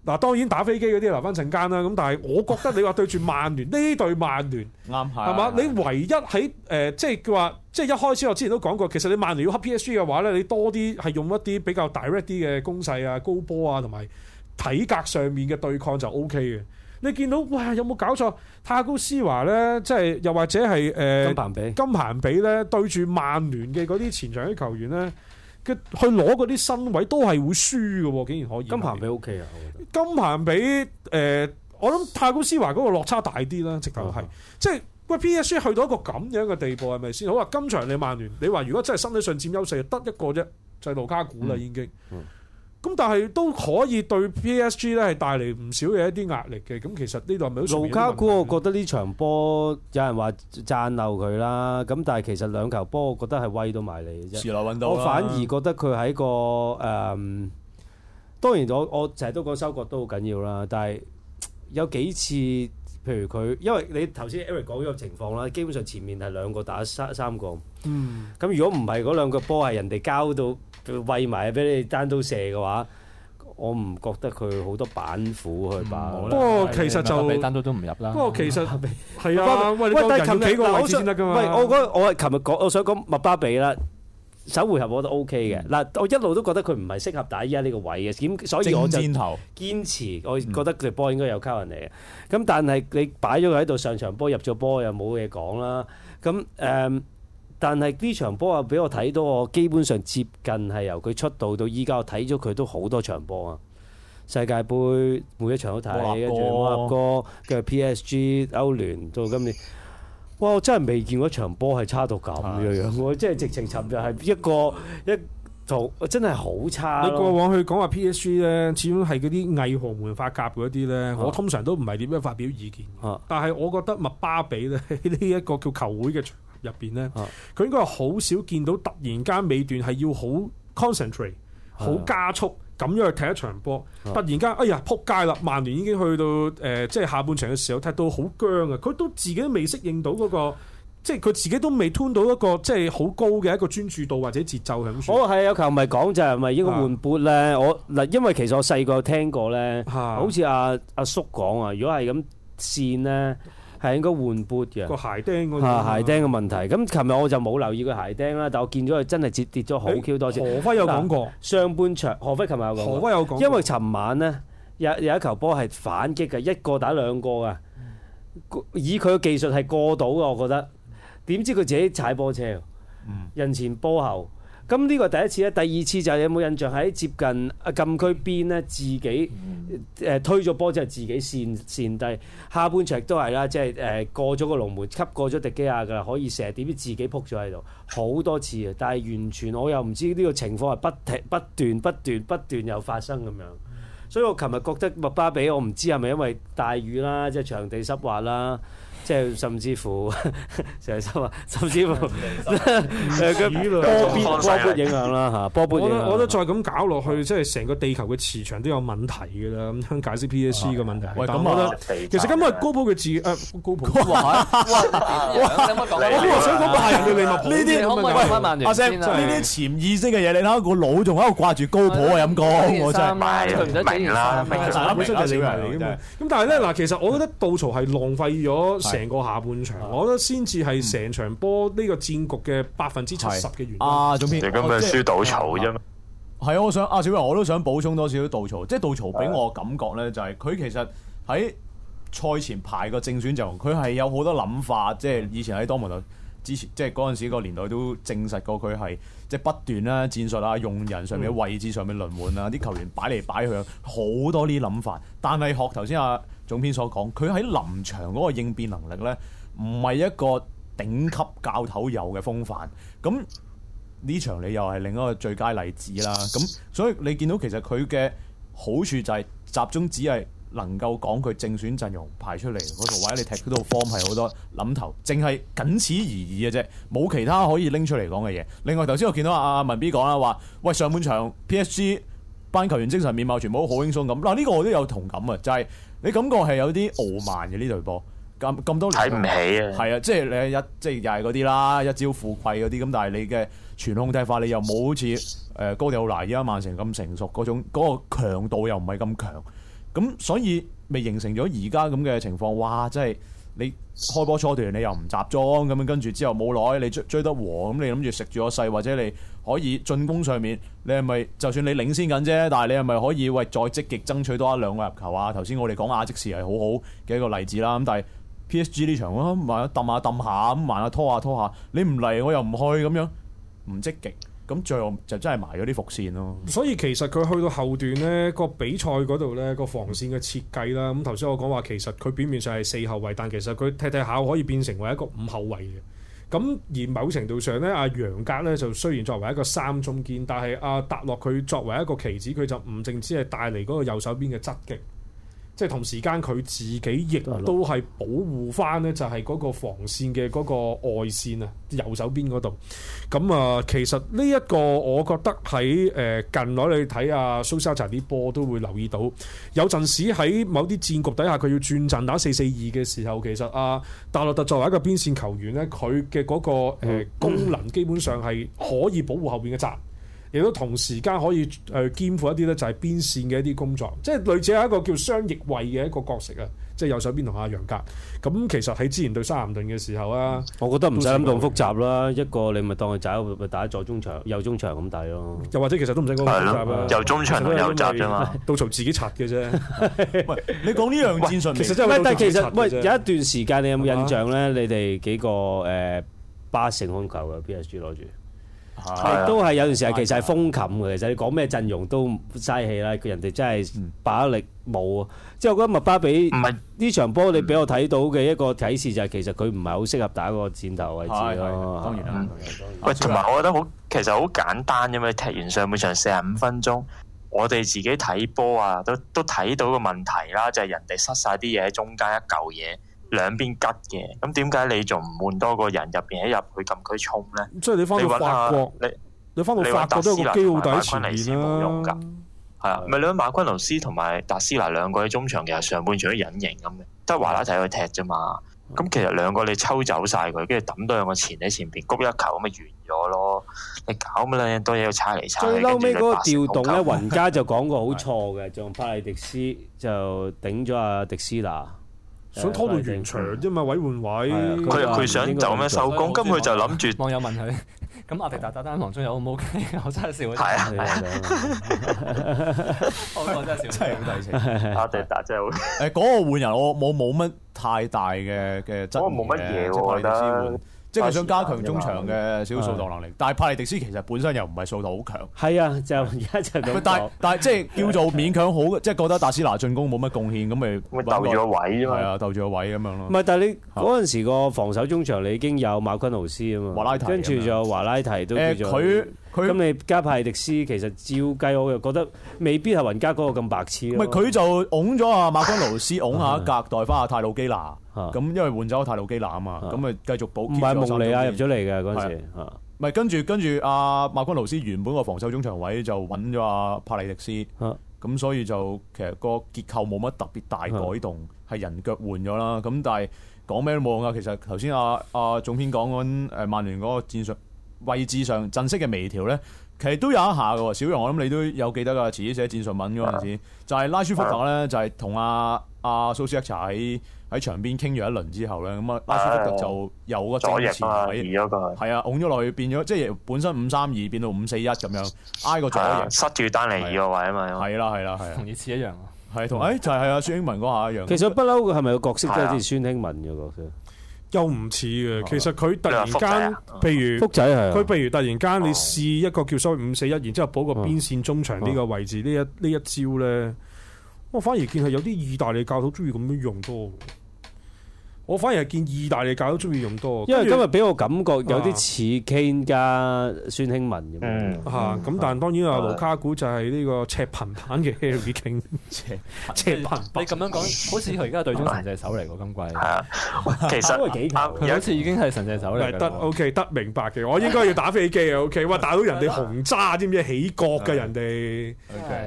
嗱當然打飛機嗰啲留翻陣間啦。咁但係我覺得你話對住曼聯呢隊曼聯，啱係， 係嘛？ 你唯一喺誒、呃，即係佢話，即係一開始我之前都講過，其實你曼聯要黑 PSG 嘅話咧，你多啲係用一啲比較 direct 啲嘅攻勢啊、高波啊，同埋體格上面嘅對抗就 OK 嘅。你見到哇？有冇搞錯？泰高斯華咧，即係又或者係誒、呃、金鵬比金鵬比咧，對住曼聯嘅嗰啲前場啲球員咧，佢去攞嗰啲身位都係會輸嘅喎，竟然可以金鵬比 OK 啊！我覺得金鵬比誒、呃，我諗泰高斯華嗰個落差大啲啦，直頭係、嗯嗯、即係喂 P S G 去到一個咁樣嘅地步係咪先？好啊，今場你曼聯，你話如果真係身體上佔優勢，得一個啫，就盧卡古啦已經。就是咁但係都可以對 P S G 咧，係帶嚟唔少嘅一啲壓力嘅。咁其實呢度係咪好盧卡古，我覺得呢場波有人話讚漏佢啦。咁但係其實兩球波，我覺得係威到埋嚟嘅啫。我反而覺得佢喺個誒、啊嗯，當然我我成日都講收割都好緊要啦。但係有幾次，譬如佢，因為你頭先 Eric 講咗個情況啦，基本上前面係兩個打三三個。嗯，咁如果唔係嗰兩個波係人哋交到喂埋俾你單刀射嘅話，我唔覺得佢好多板斧去吧。不過其實就單刀都唔入啦。不過、嗯、其實係啊，但係琴日，我我係琴日講，我想講麥巴比啦，首回合我都 OK 嘅。嗱、嗯，我一路都覺得佢唔係適合打依家呢個位嘅，點所以我就堅持，嗯、我覺得佢波應該有吸引嚟嘅。咁但係你擺咗佢喺度上場波入咗波又冇嘢講啦。咁誒。Um, 但係呢場波啊，俾我睇到，我基本上接近係由佢出道到依家，我睇咗佢都好多場波啊！世界盃每一場都睇，跟住摩納哥嘅 PSG 歐聯到今年，哇！我真係未見過一場波係差到咁嘅樣，我、啊、即係直情尋日係一個一就真係好差。你過往去講話 PSG 咧，始終係嗰啲偽豪門發夾嗰啲咧，我通常都唔係點樣發表意見。啊、但係我覺得麥巴比咧呢一 個叫球會嘅。入邊咧，佢應該係好少見到突然間尾段係要好 concentrate、好是的 加速咁樣去踢一場波。突然間，哎呀，撲街啦！曼聯已經去到誒、呃，即係下半場嘅時候踢到好僵啊！佢都自己都未適應到嗰、那個，即係佢自己都未 tune 到一個即係好高嘅一個專注度或者節奏喺度。我係啊，有球迷講就係咪應該換撥咧？是的 我嗱，因為其實我細個聽過咧，好似阿阿叔講啊，如果係咁線咧。係應該換撥嘅個鞋釘嘅問題。咁琴日我就冇留意個鞋釘啦，但我見咗佢真係折跌咗好 Q 多次、欸。何輝有講過、嗯、上半場，何輝琴日有講。何輝有講過。因為尋晚咧有有一球波係反擊嘅，一個打兩個啊。嗯、以佢嘅技術係過到嘅，我覺得。點知佢自己踩波車，人前波後。嗯。咁呢個第一次咧，第二次就係有冇印象喺接近，近禁區邊咧，自己誒推咗波之後自己跣跣低，下半場都係啦，即係誒過咗個龍門，吸過咗迪基亞噶啦，可以射，點知自己撲咗喺度好多次啊！但係完全我又唔知呢個情況係不停不斷不斷不斷又發生咁樣，所以我琴日覺得麥巴比我唔知係咪因為大雨啦，即係場地濕滑啦。即係甚至乎成日收話，甚至乎誒個波波波波影響啦嚇，波波影響。我覺得再咁搞落去，即係成個地球嘅磁場都有問題㗎啦。咁樣解釋 PSC 嘅問題。喂，咁我覺得其實今日高普嘅字誒高普哇哇，我想講嘅人嘅利物浦呢啲唔係，喂阿聲，呢啲潛意識嘅嘢，你睇下個腦仲喺度掛住高普啊飲江，我真係唔明啦。明啦，本身係理埋你。咁但係咧嗱，其實我覺得杜潮係浪費咗。成個下半場，嗯、我覺得先至係成場波呢個戰局嘅百分之七十嘅原因。啊，總之，而家、就係、輸杜曹啫。係啊，我想啊，小明，我都想補充多少少杜曹。即係杜曹俾我感覺咧、就係，就係佢其實喺賽前排個正選就，佢係有好多諗法。即、就、係、是、以前喺多蒙特之前，即係嗰陣時個年代都證實過佢係。即不斷啦，戰術啊，用人上面、位置上面輪換啊，啲、嗯、球員擺嚟擺去，好多啲諗法。但係學頭先阿總編所講，佢喺臨場嗰個應變能力呢，唔係一個頂級教頭有嘅風範。咁呢場你又係另一個最佳例子啦。咁所以你見到其實佢嘅好處就係集中，只係。能夠講佢正選陣容排出嚟嗰度或者你踢嗰套 form 係好多諗頭，淨係僅此而，而已嘅啫，冇其他可以拎出嚟講嘅嘢。另外頭先我見到阿阿文 B 講啦，話喂上半場 PSG 班球員精神面貌全部都好輕鬆咁，嗱、啊、呢、呢個我都有同感，就係、感有啊，啊，就係你感覺係有啲傲慢嘅呢隊波。咁咁多睇唔起啊，係啊，即係你一即係又係嗰啲啦，一招富貴嗰啲咁，但係你嘅傳控踢法你又冇好似誒哥迪奧拿依家曼城咁成熟嗰種，嗰、嗰個強度又唔係咁強。咁所以未形成咗而家咁嘅情況，哇！真係你開波初段你又唔集中，咁樣，跟住之後冇耐你追追得和，咁你諗住食住個勢，或者你可以進攻上面，你係咪就算你領先緊啫，但係你係咪可以喂再積極爭取多一兩個入球啊？頭先我哋講阿積士係好好嘅一個例子啦，咁但係 PSG 呢場啊，慢下揼下揼下咁，慢下拖下拖下，你唔嚟我又唔去咁樣，唔積極。咁最後就真係埋咗啲伏線咯。所以其實佢去到後段呢個比賽嗰度呢個防線嘅設計啦，咁頭先我講話其實佢表面上係四後衛，但其實佢踢踢下可以變成為一個五後衛嘅。咁而某程度上呢，阿楊格呢就雖然作為一個三中堅，但係阿達洛佢作為一個棋子，佢就唔淨止係帶嚟嗰個右手邊嘅側擊。即係同時間佢自己亦都係保護翻呢，就係嗰個防線嘅嗰個外線啊，右手邊嗰度。咁啊，其實呢一個，我覺得喺誒近來你睇啊，蘇沙查啲波都會留意到，有陣時喺某啲戰局底下，佢要轉陣打四四二嘅時候，其實啊，達洛特作為一個邊線球員呢，佢嘅嗰個誒功能，基本上係可以保護後邊嘅閘。亦都同時間可以誒肩負一啲咧，就係邊線嘅一啲工作，即係類似係一個叫雙翼位嘅一個角色啊！即係右手邊同下楊格咁，其實喺之前對沙門頓嘅時候啊，我覺得唔使諗咁複雜啦，一個你咪當佢走咪打左中場、右中場咁打咯，又或者其實都唔使講複雜啊，右中場右閘啫嘛，到叡自己拆嘅啫。唔，你講呢樣戰術，其實真係，但係其實喂有一段時間你有冇印象咧？你哋幾個誒巴聖控球嘅 P S G 攞住。係都係有陣時係，其實係風琴嘅。其實你講咩陣容都嘥氣啦。佢人哋真係把力冇啊。即係我覺得麥巴比唔係呢場波，你俾我睇到嘅一個啟示就係，其實佢唔係好適合打個箭頭位置咯。當然啦，喂，同埋我覺得好，其實好簡單，因為踢完上半場四十五分鐘，我哋自己睇波啊，都都睇到個問題啦，就係人哋塞晒啲嘢喺中間一嚿嘢。兩邊吉嘅，咁點解你仲唔換多個人入邊一入去撳佢衝咧？即係你翻到法國，你你翻到法國都有個機會底線係啊，咪兩馬昆奴斯同埋達斯拿兩個喺中場，其實上半場都隱形咁嘅，都係華拉堤去踢啫嘛。咁其實兩個你抽走晒佢，跟住抌多兩個前喺前邊谷一球咁咪完咗咯。你搞乜咧？多嘢去差嚟差。最嬲尾嗰個調動咧，雲加就講過好錯嘅，仲派迪斯就頂咗阿迪斯拿。想拖到完場啫嘛，位換位，佢佢、啊、想就咁樣收工，咁佢就諗住。網友問佢。咁阿迪達打單房中有好唔好？我真係笑得。係啊，啊 我真係笑得，真係好睇情。阿迪達真係好。誒、 欸，嗰個換人我冇冇乜太大嘅嘅質。冇乜嘢我覺得。即係想加強中場嘅少數度能力，但係帕尼迪斯其實本身又唔係數度好強。係啊，就而家就冇。但係但係即係叫做勉強好，即係覺得達斯拿進攻冇乜貢獻，咁咪豆住個位啫嘛。係啊，豆住個位咁樣咯。唔係，但係你嗰陣時個防守中場你已經有馬昆豪斯啊嘛，跟住就華拉提都叫做。咁你加派迪斯其實照計，我又覺得未必係雲加嗰個咁白痴。唔係，佢就拱咗阿馬昆勞斯拱下一格，代翻阿泰魯基拿。咁因為換走泰魯基拿啊嘛，咁咪繼續保。唔係蒙尼亞入咗嚟嘅嗰陣時。唔係，跟住跟住阿馬昆勞斯原本個防守中場位就揾咗阿帕尼迪斯。咁所以就其實個結構冇乜特別大改動，係人腳換咗啦。咁但係講咩都冇用噶。其實頭先阿阿總編講緊誒曼聯嗰個戰術。位置上陣式嘅微調咧，其實都有一下嘅。小楊，我諗你都有記得㗎。遲啲寫戰術文嗰陣時，就係拉舒福特咧，就係同阿阿蘇斯克查喺喺場邊傾咗一輪之後咧，咁啊拉舒福特就有個左翼位，係啊，拱咗落去變咗，即係本身五三二變到五四一咁樣，挨個左翼，塞住丹尼爾嘅位啊嘛，係啦係啦係，同以前一樣，係同誒就係阿啊孫興文嗰下一樣。其實不嬲嘅係咪個角色都係似孫興文嘅角色？又唔似嘅，其實佢突然間，福啊、譬如，福仔係佢譬如突然間，你試一個叫所謂五四一，然之後補個邊線中場呢個位置，呢一呢一招咧，我的、哦、反而見係有啲意大利教徒中意咁樣用多。我反而係見意大利教都中意用多，因為今日俾我感覺有啲似 Kane 加孫興文咁嚇，咁但當然阿盧卡古就係呢個赤貧版嘅 Harry Kane，赤赤貧。你咁樣講，好似佢而家隊中神射手嚟喎，今季。係啊，其實有一次已經係神射手嚟。得 OK，得明白嘅，我應該要打飛機啊。OK，哇，打到人哋紅渣，知唔知起角嘅人哋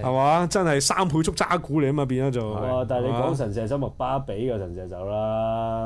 係嘛？真係三倍速揸股嚟啊嘛，變咗就但係你講神射手，麥巴比個神射手啦。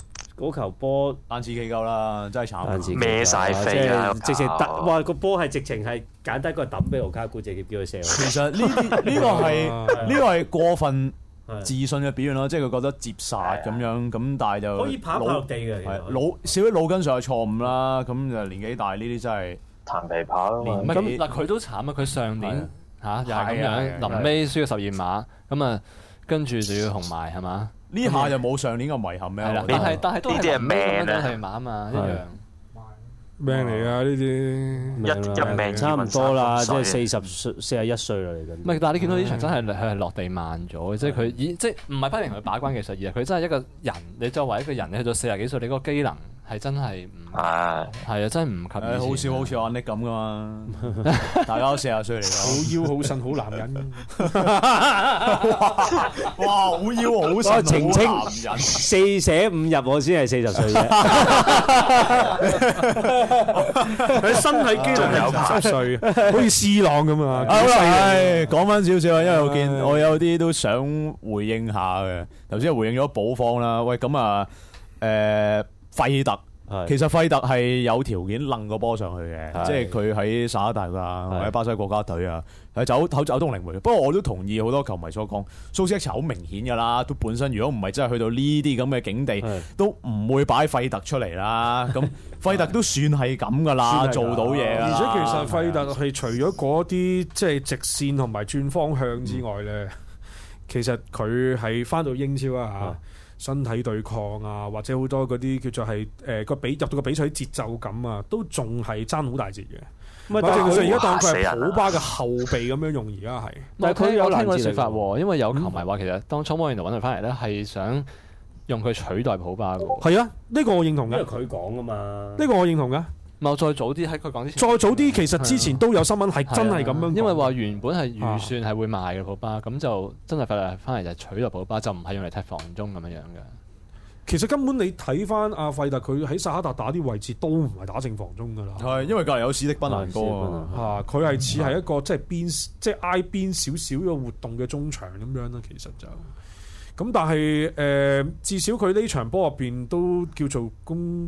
嗰球波眼子幾夠啦，真係慘，孭晒飛啊！直情突，哇個波係直情係簡單一個抌俾盧卡古直接叫佢射。其實呢啲呢個係呢個係過分自信嘅表現咯，即係佢覺得接殺咁樣，咁但係就可以跑落地嘅，係老少咗老根上係錯誤啦。咁就年紀大呢啲真係彈地跑咯。咁嗱佢都慘啊！佢上年吓，又係咁樣，臨尾輸咗十二碼，咁啊跟住就要紅埋係嘛？呢下就冇上年咁遺憾啊！但係但係呢啲係命啊，都係命啊一樣。命嚟啊呢啲，一一命差唔多啦，即係四十歲，四十一歲啦嚟緊。唔係，但係你見到呢場真係佢係落地慢咗，即係佢以即係唔係批評佢把關其實，而係佢真係一個人。你作為一個人，你去到四十幾歲，你嗰個機能。係真係唔係，係啊，真係唔及。好少好似阿力 i c 咁噶嘛。 大家都四十歲嚟，好腰，好身，好男人。哇，好腰，好身，好男人。 四捨五入我，我先係四十歲啫。佢身體肌肉仲有五十歲， 好似 C 朗咁啊！好啦，講翻少少啊，點點哎、因為我見我有啲都想回應下嘅，頭先回應咗寶方啦。喂，咁啊，誒、呃。呃費特其實費特係有條件掹個波上去嘅，的即係佢喺薩拉大啊，的或者巴西國家隊啊，係走走走東陵梅。不過我都同意好多球迷所講，蘇斯其實好明顯噶啦，都本身如果唔係真係去到呢啲咁嘅境地，的都唔會擺費特出嚟啦。咁費的特都算係咁噶啦，做到嘢啦。而且其實費特係除咗嗰啲即係直線同埋轉方向之外咧，嗯、其實佢係翻到英超啊。吓的。身體對抗啊，或者好多嗰啲叫做係誒個比入到個比賽節奏感啊，都仲係爭好大節嘅。唔係，即係而家當佢係普巴嘅後備咁樣用，而家係。但係佢有聽個說法喎，嗯、因為有球迷話其實當 c r a w 揾佢翻嚟咧，係想用佢取代普巴嘅。係啊，呢、這個我認同嘅，因為佢講啊嘛。呢個我認同嘅。再早啲喺佢講啲，再早啲其實之前都有新聞係真係咁樣，因為話原本係預算係會賣嘅普巴，咁就真係費特翻嚟就取咗普巴，就唔係用嚟踢防中咁樣樣嘅。其實根本你睇翻阿費特，佢喺薩克達打啲位置都唔係打正防中噶啦，係因為隔籬有史迪畢蘭波。啊，佢係似係一個即係邊即係挨邊少少嘅活動嘅中場咁樣啦。其實就咁，但係誒，至少佢呢場波入邊都叫做攻。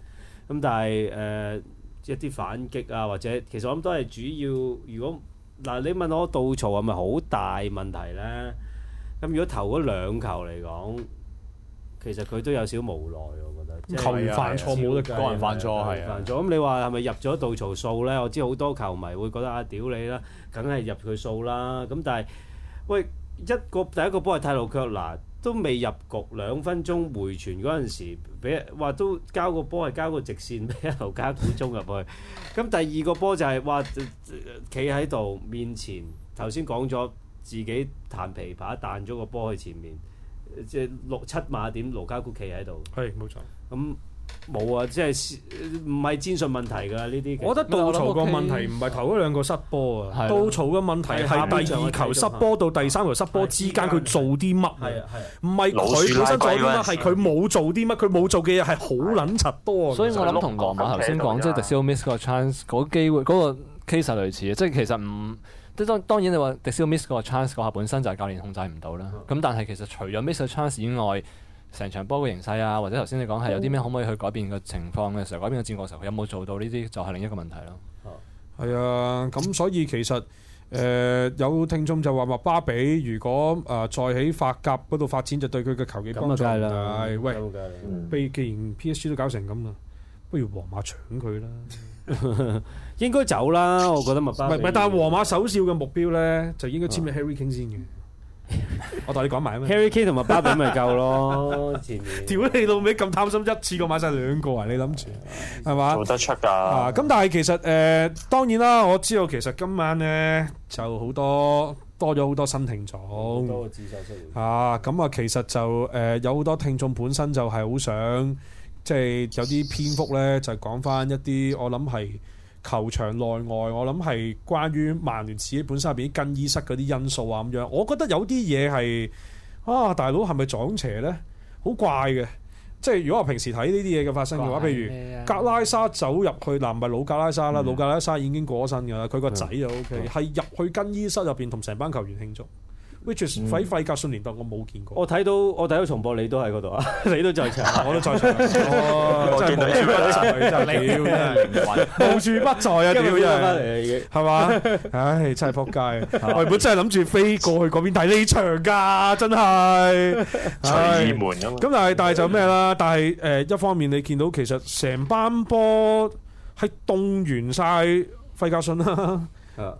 咁但係誒一啲反擊啊，或者其實我諗都係主要。如果嗱，你問我道槽係咪好大問題咧？咁如果投咗兩球嚟講，其實佢都有少無奈，我覺得。球員犯錯冇得講，人犯錯係。咁你話係咪入咗道槽數咧？我知好多球迷會覺得啊，屌你啦，梗係入佢數啦。咁但係，喂一個第一個波係泰魯腳爛，都未入局兩分鐘回傳嗰陣時，俾哇都交個波係交個直線俾盧卡古衝入去。咁、 嗯、第二個波就係、是、哇，企喺度面前頭先講咗自己彈琵琶彈咗個波喺前面，即係六七碼點盧卡古企喺度。係冇錯。咁。嗯冇啊，即係唔係戰術問題噶呢啲。我覺得杜曹個問題唔係頭嗰兩個失波啊，杜曹嘅問題係第二球失波到第三球失波之間佢做啲乜？係啊係，唔係佢本身做啲乜，係佢冇做啲乜，佢冇做嘅嘢係好捻柒波啊。所以我諗同羅馬頭先講，即係迪西奧 miss 個 chance 嗰機會嗰個 case 類似啊。即係其實唔即係當然你話迪西奧 miss 個 chance 嗰下本身就係教練控制唔到啦。咁、嗯、但係其實除咗 miss chance 以外。成場波嘅形勢啊，或者頭先你講係有啲咩可唔可以去改變嘅情況嘅時候，改變嘅戰局嘅時候，佢有冇做到呢啲就係另一個問題咯。係啊，咁、 啊、所以其實誒、呃、有聽眾就話麥巴比如果誒、呃、再喺法甲嗰度發展，就對佢嘅球技幫助大。嗯、喂，被既然 P S G 都搞成咁啦，不如皇馬搶佢啦。 應該走啦，我覺得麥巴。但係皇馬首選嘅目標咧，就應該簽埋 Harry King 先嘅。嗯 我同你講埋啊，Harry Kane 同埋巴比咪夠咯，屌你老味咁貪心，一次過買晒兩個啊！你諗住係嘛？ 吧做得出噶，咁、啊、但係其實誒、呃，當然啦，我知道其實今晚咧就好多多咗好多新聽眾，啊咁 啊，其實就誒、呃、有好多聽眾本身就係好想即係有啲篇幅咧，就講、是、翻一啲我諗係。球場內外，我諗係關於曼聯自己本身入邊更衣室嗰啲因素啊，咁樣，我覺得有啲嘢係啊，大佬係咪撞邪呢？好怪嘅，即係如果我平時睇呢啲嘢嘅發生嘅話，譬如格拉沙走入去，嗱，唔係老格拉沙啦，嗯、老格拉沙已經過身㗎啦，佢個仔就 OK，係入去更衣室入邊同成班球員慶祝。which 喺費格遜年代我冇見過，我睇到我睇到重播，你都喺嗰度啊，你都在場，我都在場。真係無處不在啊！屌真係，係嘛？唉，真係撲街啊！我本真係諗住飛過去嗰邊睇呢場噶，真係。隨意門咁。咁但係但係就咩啦？但係誒一方面你見到其實成班波係動員曬費格遜啦，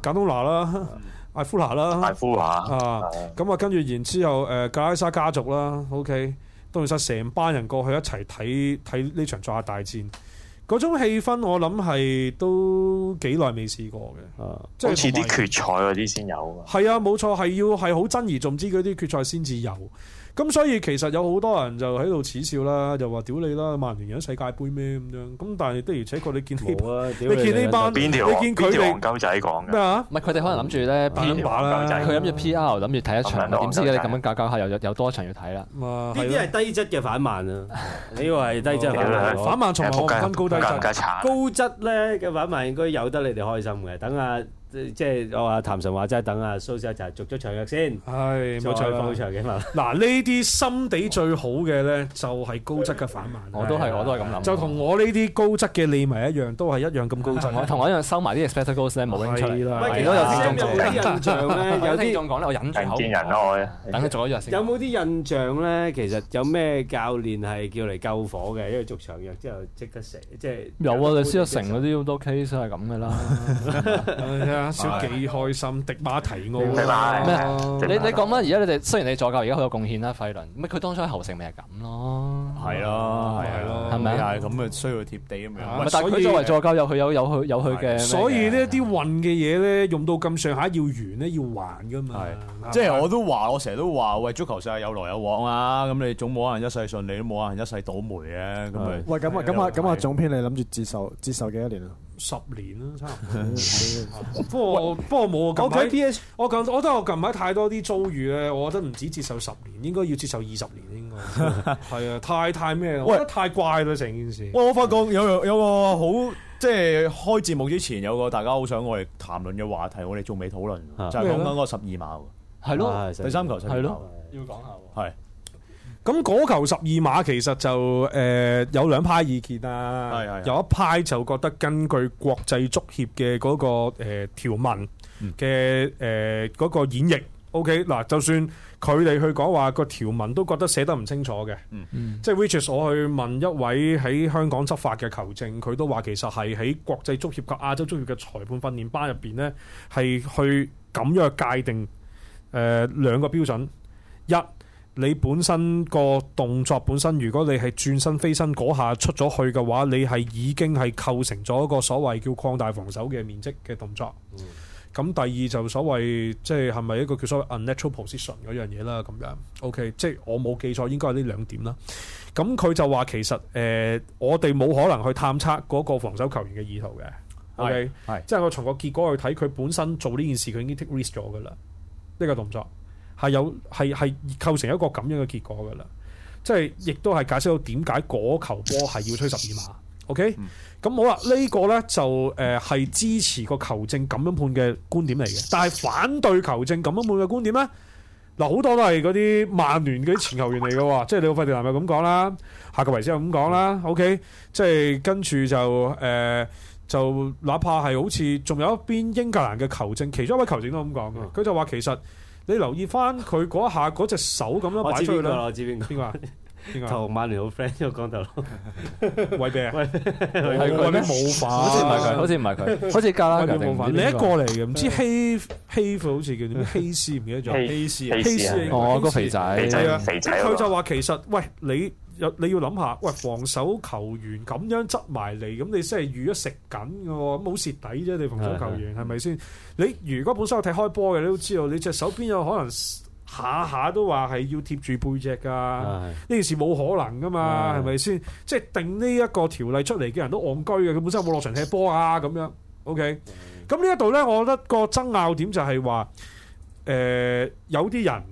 簡東拿啦。艾夫拉啦，艾夫拉啊，咁啊跟住然之後，誒，格拉沙家族啦，OK，當然曬成班人過去一齊睇睇呢場作客大戰。嗰種氣氛我諗係都幾耐未試過嘅，啊，即係好似啲決賽嗰啲先有㗎。係啊，冇錯，係要係好珍而重之嗰啲決賽先至有。咁所以其實有好多人就喺度恥笑啦，就話屌你啦，曼聯贏世界杯咩咁樣。咁但係的而且確你見到，你見呢班你見佢哋黃狗仔講嘅咩？唔係佢哋可能諗住咧拼佢諗住 P.R. 諗住睇一場，點知你咁樣搞搞下，有有多場要睇啦。哇！呢啲係低質嘅反慢啊！你以為係低質反饋，反饋從冇高低。加加差高質呢嘅揾埋，應該有得你哋開心嘅。等下。即係我話譚神話齋，即係等阿蘇少澤續咗長約先，冇錯啦。嗱，呢啲心地最好嘅咧，就係高質嘅反曼。我都係，我都係咁諗。就同我呢啲高質嘅利迷一樣，都係一樣咁高質。同我一樣收埋啲 expect goals 咧，冇興趣啲啦。幾多有聽眾做？有冇啲印象咧？有啲聽眾講咧，我隱藏好。人見人愛。等咗再約先。有冇啲印象咧？其實有咩教練係叫嚟救火嘅？因為續長約之後即刻成，即係有啊！李斯一成嗰啲好多 case 係咁嘅啦。少幾開心，迪馬提奧。咩你你講乜？而家你哋雖然你助教而家好有貢獻啦，費倫。唔係佢當初喺侯城咪係咁咯？係咯，係咯，係咪啊？咁咪需要貼地咁樣。但佢作為助教有佢有有佢有佢嘅。所以呢一啲運嘅嘢咧，用到咁上下要完咧，要還噶嘛。係，即係我都話，我成日都話，喂，足球世界有來有往啊！咁你總冇可能一世順利，都冇可能一世倒楣嘅。係。喂，咁啊咁啊咁啊，總編，你諗住接受接受幾多年啊？十年啦，差唔多。 不過喂不過冇 Okay, PS?。我近我覺得我近排太多啲遭遇咧，我覺得唔止接受十年，應該要接受二十年應該。係啊， 太太咩？我覺得太怪啦成喂件事。我發覺有有，有個好即係開節目之前有個大家好想我哋談論嘅話題，我哋仲未討論，啊、就係講緊嗰十二碼。係咯的，第三球十二碼，係咯，要講下喎。咁嗰球十二碼其實就誒、呃、有兩派意見啦。係係係，有一派就覺得根據國際足協嘅嗰、嗰個誒、呃、條文嘅誒嗰個演繹，O.K. 嗱，就算佢哋去講話個條文都覺得寫得唔清楚嘅。嗯嗯，即係 whiches 我去問一位喺香港執法嘅球證，佢都話其實係喺國際足協及亞洲足協嘅裁判訓練班入邊呢，係去咁樣界定誒、呃、兩個標準一。你本身個動作本身，如果你係轉身飛身嗰下出咗去嘅話，你係已經係構成咗一個所謂叫擴大防守嘅面積嘅動作。咁、嗯、第二就所謂即係係咪一個叫所謂 unnatural position 嗰樣嘢啦？咁樣 OK，即係我冇記錯，應該係呢兩點啦。咁佢就話其實誒、呃，我哋冇可能去探測嗰個防守球員嘅意圖嘅。係係，即係我從個結果去睇，佢本身做呢件事，佢已經 take risk 咗㗎啦，呢個動作。係有係係構成一個咁樣嘅結果噶啦，即係亦都係解釋到點解嗰球波係要吹十二碼。OK，咁、嗯嗯嗯、好啦，呢個咧就誒係、呃、支持個球證咁樣判嘅觀點嚟嘅。但係反對球證咁樣判嘅觀點咧，嗱、呃、好多都係嗰啲曼聯啲前球員嚟嘅，即係里奧費迪南咪咁講啦，夏格維斯又咁講啦。OK，即係跟住就誒、呃、就哪怕係好似仲有一邊英格蘭嘅球證，其中一位球證都咁講，佢就話其實。你留意翻佢嗰下嗰隻手咁樣擺出去啦，知邊個？邊個？邊個？同萬年好 friend，個光頭佬。喂咩？喂咩？武粉？好似唔係佢，好似唔係佢，好似加拿大武粉。你一個嚟嘅，唔知欺欺負，好似叫咩？欺施，唔記得咗。欺師，欺師。哦，個肥仔，肥仔啊！肥仔啊！佢就話其實，喂你。有你要諗下，喂防守球員咁樣執埋嚟，咁你真係預咗食緊㗎喎，咁冇蝕底啫。你防守球員係咪先？你是的 吧如果本身有踢開波嘅，你都知道，你隻手邊有可能下下都話係要貼住背脊噶，呢是的 件事冇可能噶嘛，係咪先？即係定呢一個條例出嚟嘅人都戇居嘅，佢本身有冇落場踢波啊？咁樣，OK。咁呢一度咧，我覺得個爭拗點就係話，誒、呃、有啲人。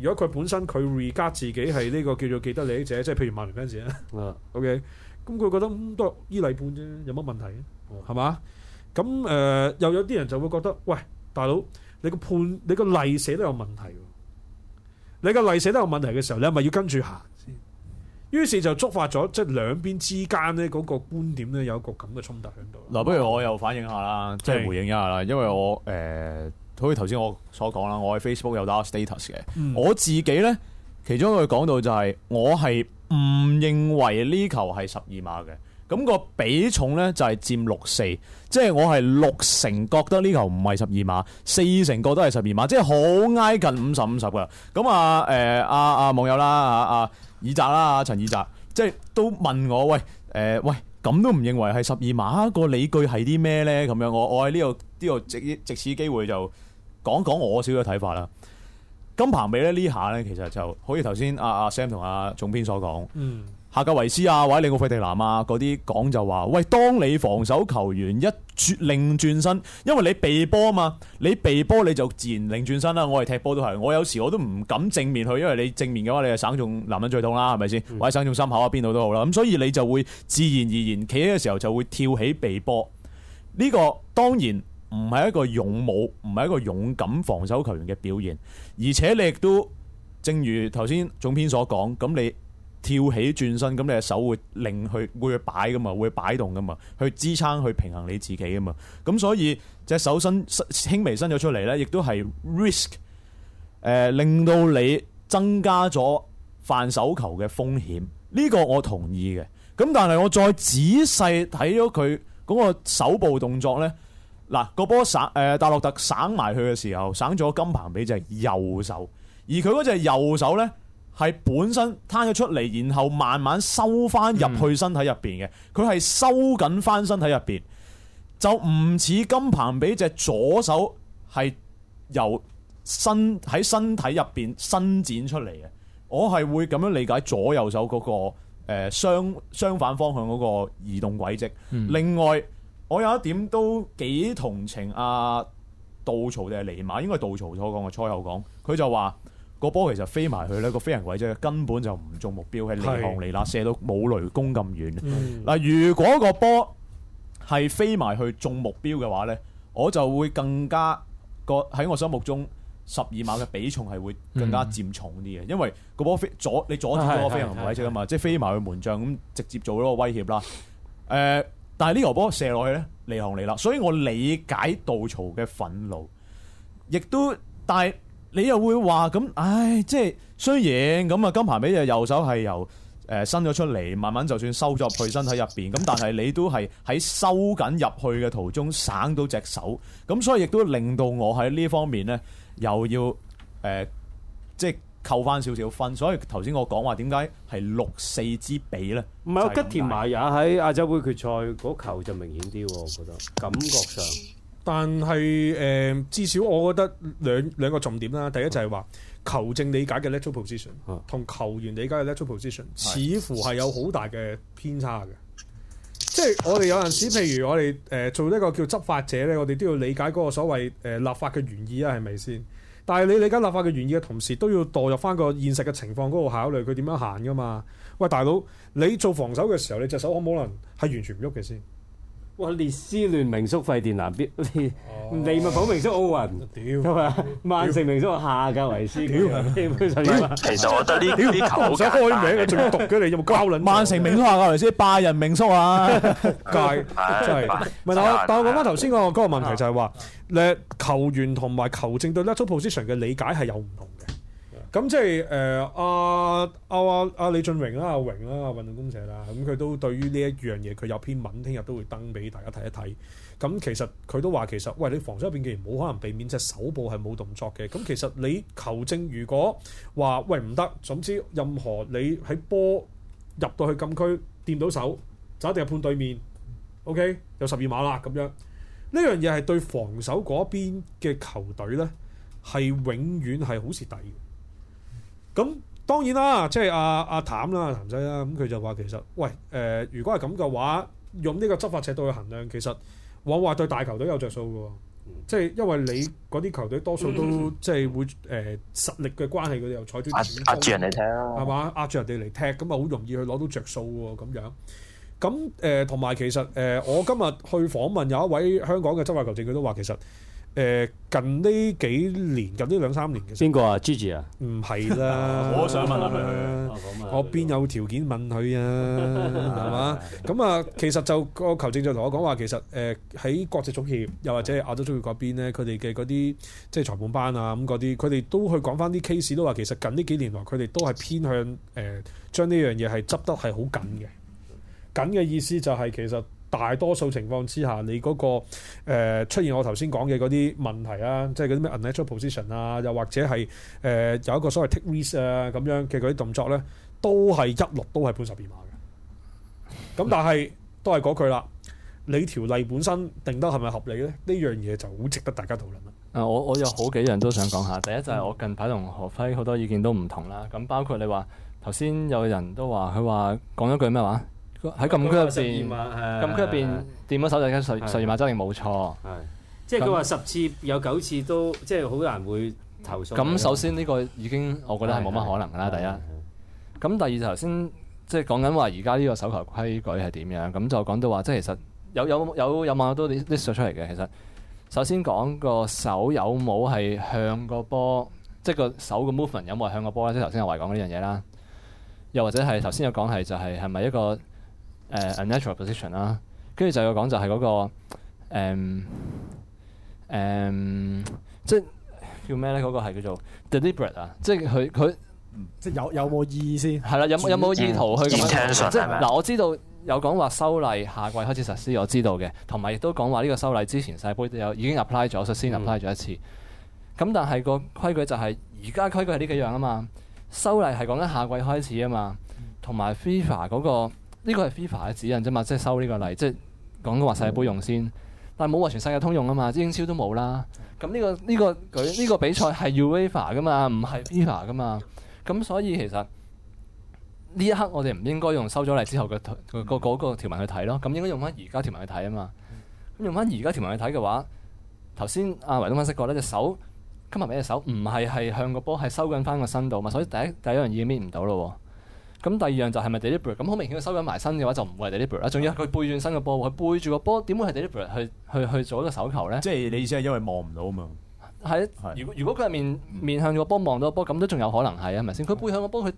如果佢本身佢 re 加自己係呢個叫做記得你者，即係 譬如馬年 f a n 啊，OK，咁佢覺得都依例判啫，有乜問題啊？係嘛？ 咁誒、呃、又有啲人就會覺得，喂，大佬你個判你個例寫都有問題，你個例寫都有問題嘅時候，你係咪要跟住行先？於是就觸發咗即係兩邊之間咧嗰個觀點咧有一個咁嘅衝突喺度。嗱， 不如我又反應下啦，即係回應一下啦，因為我誒。呃。好似頭先我所講啦，我喺 Facebook 有打 status 嘅，嗯、我自己咧其中一句講到就係、是、我係唔認為呢球係十二碼嘅，咁、個比重咧就係、是、佔六四，即係我係六成覺得呢球唔係十二碼，四成覺得係十二碼，即係好挨近五十五十噶。咁啊誒、呃、啊啊，啊網友啦啊啊以澤啦啊陳以澤，即係都問我喂誒、呃、喂咁都唔認為係十二碼，個理據係啲咩咧？咁樣我我喺呢度，呢度藉藉此機會就。講講我少少嘅睇法啦，金彭尾呢，呢下呢，其實就好似頭先阿阿 Sam 同阿總編所講，嗯、夏格維斯啊，或者李奧費迪南啊，嗰啲講就話，喂，當你防守球員一轉擰轉身，因為你避波啊嘛，你避波你就自然擰轉身啦。我係踢波都係，我有時我都唔敢正面去，因為你正面嘅話，你就省重男人最痛啦，係咪先？嗯、或者省重心口啊，邊度都好啦。咁所以你就會自然而然企喺嘅時候就會跳起避波。呢、這個當然。唔係一個勇武，唔係一個勇敢防守球員嘅表現。而且你亦都正如頭先總編所講，咁你跳起轉身，咁你嘅手會令去會擺噶嘛，會擺動噶嘛，去支撐去平衡你自己噶嘛。咁所以隻手伸輕微伸咗出嚟呢，亦都係 risk，誒、呃、令到你增加咗犯手球嘅風險。呢、這個我同意嘅。咁但係我再仔細睇咗佢嗰個手部動作呢。嗱，個波省誒，大洛特省埋去嘅時候，省咗金彭比隻右手，而佢嗰隻右手呢，係本身攤咗出嚟，然後慢慢收翻入去身體入邊嘅，佢係、嗯、收緊翻身體入邊，就唔似金彭比隻左手係由身喺身體入邊伸展出嚟嘅，我係會咁樣理解左右手嗰個誒相反方向嗰個移動軌跡，嗯、另外。我有一點都幾同情阿，啊，杜曹定係尼馬，應該係杜曹所講嘅粗口講，佢就話個波其實飛埋去咧。個飛行軌跡，根本就唔中目標，係離行離列，射到冇雷公咁遠。嗱，嗯，如果個波係飛埋去中目標嘅話咧，我就會更加個喺我心目中十二碼嘅比重係會更加佔重啲嘅。嗯，因為個波飛左你阻住咗個飛行軌跡嘛，啊，即係飛埋去門將，咁直接做咗個威脅啦。誒，呃。呃但係呢個波射落去咧，離行離啦，所以我理解杜曹嘅憤怒，亦都但係你又會話咁，唉，即係雖然咁啊，金牌尾隻右手係由誒伸咗出嚟，慢慢就算收咗佢身體入邊，咁但係你都係喺收緊入去嘅途中省到隻手，咁所以亦都令到我喺呢方面咧，又要誒即係。扣翻少少分，所以頭先我講話點解係六四之比咧？唔係我吉田麻也喺亞洲杯決賽嗰球就明顯啲喎，我覺得感覺上。但係誒、呃，至少我覺得兩兩個重點啦。第一就係話、嗯、球證理解嘅 natural position 同、嗯、球員理解嘅 natural position、嗯、似乎係有好大嘅偏差嘅。即係的我哋有陣時，譬如我哋誒、呃、做呢個叫執法者咧，我哋都要理解嗰個所謂誒立法嘅原意啊，係咪先？但係你理解立法嘅原意嘅同時，都要墮入翻個現實嘅情況嗰度考慮，佢點樣行噶嘛？喂，大佬，你做防守嘅時候，你隻手可唔可能係完全唔喐嘅先？哇！列斯聯名宿費甸南邊？利物浦名宿奧雲，係咪？曼城名宿下屆維斯。其實我覺得呢啲球，想開名，佢仲要讀嘅，你有冇交卵？曼城名宿下屆維斯，拜仁名宿啊，界真係。問下，但我講翻頭先個嗰個問題就係話，咧 球員同埋球證對 little position 嘅理解係有唔同。咁、嗯、即係誒阿阿阿阿李俊榮啦、阿、啊、榮啦、阿、啊、運動公社啦，咁、嗯、佢都對於呢一樣嘢，佢有篇文，聽日都會登俾大家睇一睇。咁、嗯、其實佢都話其實，喂，你防守入邊，既然冇可能避免隻手部係冇動作嘅，咁、嗯、其實你球證如果話喂，唔得，總之任何你喺波入到去禁區掂到手，就一定判對面。OK，有十二碼啦咁樣。呢樣嘢係對防守嗰邊嘅球隊咧，係永遠係好蝕底。咁當然啦，即係阿阿譚啦，阿譚仔啦，咁佢就話其實，喂，誒、呃，如果係咁嘅話，用呢個執法尺度去衡量，其實我話對大球隊有着數嘅，即係因為你嗰啲球隊多數都、嗯、即係會誒、呃、實力嘅關係，佢哋又採取壓住人嚟踢，啊，係嘛？壓住人哋嚟踢、啊、踢，咁啊好容易去攞到着數喎，咁樣。咁誒同埋其實誒、呃，我今日去訪問有一位香港嘅執法球證，佢都話其實。誒近呢幾年，近呢兩三年嘅先邊個啊？Gigi 啊？唔係、啊、啦， 我想問下佢。我邊有條件問佢啊？係嘛？ 咁啊，其實就個球證就同我講話，其實誒喺、呃、國際足協，又或者係亞洲足協嗰邊咧，佢哋嘅嗰啲即係裁判班啊咁嗰啲，佢哋都去講翻啲 case，都話其實近呢幾年來，佢哋都係偏向誒、呃、將呢樣嘢係執得係好緊嘅。緊嘅意思就係其實。大多數情況之下，你嗰、那個、呃、出現我頭先講嘅嗰啲問題啊，即係嗰啲咩 unnatural position 啊，又或者係誒、呃、有一個所謂 take risk 啊咁樣嘅嗰啲動作咧，都係一律都係判十二碼嘅。咁但係都係嗰句啦，你條例本身定得係咪合理咧？呢樣嘢就好值得大家討論啦。啊，我我有好幾樣都想講下。第一就係我近排同何輝好多意見都唔同啦。咁包括你話頭先有人都話佢話講咗句咩話？喺禁區入邊，禁區入邊掂咗手就梗係十二碼真係冇錯。係，即係佢話十次有九次都即係好難會投訴。咁的首先呢個已經，我覺得係冇乜可能啦。的第一，咁第二頭先即係講緊話而家呢個手球規矩係點樣？咁就講到話，即係其實有有有有網友都 list 出嚟嘅。其實首先講個手有冇係向個波，即係個手嘅 movement 有冇係向個波咧？即係頭先阿維講呢樣嘢啦。又或者係頭先有講係就係係咪一個？誒 natural position 啦，跟住就要講就係嗰、那個誒、嗯嗯、即係叫咩咧？嗰、那個係叫做 deliberate 啊！即係佢佢即係有有冇意思先係啦？有有冇意圖去、嗯嗯嗯、即係嗱，我知道有講話修例，夏季開始實施，我知道嘅，同埋亦都講話呢個修例之前世杯有已經 apply 咗，率先 apply 咗一次。咁、嗯、但係個規矩就係而家規矩係呢幾樣啊嘛，修例係講緊夏季開始啊嘛，同埋 FIFA 嗰、那個。呢個係 FIFA 嘅指引啫嘛，即係收呢個例，即係講緊話世界盃用先，但係冇話全世界通用啊嘛，英超都冇啦。咁、這、呢個呢、這個舉呢、這個比賽係 UEFA 嘅嘛，唔係 FIFA 嘅嘛。咁所以其實呢一刻我哋唔應該用收咗嚟之後嘅、那個、那個嗰個條文去睇咯，咁應該用翻而家條文去睇啊嘛。咁用翻而家條文去睇嘅話，頭先阿維東分析過呢隻手，今日俾隻手唔係係向個波，係收緊翻個身度嘛，所以第一第一樣嘢搣唔到咯喎。咁第二樣就係咪 deliberate？咁好明顯佢收緊埋身嘅話就 ate,，就唔會係 deliberate 啦。仲要佢背轉身個波，佢背住個波，點會係 deliberate？去去去做一個手球咧？即係你意思係因為望唔到啊？嘛係。如果如果佢係面面向個波望到個波，咁都仲有可能係啊？咪先佢背向個波，佢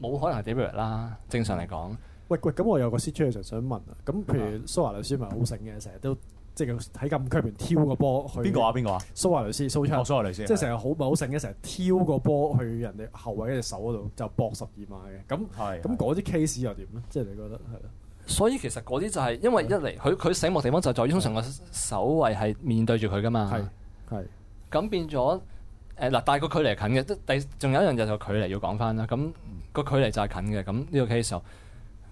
冇可能係 deliberate 啦。正常嚟講。喂喂，咁我有個 situation 想問啊。咁譬如蘇華老師咪好醒嘅，成日都。即係喺禁區入邊挑個波去。邊個啊？邊個啊？蘇亞雷斯、啊啊、蘇春槍。哦，蘇亞雷斯。即係成日好唔好醒嘅，成日的挑個波去人哋後衞嘅手嗰度，就搏十二碼嘅。咁係。咁嗰啲 case 又點咧？即係你覺得係？所以其實嗰啲就係、是、因為一嚟，佢佢醒目地方就係在於通常個守衞係面對住佢噶嘛。係。係。咁變咗誒嗱，但係個距離近嘅，即第仲有一樣嘢就係距離要講翻啦。咁個距離就係近嘅。咁呢個 case 就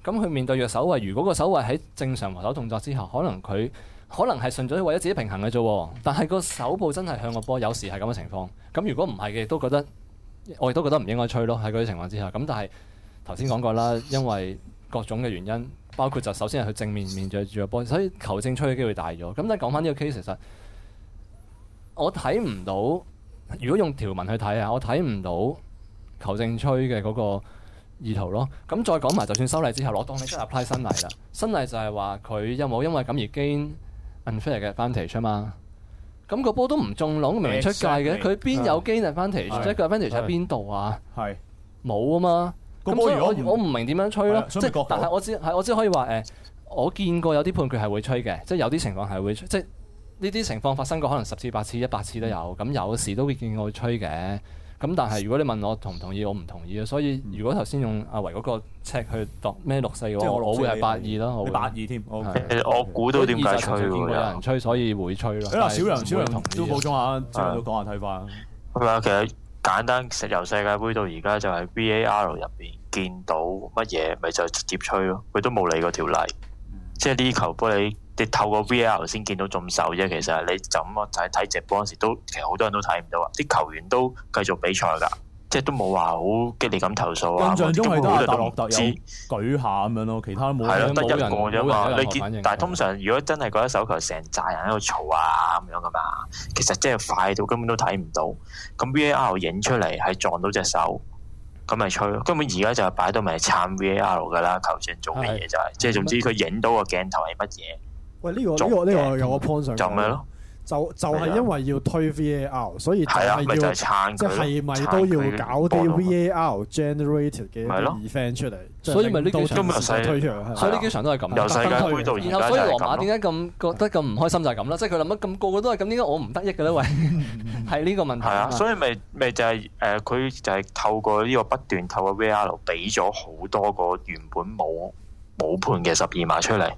咁、是，佢面對住守衞。如果個守衞喺正常防守動作之下，可能佢。可能係純粹為咗自己平衡嘅啫，但係個手部真係向個波，有時係咁嘅情況。咁如果唔係嘅，都覺得我亦都覺得唔應該吹咯。喺嗰啲情況之下，咁但係頭先講過啦，因為各種嘅原因，包括就首先係佢正面面對住個波，所以球證吹嘅機會大咗。咁但講翻呢個 case，其實我睇唔到，如果用條文去睇啊，我睇唔到球證吹嘅嗰個意圖咯。咁再講埋，就算修例之後攞當你真係 apply 新例啦，新例就係話佢有冇因為咁而經。unfair 嘅 advantage 啊嘛？咁、那個波都唔中籠，明明出界嘅，佢邊 Exactly. 有機呢 advantage？即係個 advantage 喺邊度啊？係冇啊嘛，咁個我我唔明點樣吹咯。Yeah. So 即 not sure. 但係我只係我只可以話誒、呃，我見過有啲判決係會吹嘅，即係有啲情況係會吹，即係呢啲情況發生過可能十次、八次、一百次都有。咁有時都會見過會吹嘅。咁、嗯、但係如果你問我同唔同意，我唔同意啊。所以如果頭先用阿維嗰個尺去度咩六四，即我我會係八二咯，會八二添。我估到點解吹喎？因為有人吹，所以會吹啦。嗱，小楊，小楊同，都補充下，小補都講下睇法啊。係啊，其實簡單，由世界盃到而家就係 VAR 入邊見到乜嘢，咪就直接吹咯。佢都冇理過條例，即係呢球波你。你透過 VAR 先見到中手啫。其實你就咁睇睇直播嗰時，都其實好多人都睇唔到啊。啲球員都繼續比賽噶，即係都冇話好激烈咁投訴啊。觀眾因為都係睇唔到，舉下咁樣咯，其他都冇。係咯，得一個啫嘛。但係通常、嗯、如果真係覺得手球成扎人喺度嘈啊咁樣噶嘛，其實即係快到根本都睇唔到。咁 VAR 影出嚟係撞到隻手，咁咪吹。根本而家就係擺到咪係撐 VAR 噶啦。球證做乜嘢就係，即係總之佢影到個鏡頭係乜嘢。喂，呢個呢個有個 point 就咪咯？就就係因為要推 VAR，a 所以啊，咪就係撐即係咪都要搞啲 VAR a generated 嘅 event 出嚟？所以咪呢啲場都唔使推出去，所以呢啲場都係咁。由推到而家然後所以羅馬點解咁覺得咁唔開心就係咁啦，即係佢諗乜咁，個個都係咁，點解我唔得益嘅咧？喂，係呢個問題。係啊，所以咪咪就係誒，佢就係透過呢個不斷透過 VAR 俾咗好多個原本冇冇判嘅十二碼出嚟。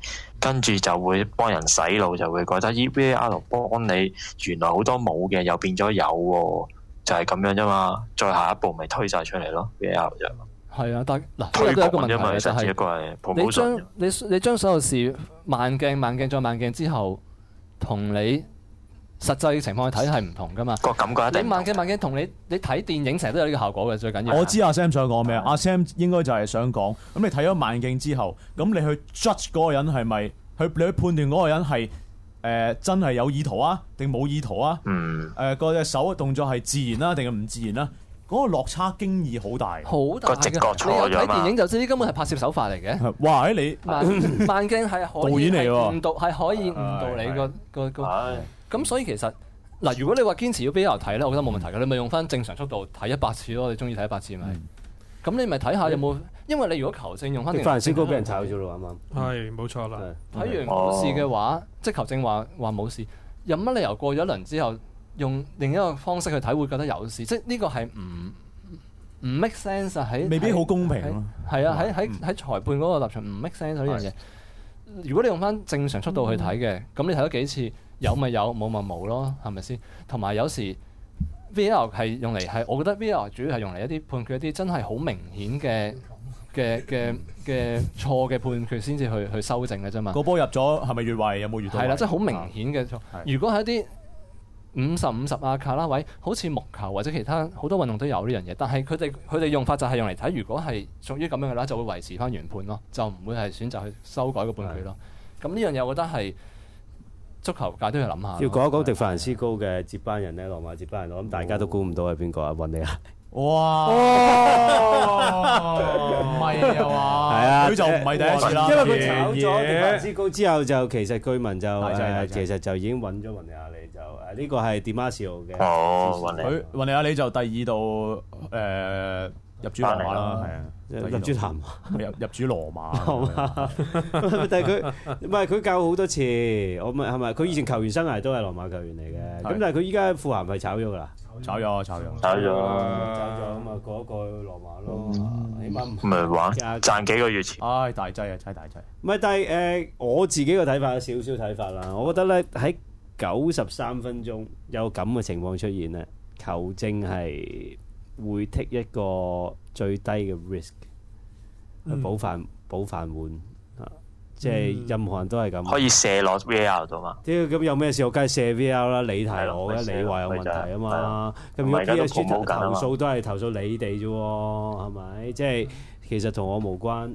跟住就會幫人洗腦，就會覺得 VAR 幫你，原來好多冇嘅又變咗有，就係、是、咁樣啫嘛。再下一步咪推晒出嚟咯，VR 就係啊。但嗱，呢都係一個問題，就是、一個係你將將嗎你你將所有事，慢鏡、慢鏡再慢鏡之後，同你。實際嘅情況去睇係唔同噶嘛？個感覺一定。慢鏡慢鏡同你你睇電影成日都有呢個效果嘅，最緊要。我知阿 Sam 想講咩？阿 Sam 應該就係想講咁，你睇咗慢鏡之後，咁你去 judge 嗰個人係咪去你去判斷嗰個人係誒真係有意圖啊，定冇意圖啊？嗯。誒嗰隻手動作係自然啦，定係唔自然啦？嗰個落差經已好大，個直覺錯咗睇電影就知，根本係拍攝手法嚟嘅。哇！你慢慢鏡係可以誤導，係可以誤導你個個個。咁、嗯、所以其實嗱，如果你話堅持要俾人睇咧，我覺得冇問題嘅。嗯、你咪用翻正常速度睇一百次咯，你中意睇一百次咪。咁、嗯、你咪睇下有冇，嗯、因為你如果求證用證，肯定翻嚟先高俾人炒咗咯，啱啱、嗯？係、嗯，冇錯啦。睇完股市嘅話，嗯、即係求證話話冇事，有乜理由過咗輪之後用另一個方式去睇會覺得有事？即係呢個係唔唔 make sense 喺。未必好公平咯。係啊，喺喺喺裁判嗰個立場唔 make sense 呢樣嘢。嗯、如果你用翻正常速度去睇嘅，咁、嗯、你睇咗幾次？有咪有，冇咪冇咯，係咪先？同埋有，有時，VAR 係用嚟係，我覺得 VAR 主要係用嚟一啲判決一啲真係好明顯嘅嘅嘅嘅錯嘅判決先至去去修正嘅啫嘛。個波入咗係咪越位？有冇越位？係啦，即係好明顯嘅錯。如果係一啲五十五十啊卡啦位，m, 好似木球或者其他好多運動都有呢樣嘢，但係佢哋佢哋用法就係用嚟睇，如果係屬於咁樣嘅啦，就會維持翻原判咯，就唔會係選擇去修改個判決咯。咁呢的樣嘢我覺得係。足球界都要諗下。要講一講迪凡斯高嘅接班人咧，羅馬接班人，我諗大家都估唔到係邊個啊？雲尼亞利哇，唔係啊嘛，係啊，佢就唔係第一次啦，因為佢炒咗迪凡斯高之後，就其實據聞就係其實就已經揾咗雲尼亞利，你就誒呢個係迪馬仕嘅哦，雲尼亞利就第二度誒入主羅馬啦，係啊。入主談， 入主羅馬。 但係佢唔係佢教好多次，我咪係咪？佢以前球員生涯都係羅馬球員嚟嘅。咁是但係佢依家富咸係炒咗㗎啦。炒咗，炒咗。炒咗，炒咗咁啊！過一過羅馬咯，嗯、起碼唔係玩，話上賺幾個月錢。唉、哎，大劑啊，真係大劑。唔係，但係誒、呃，我自己個睇法有少少睇法啦。我覺得咧，喺九十三分鐘有咁嘅情況出現咧，球證係會剔一個。最低嘅 risk 去保飯保飯碗啊，即係任何人都係咁可以射落 VAR 度嘛？屌咁有咩事？我梗係射 VAR 啦。你提我嘅，你話有問題啊嘛？咁如果 VAR 投投訴都係投訴你哋啫，係咪？即係其實同我無關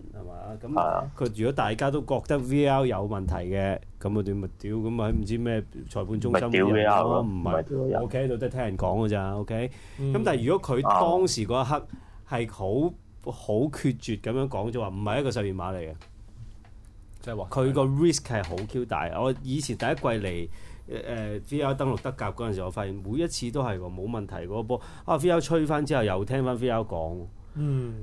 係嘛？咁佢如果大家都覺得 VAR 有問題嘅，咁我哋咪屌咁咪唔知咩裁判中心咪屌嘅啦？唔係我企喺度都係聽人講㗎咋。O K 咁，但係如果佢當時嗰一刻。係好好決絕咁樣講咗話，唔係一個上面碼嚟嘅。即係話佢個 risk 係好 q 大。我以前第一季嚟誒、uh, VAR 登陸德甲嗰陣時，我發現每一次都係喎冇問題嗰波。啊 VAR 吹翻之後又聽翻 VAR 講。嗯，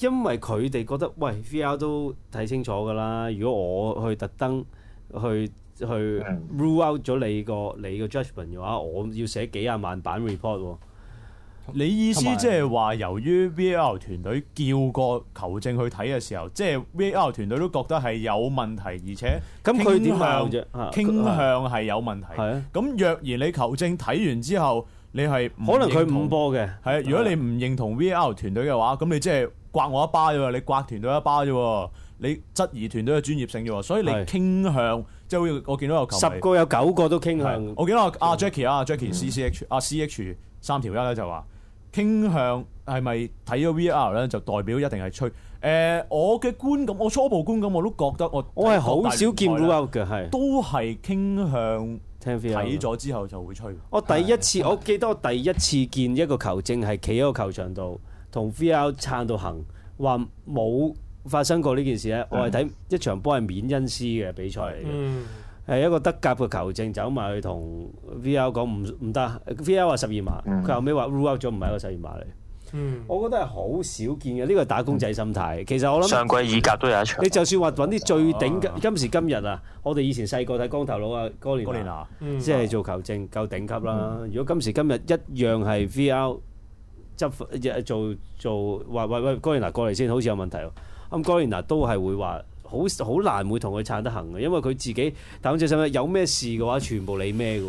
因為佢哋覺得喂 VAR 都睇清楚㗎啦。如果我去特登去去 rule out 咗你個你個 judgment 嘅話，我要寫幾廿萬版 report 喎、啊。你意思即係話，由於 V L 團隊叫個球證去睇嘅時候，即係 V L 團隊都覺得係有問題，而且咁佢點樣傾向係有問題。係啊，咁若然你球證睇完之後，你係可能佢唔波嘅。係啊，如果你唔認同 V L 團隊嘅話，咁的你即係刮我一巴啫喎，你刮團隊一巴啫喎，你質疑團隊嘅專業性啫喎。所以你傾向的即係我見到有十個有九個都傾向。我見到阿 Jackie 啊 Jackie CCH 啊，CH 三條一咧就話。傾向係咪睇咗 V R 咧，就代表一定係吹？誒、呃，我嘅觀感，我初步觀感我都覺得我我係好少見 V R 嘅，係都係傾向睇咗之後就會吹。我第一次的我記得我第一次見一個球證係企喺個球場度，同 V R 撐到行，話冇發生過呢件事咧。嗯、我係睇一場波係緬恩斯嘅比賽嚟嘅。嗯係一個德甲嘅球證走埋去同 VAR 講唔唔得，VAR 話十二碼，佢後尾話 rule out 咗，唔係一個十二碼嚟。嗯，我覺得係好少見嘅，呢個係打工仔心態。其實我諗上季乙甲都有一場。你就算話揾啲最頂嘅，今時今日啊，我哋以前細個睇光頭佬啊，哥連哥連拿，即係做球證夠頂級啦。如果今時今日一樣係 VAR 執做做，喂喂喂，哥連拿過嚟先，好似有問題。咁哥連拿都係會話。好好難會同佢撐得行嘅，因為佢自己，但係我想問，有咩事嘅話，全部你孭喎？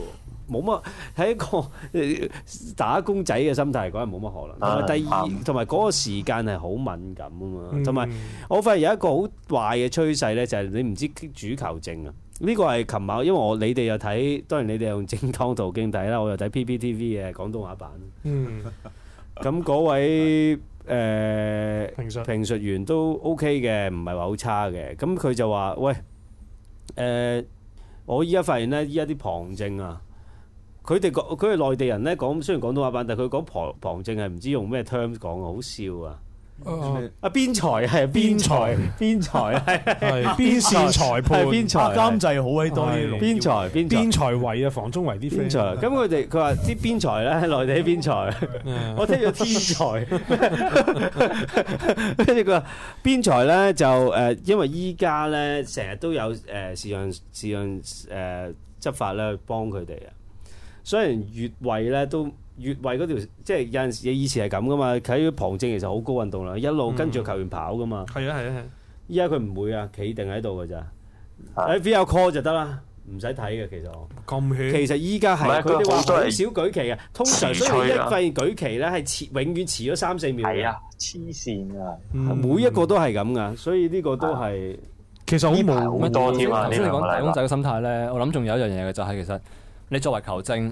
冇乜，喺一個打工仔嘅心態嚟講，係冇乜可能。第二，同埋嗰個時間係好敏感啊嘛。同埋我發現有一個好壞嘅趨勢咧，就係你唔知主球證啊。呢個係琴晚，因為我你哋又睇，當然你哋又用正當途徑睇啦，我又睇 PPTV 嘅廣東話版。咁位。誒、呃、評述評述員都 O K 嘅，唔係話好差嘅。咁佢就話：喂，誒、呃，我依家發現咧，依家啲旁證啊，佢哋講佢哋內地人咧講，雖然廣東話版，但係佢講旁旁證係唔知用咩 term 講嘅，好笑啊！啊！邊裁係邊裁，邊裁係邊線裁判，邊裁監制好鬼多啲，邊裁邊邊裁位啊，房中圍啲邊裁咁佢哋佢話啲邊裁咧，內地邊裁，我聽咗天才，跟住佢話邊裁咧就誒，因為依家咧成日都有誒，市場市場誒執法咧幫佢哋啊，雖然越位咧都。越位嗰條，即係有陣時，以前係咁噶嘛。佢旁證，其實好高運動啦，一路跟住球員跑噶嘛。係啊係啊，係啊。依家佢唔會啊，企定喺度嘅咋喺 video call 就得啦，唔使睇嘅其實。咁其實依家係佢哋話好少舉旗啊，通常所以一發現舉旗咧係遲，永遠遲咗三四秒。係啊，黐線啊！每一個都係咁噶，所以呢個都係其實好無乜多添啊。頭先講打工仔嘅心態咧，我諗仲有一樣嘢嘅就係其實你作為球證。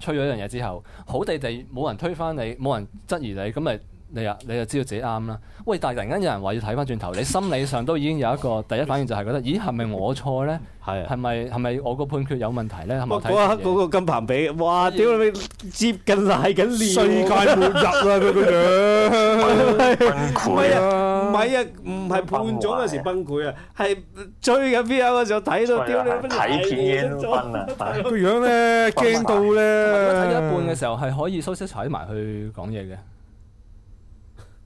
吹咗一樣嘢之後，好地地冇人推翻你，冇人質疑你，咁咪～你啊，你就知道自己啱啦。喂，但係突然間有人話要睇翻轉頭，你心理上都已經有一個第一反應就係覺得，咦係咪我錯咧？係係咪係咪我個判決有問題咧？係咪睇嗰個金彭比？哇！屌你，接近賴緊世界末日啦！佢個樣，崩潰啊！唔係啊，唔係判總有時崩潰啊，係追緊 VAR 嘅時候睇到屌你，睇片嘅都個樣咧驚到咧，睇一半嘅時候係可以收息，踩埋去講嘢嘅。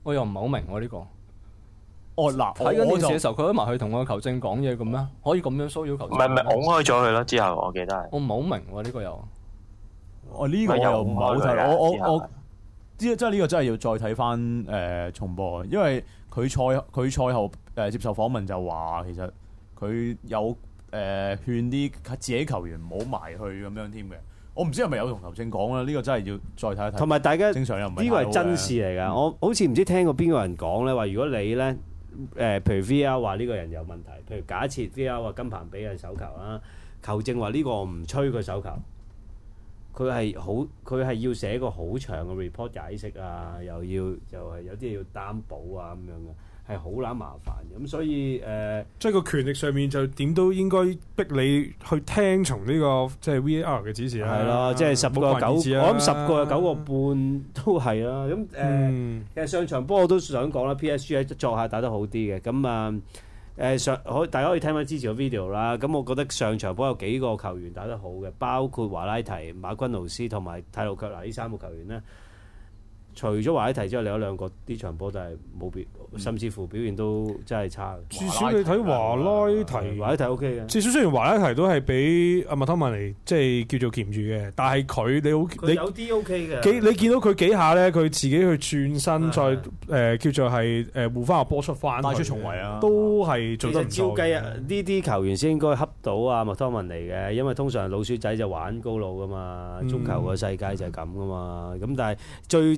我又唔係好明我呢、啊這個，惡、哦、嗱，睇緊電視嘅時候，佢埋就去同個球證講嘢咁樣？可以咁樣騷擾球證？唔係唔係，我開咗佢啦。之後我記得係我唔係好明我呢、啊這個又，哦，呢、這個又唔係好睇。我我我，即係即係呢個真係要再睇翻誒重播，因為佢賽佢賽後誒、呃、接受訪問就話，其實佢有誒勸啲自己球員唔好埋去咁樣添嘅。我唔知係咪有同球證講啦，呢、呢個真係要再睇一睇。同埋大家，正常有問題。呢個係真事嚟㗎。嗯、我好似唔知聽過邊個人講咧，話如果你咧，誒，譬如 VR 話呢個人有問題，譬如假設 VR 話金鵬俾人手球啊，球證話呢個唔吹佢手球，佢係好，佢係要寫個好長嘅 report 解釋啊，又要又係有啲要擔保啊咁樣嘅。係好難麻煩嘅，咁、嗯、所以誒，即、呃、係個權力上面就點都應該逼你去聽從呢、這個即係、就是、V A R 嘅指示啦、啊。係咯，即係十個九，我諗十個有九個半都係啦、啊。咁、嗯、誒，嗯、其實上場波我都想講啦，P S G 喺作客打得好啲嘅。咁啊，誒、呃、上可大家可以聽翻之前個 video 啦。咁我覺得上場波有幾個球員打得好嘅，包括華拉提、馬昆奴斯同埋泰魯腳嗱，呢三個球員咧。除咗華拉提之外，你有兩個啲場波都係冇表，甚至乎表現都真係差。至少你睇華拉提，華拉提 O K 嘅。至少雖然華拉提都係俾阿麥湯文尼即係叫做攬住嘅，但係佢你好，有 OK、你有啲 O K 嘅。你見到佢幾下咧，佢自己去轉身再誒的、呃、叫做係誒護翻個波出翻，帶出重圍啊！都係做得。照計啊！呢啲球員先應該恰到啊麥湯文尼嘅，因為通常老鼠仔就玩高佬噶嘛，足球個世界就係咁噶嘛。咁、嗯、但係最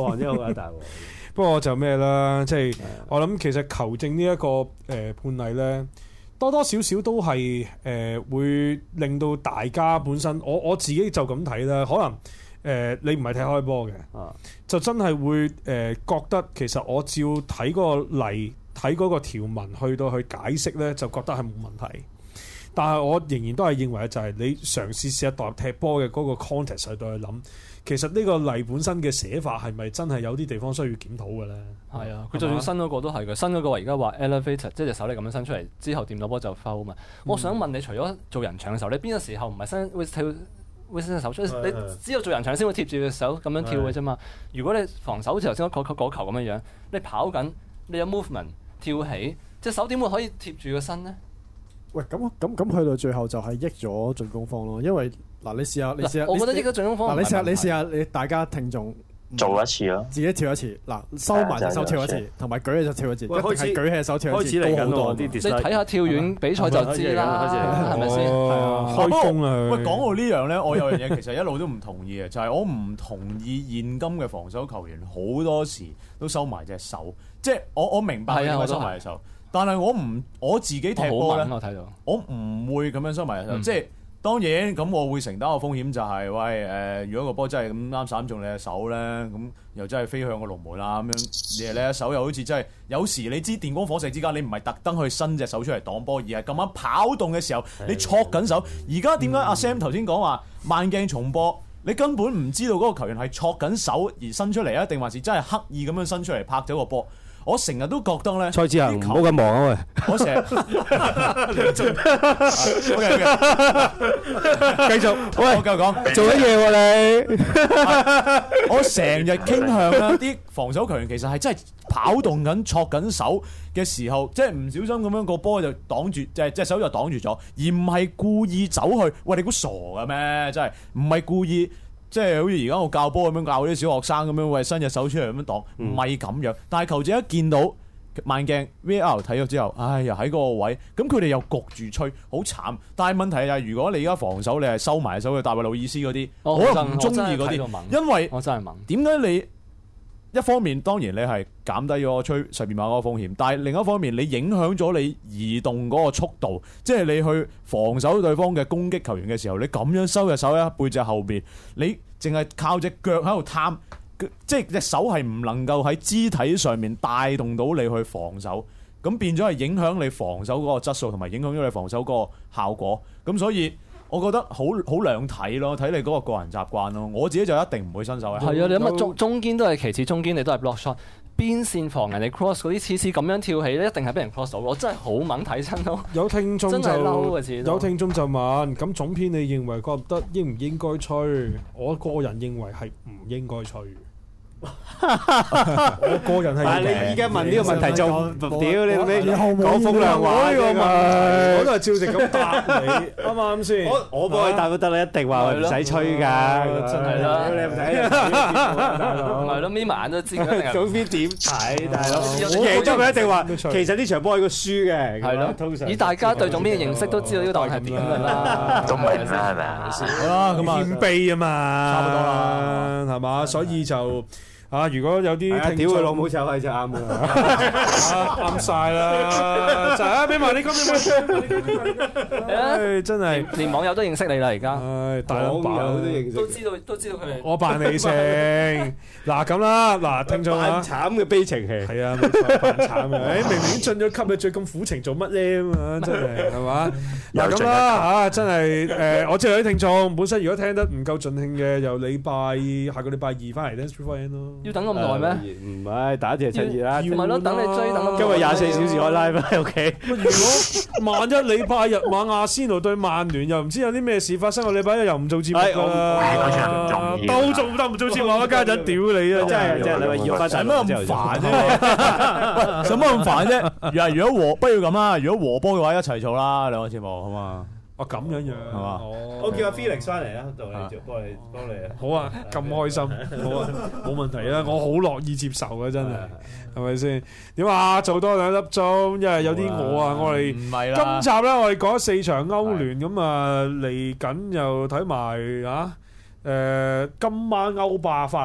不過就咩啦，即係我諗，其實球證呢一個誒判例呢，多多少少都係誒會令到大家本身，我我自己就咁睇啦。可能誒你唔係踢開波嘅，就真係會誒覺得其實我照睇嗰個例，睇嗰個條文去到去解釋呢，就覺得係冇問題。但係我仍然都係認為就係你嘗試試下代入踢波嘅嗰個 context 度去諗。其實呢個例本身嘅寫法係咪真係有啲地方需要檢討嘅咧？係啊，佢就算新嗰個都係嘅，新嗰個話而家話 elevator，即係隻手你咁樣伸出嚟之後，掂到波就 foul 嘛。嗯、我想問你除咗做人牆嘅時候，你邊個時候唔係伸會跳會伸手出？的你只有做人牆先會貼住隻手咁樣跳嘅啫嘛。的如果你防守，好似頭先嗰球咁樣樣，你跑緊，你有 movement，跳起，隻手點會可以貼住個身呢？喂，咁咁咁去到最後就係益咗進攻方咯，因為。嗱，你試下，你試下，我覺得呢個進攻方，嗱，你試下，你試下，你大家聽眾做一次咯，自己跳一次，嗱，收埋隻手跳一次，同埋舉起就跳一次，開始舉起隻手跳一次，你好多啲 detail 你睇下跳遠比賽就知啦，係咪先？係啊，開風啊喂，講到呢樣咧，我有樣嘢其實一路都唔同意嘅，就係我唔同意現今嘅防守球員好多時都收埋隻手，即係我我明白佢點解收埋隻手，但係我唔我自己踢波我睇到。我唔會咁樣收埋隻手，即係。當然，咁我會承擔個風險就係、是，喂，誒、呃，如果個波真係咁啱散中你隻手咧，咁又真係飛向個龍門啊咁樣，而你隻手又好似真係，有時你知電光火石之間，你唔係特登去伸隻手出嚟擋波，而係咁啱跑動嘅時候，你戳緊手。而家點解阿 Sam 頭先講話慢鏡重播，你根本唔知道嗰個球員係戳緊手而伸出嚟啊，定還是真係刻意咁樣伸出嚟拍咗個波？我成日都覺得咧，蔡志恒，唔好咁忙啊喂！我成日，繼續喂，我繼續講做緊嘢喎你？我成日傾向咧，啲防守球員其實係真係跑動緊、戳緊手嘅時候，即係唔小心咁樣個波就擋住，即係隻手就擋住咗，而唔係故意走去。喂，你估傻噶咩？真係唔係故意。即係好似而家我教波咁樣教啲小學生咁樣，喂，伸隻手出嚟咁樣擋，唔係咁樣。嗯、但係球證一見到慢鏡 VR 睇咗之後，唉，又喺嗰個位，咁佢哋又焗住吹，好慘。但係問題就係，如果你而家防守，你係收埋手去大衛魯伊斯嗰啲，哦、可能唔中意嗰啲，因為，為我真係盲。點解你？一方面當然你係減低咗吹十二碼嗰個風險，但係另一方面你影響咗你移動嗰個速度，即係你去防守對方嘅攻擊球員嘅時候，你咁樣收隻手喺背脊後邊，你淨係靠隻腳喺度探，即係隻手係唔能夠喺肢體上面帶動到你去防守，咁變咗係影響你防守嗰個質素，同埋影響咗你防守嗰個效果，咁所以。我覺得好好兩睇咯，睇你嗰個個人習慣咯。我自己就一定唔會伸手嘅。係、嗯、啊，你諗中都中，中堅都係其次，中堅你都係 block shot 邊線防人哋 cross 嗰啲，次次咁樣跳起咧，一定係俾人 cross 到。我真係好猛睇親咯。 有聽眾就 真有聽眾就問：咁 總編你認為覺得應唔應該吹？我個人認為係唔應該吹。我個人係，但係你依家問呢個問題就，屌你你講風涼話，我都係照直咁答你，啱唔啱先？我我幫你答都得啦，一定話唔使吹噶，真係咯，係咯，眯埋眼都知啦。總比點睇，大佬贏咗佢一定話，其實呢場波係個輸嘅，係咯，以大家對種咩形式都知道呢個代勤係點噶啦，都明啦係咪啊？好啦，咁啊謙卑啊嘛，差唔多啦，係嘛，所以就。啊，如果有啲，屌佢老母臭閪就啱啦，啱曬啦，就啊俾埋啲咁嘅，唉，真係連網友都認識你啦，而家，大佬，網友都認識，都知道都知道佢哋，我扮你先，嗱咁啦，嗱聽眾啊，慘嘅悲情戲，係啊，冇錯，慘嘅，明明進咗級，你最咁苦情做乜咧嘛，真係係嘛，嗱咁啦嚇，真係，誒，我知有啲聽眾本身如果聽得唔夠盡興嘅，由禮拜下個禮拜二翻嚟 l 咯。要等咁耐咩？唔係，打鐵趁熱啦。唔係咯，等你追等咁耐。今日廿四小時我拉 i 喺屋企。如果萬一禮拜日晚阿仙奴對曼聯又唔知有啲咩事發生，個禮拜日又唔做節目。係啊，都做都唔做節目啊，家陣屌你啊，真係真係你話而家做乜咁煩啫？做乜咁煩啫？又如果和，不如咁啦。如果和波嘅話，一齊做啦，兩個節目好嘛？我咁樣樣係嘛？我叫阿 Philip 翻嚟啊，就嚟就幫你幫你。吧好啊，咁、啊、開心， 好啊，冇問題啊， 我好樂意接受嘅、啊、真係，係咪先？點啊？啊，做多兩粒鐘，因為有啲我啊，啊我哋來今集咧，我哋講咗四場歐聯，咁啊嚟緊又睇埋啊。誒，今晚歐霸翻，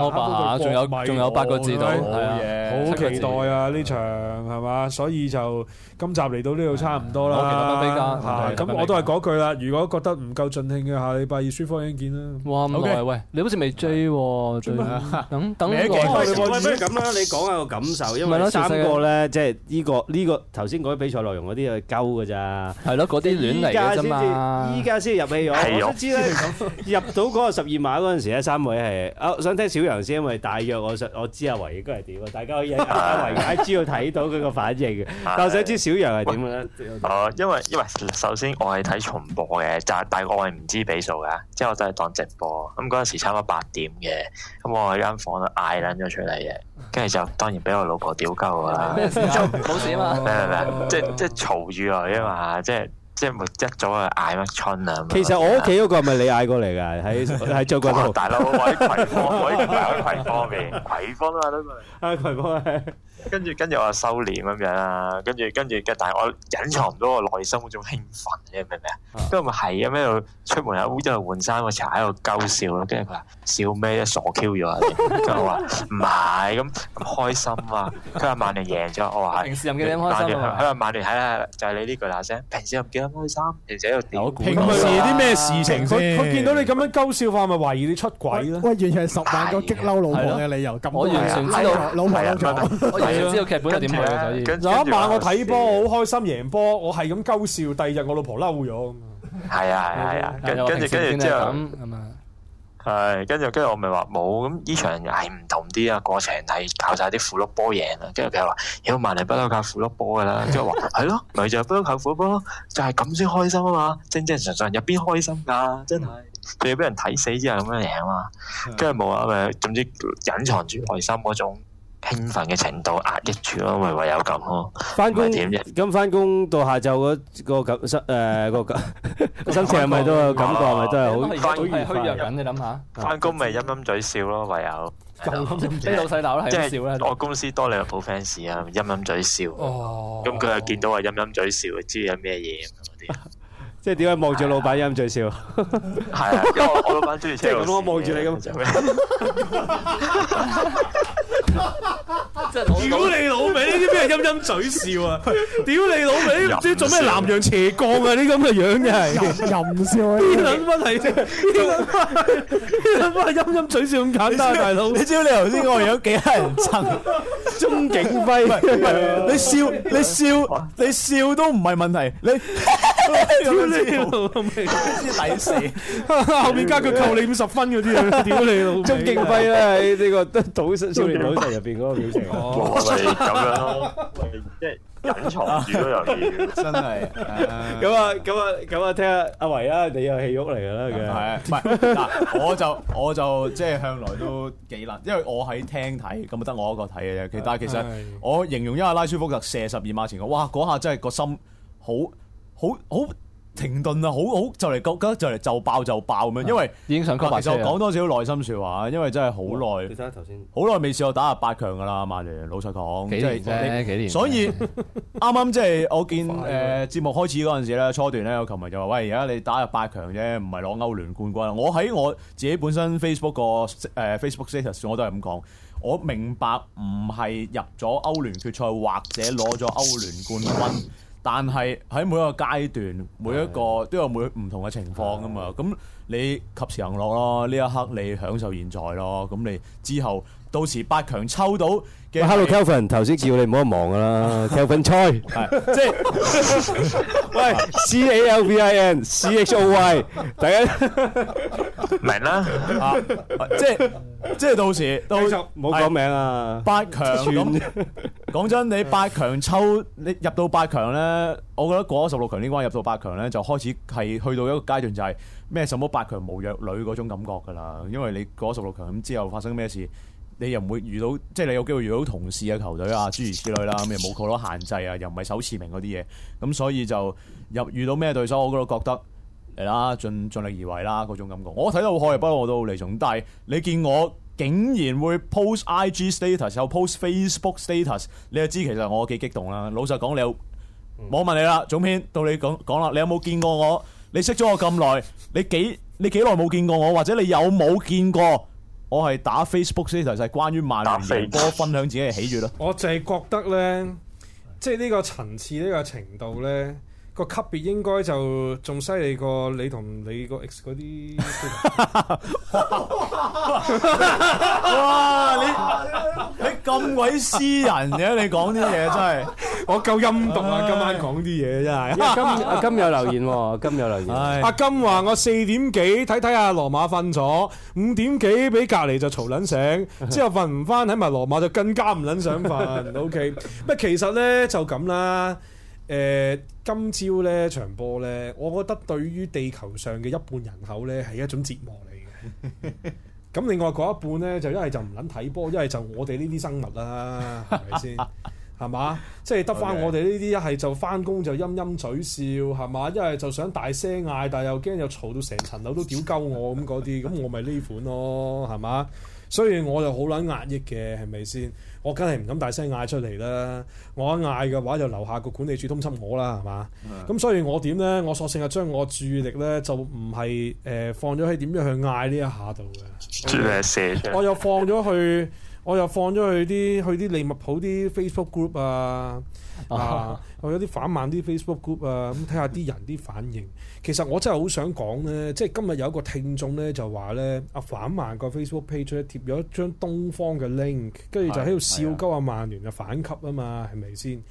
仲有仲有八個字隊，好期待啊呢場係嘛，所以就今集嚟到呢度差唔多啦。咁我都係嗰句啦，如果覺得唔夠盡興嘅，下禮拜二 super eng 見啦。哇，咁耐喂，你好似未追，追啊？等等，咩嘅？不如咁啦，你講下個感受，因為三個咧，即係呢個呢個頭先嗰啲比賽內容嗰啲啊，鳩噶咋？係咯，嗰啲亂嚟噶咋嘛？依家先入戲咗，我都知啦，入到嗰個十二。買嗰陣時咧，三妹係啊，想聽小楊先，因為大約我想我知阿維應該係點啊，大家可以阿阿維解知道睇到佢個反應。但我想知小楊係點樣咧？哦喂，為因為因為首先我係睇重播嘅，就係大概我係唔知比數嘅，即係我真係當直播。咁嗰陣時差唔多八點嘅，咁我喺間房度嗌撚咗出嚟嘅，跟住就當然俾我老婆屌鳩啦。唔好事笑嘛？咩咩咩？即即嘈住來啊嘛？即係。即即係冇執咗啊！嗌乜春啊？其實我屋企嗰個係咪你嗌過嚟噶？喺喺將軍澳。大佬，喺葵芳，我喺葵芳邊？葵芳啊，都過嚟。啊，葵芳係。啊跟住跟住我收斂咁樣啦，跟住跟住嘅，但係我隱藏唔到我內心嗰種興奮，你明唔明啊？咁咪係啊？咩？出門喺烏州換衫，我成日喺度鳩笑咯。跟住佢話笑咩？傻 Q 咗！跟住我話唔係咁咁開心啊！佢話曼聯贏咗，我話平時又唔見你咁開心啊！佢話曼聯睇下，就係你呢句嗱聲，平時又唔見咁開心，平時喺度點？平時啲咩事情先？佢佢見到你咁樣鳩笑翻，咪懷疑你出軌咯？喂，完全係十萬個激嬲老婆嘅理由咁，我完全知道，老婆嬲咗。你知道劇本係點去啊？啊有一晚我睇波，我好開心，贏波，我係咁鳩笑。第二日我老婆嬲咗，係啊係啊，啊、嗯。跟住之後咁係嘛，係跟住跟住我咪話冇咁呢場係唔同啲啊，過程係搞晒啲苦碌波贏啊。跟住佢又話要曼聯不嬲靠苦碌波噶啦，跟住話係咯，咪就靠苦碌波，就係咁先開心啊嘛，正正常常入邊開心噶，真係你要俾人睇死之後咁樣贏啊嘛，跟住冇啊咪，總之隱藏住內心嗰種。興奮嘅程度壓抑住咯，咪唯有咁咯。翻工咁翻工到下晝嗰個感身誒個感心情係咪都有感覺？係咪都係好？翻完翻完，虛弱緊你諗下。翻工咪陰陰嘴笑咯，唯有即係老細鬧咯，係咯笑咯。我公司多你個好 fans 啊，陰陰嘴笑。哦。咁佢又見到我陰陰嘴笑，知有咩嘢嗰啲。即係點解望住老闆陰嘴笑？係啊，因為我我老闆中意請我。即係我望住你咁就咩？屌你老味，呢啲咩係陰陰嘴笑啊！屌你老味，唔知做咩南洋斜槓啊！呢咁嘅樣嘅係陰笑，呢兩分係啫，呢兩分係陰陰嘴笑咁簡單，大佬。你知唔知你頭先個樣幾乞人憎？鍾景輝，你笑，你笑，你笑都唔係問題。你屌你老味，呢啲禮節，後面加佢扣你五十分嗰啲啊！屌你老，鍾景輝咧呢個賭少年賭。入邊嗰個表情，我咪咁樣咯，即係隱藏住都容易。真係，咁啊，咁啊，咁啊，聽下阿維啊，你係戲肉嚟噶啦，佢係，唔係嗱，我就我就即係向來都幾難，因為我喺廳睇，咁咪得我一個睇嘅啫。但係其實我形容一下拉舒福特射十二碼前，哇，嗰下真係個心好好好。停頓啊，好好就嚟，覺得就嚟就爆就爆咁樣，因為已經想開話。其實講多少內心説話，因為真係好耐。頭先，好耐未試過打入八強㗎啦，曼聯老實講。幾年啫，幾年。所以啱啱即係我見誒、呃、節目開始嗰陣時咧，初段咧，有球迷就話：喂，而家你打入八強啫，唔係攞歐聯冠軍。我喺我自己本身 Facebook 個誒 Facebook status 我都係咁講。我明白唔係入咗歐聯決賽或者攞咗歐聯冠軍。 但係喺每一個階段，是的 每一個都有每唔同嘅情況㗎嘛，咁是的 你及時行樂咯，呢是的 一刻你享受現在咯，咁你之後。到時八強抽到嘅喂，Hello Calvin，頭先叫你唔好咁忙㗎啦，Calvin Choy，係即係，喂，C A L V I N C H O Y，大家明啦、 啊，啊，即係即係到時，續到冇講名啊，八強咁，講真，你八強抽，你入到八強咧，我覺得過咗十六強呢關，入到八強咧，就開始係去到一個階段，就係咩什,什麼八強無弱女嗰種感覺㗎啦，因為你過咗十六強咁之後發生咩事？你又唔會遇到，即係你有機會遇到同事嘅球隊啊、諸如此類啦、啊，咁又冇好多限制啊，又唔係首次名嗰啲嘢，咁所以就入遇到咩對手，我都覺得嚟啦，盡盡力而為啦嗰種感覺。我睇得好開，不過我都嚟重。但係你見我竟然會 post IG status，又 post Facebook status，你就知其實我幾激動啦、啊。老實講，你我問你啦，總編到你講講啦，你有冇見過我？你識咗我咁耐，你幾你幾耐冇見過我，或者你有冇見過？我係打 Facebook 呢條細，關於萬微波分享自己嘅喜悦咯。我就係覺得咧，即係呢個層次呢、呢個程度咧。個級別應該就仲犀利過你同你個 ex 嗰啲。哇！你你咁鬼私人嘅，你講啲嘢真係我夠陰毒啊！今晚講啲嘢真係。阿金今日有留言喎，今日有留言。阿金話：我四點幾睇睇阿羅馬瞓咗，五點幾俾隔離就嘈撚醒，之後瞓唔翻，喺埋羅馬就更加唔撚想瞓。O K，咪其實咧就咁啦，誒。今朝呢場波呢，我覺得對於地球上嘅一半人口呢，係一種折磨嚟嘅。咁另外嗰一半呢，就一係就唔撚睇波，一係就我哋呢啲生物啦，係咪先？係嘛？ 即係得翻我哋呢啲，Okay. 一係就翻工就陰陰嘴笑，係嘛？一係就想大聲嗌，但係又驚又嘈到成層樓都屌鳩我咁嗰啲，咁我咪呢款咯，係嘛？所以我就好撚壓抑嘅，係咪先？我梗係唔敢大聲嗌出嚟啦，我一嗌嘅話就樓下個管理處通緝我啦，係嘛？咁 所以我點呢？我索性係將我注意力呢，就唔係誒放咗喺點樣去嗌呢一下度嘅，我又放咗去，我又放咗去啲去啲利物浦啲 Facebook group 啊。啊！我有啲反慢啲 Facebook group 啊，咁睇下啲人啲反應。 其實我真係好想講呢，即係今日有一個聽眾呢，就話呢，反慢個 Facebook page 咧，貼咗張東方嘅 link，跟住就喺度笑鳩啊曼聯嘅反級啊嘛，係咪先？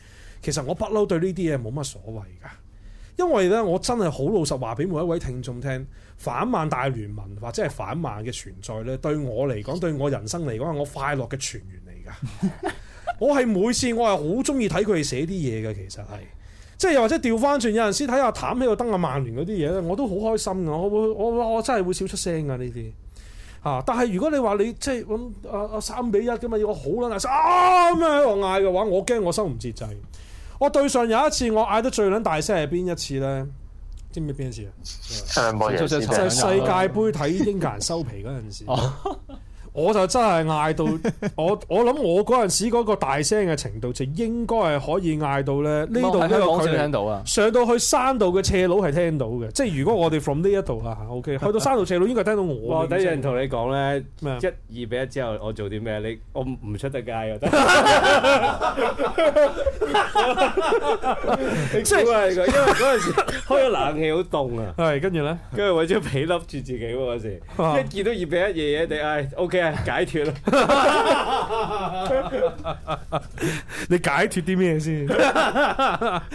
其實我不嬲對呢啲嘢冇乜所謂㗎，因為呢，我真係好老實話俾每一位聽眾聽，反慢大聯盟或者係反慢嘅存在呢，對我嚟講，對我人生嚟講係我快樂嘅泉源嚟㗎。 我係每次我係好中意睇佢哋寫啲嘢嘅，其實係即係又或者調翻轉，有陣時睇下譚喺度登下曼聯嗰啲嘢咧，我都好開心嘅。我會我我真係會笑出聲嘅呢啲嚇。但係如果你話你即係咁啊，啊三比一嘅嘛，要我好撚大聲啊咩喺度嗌嘅話，我驚我收唔節制。我對上有一次我嗌得最撚大聲係邊一次咧？知唔知邊一次啊？就係世界盃睇英格蘭收皮嗰陣時。我就真係嗌到，我我諗我嗰陣時嗰個大聲嘅程度就應該係可以嗌到咧。呢度都聽到啊！上到去山度嘅斜路係聽到嘅，即係如果我哋 from 呢一度啊，OK，去到山度斜路應該係聽到我。我第一人同你講咧，一二比一之後，我做啲咩？你我唔出得街啊！你真係呢個，因為嗰陣時開咗冷氣好凍啊。係跟住咧，跟住為咗被笠住自己嗰時，一見到二比一，夜夜地，嗌。OK 解脫咯！你解脫啲咩先？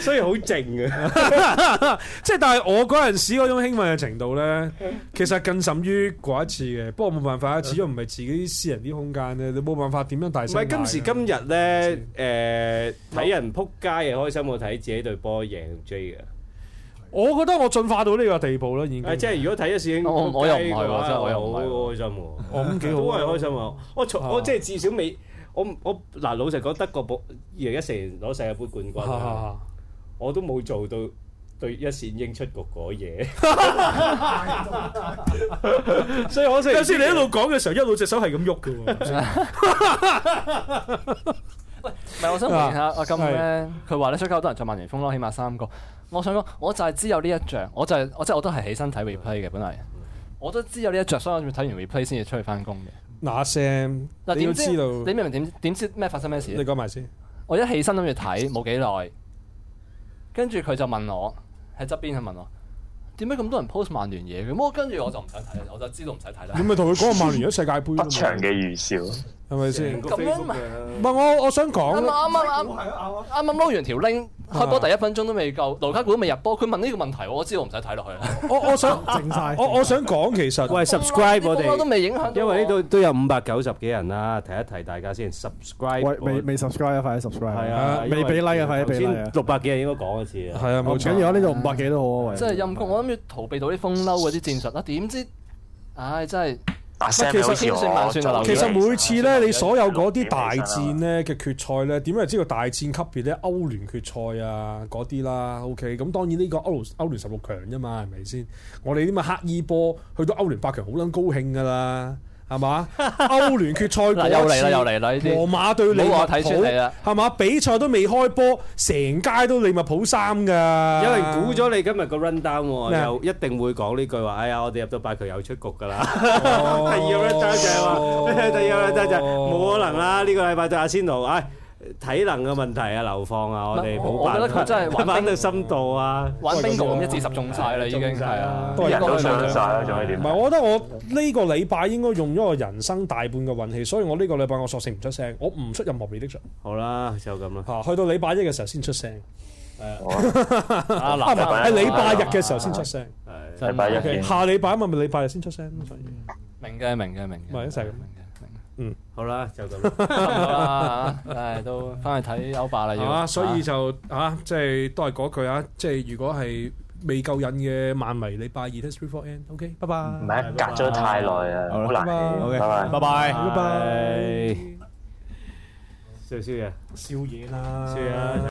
雖然好靜嘅，即係但係我嗰陣時嗰種興奮嘅程度咧，其實更甚於嗰一次嘅。不過冇辦法，始終唔係自己私人啲空間咧，你冇辦法點樣大聲。唔係今時今日咧，誒、呃，睇人扑街嘅開心過睇自己隊波贏 J 嘅。我覺得我進化到呢個地步啦，已經。即係如果睇一線英，我又唔係喎，真係我又好開心喎。我咁幾好，都係開心啊！我我即係至少未，我我嗱老實講，德國保二零一四年攞世界杯冠軍我都冇做到對一線英出局嗰嘢。所以，我先有時你一路講嘅時候，一路隻手係咁喐嘅喎。喂，唔係我想問下阿金咧，佢話你出球多人撞萬年風咯，起碼三個。我想講，我就係知有呢一着，我就係、是、我即係我都係起身睇 replay 嘅。本嚟我都知有呢一着，所以我仲要睇完 replay 先至出去翻工嘅。嗱 Sam，你要知道，知道你明明點點知咩發生咩事？你講埋先。我一起身諗住睇，冇幾耐，跟住佢就問我喺側邊，去問我點解咁多人 post 曼聯嘢嘅？咁我跟住我就唔想睇，我就知道唔使睇啦。 你咪同佢講曼聯而家世界杯不祥嘅預兆。係咪先？咁樣咪唔係我我想講。啱啱啱啱啱撈完條 link，開波第一分鐘都未夠，盧卡古都未入波。佢問呢個問題，我知我唔使睇落去。我我想我我想講其實。喂，subscribe 我哋。我都未影響。因為呢度都有五百九十幾人啦，提一提大家先。subscribe。喂，未未 subscribe 啊！快啲 subscribe。係啊。未俾 like 啊！快啲俾 like 啊！六百幾人應該講一次啊。係啊，冇錯。咁如果呢度五百幾都好啊。即係任哥，我諗要逃避到啲風褸嗰啲戰術啦。點知，唉，真係。其實其實每次咧，你所有嗰啲大戰咧嘅決賽咧，點樣知道大戰級別咧？歐聯決賽啊，嗰啲啦，OK。咁當然呢個歐歐聯十六強啫嘛，係咪先？我哋啲咁啊，黑衣波去到歐聯八強，好撚高興㗎啦。係嘛？歐聯決賽嗰次，羅馬對利物浦，係嘛？比賽都未開波，成街都利物浦衫噶。有人估咗你今日個 run down 喎、啊，又一定會講呢句話。哎呀，我哋入到八強又出局㗎啦。 哦、 第二個 run down 就係、是、話，哦、 第二個 run d 冇可能啦。呢、這個禮拜對阿仙奴，哎。體能嘅問題啊，流放啊，我哋冇辦。我覺得佢真係玩到深度啊，玩 bingo 咁一至十中曬啦，已經係啊，啲人都上得曬。唔係，我覺得我呢個禮拜應該用咗我人生大半嘅運氣，所以我呢個禮拜我索性唔出聲，我唔出任何別的術。好啦，就咁啦。嚇，去到禮拜一嘅時候先出聲。係啊，啊，禮拜係禮拜日嘅時候先出聲。係。禮拜一。下禮拜啊嘛，咪禮拜日先出聲咯。所以。明嘅，明嘅，明嘅。咪一成。嗯，好啦，就咁啦，吓，誒，都返去睇歐霸啦，要啊，所以就啊，即係都係嗰句啊，即係如果係未夠癮嘅曼迷，禮拜二、three、four、end，OK，拜拜。唔係啊，隔咗太耐啊，好難。好嘅，拜拜，拜拜，拜拜。食宵夜，宵夜啦，宵夜。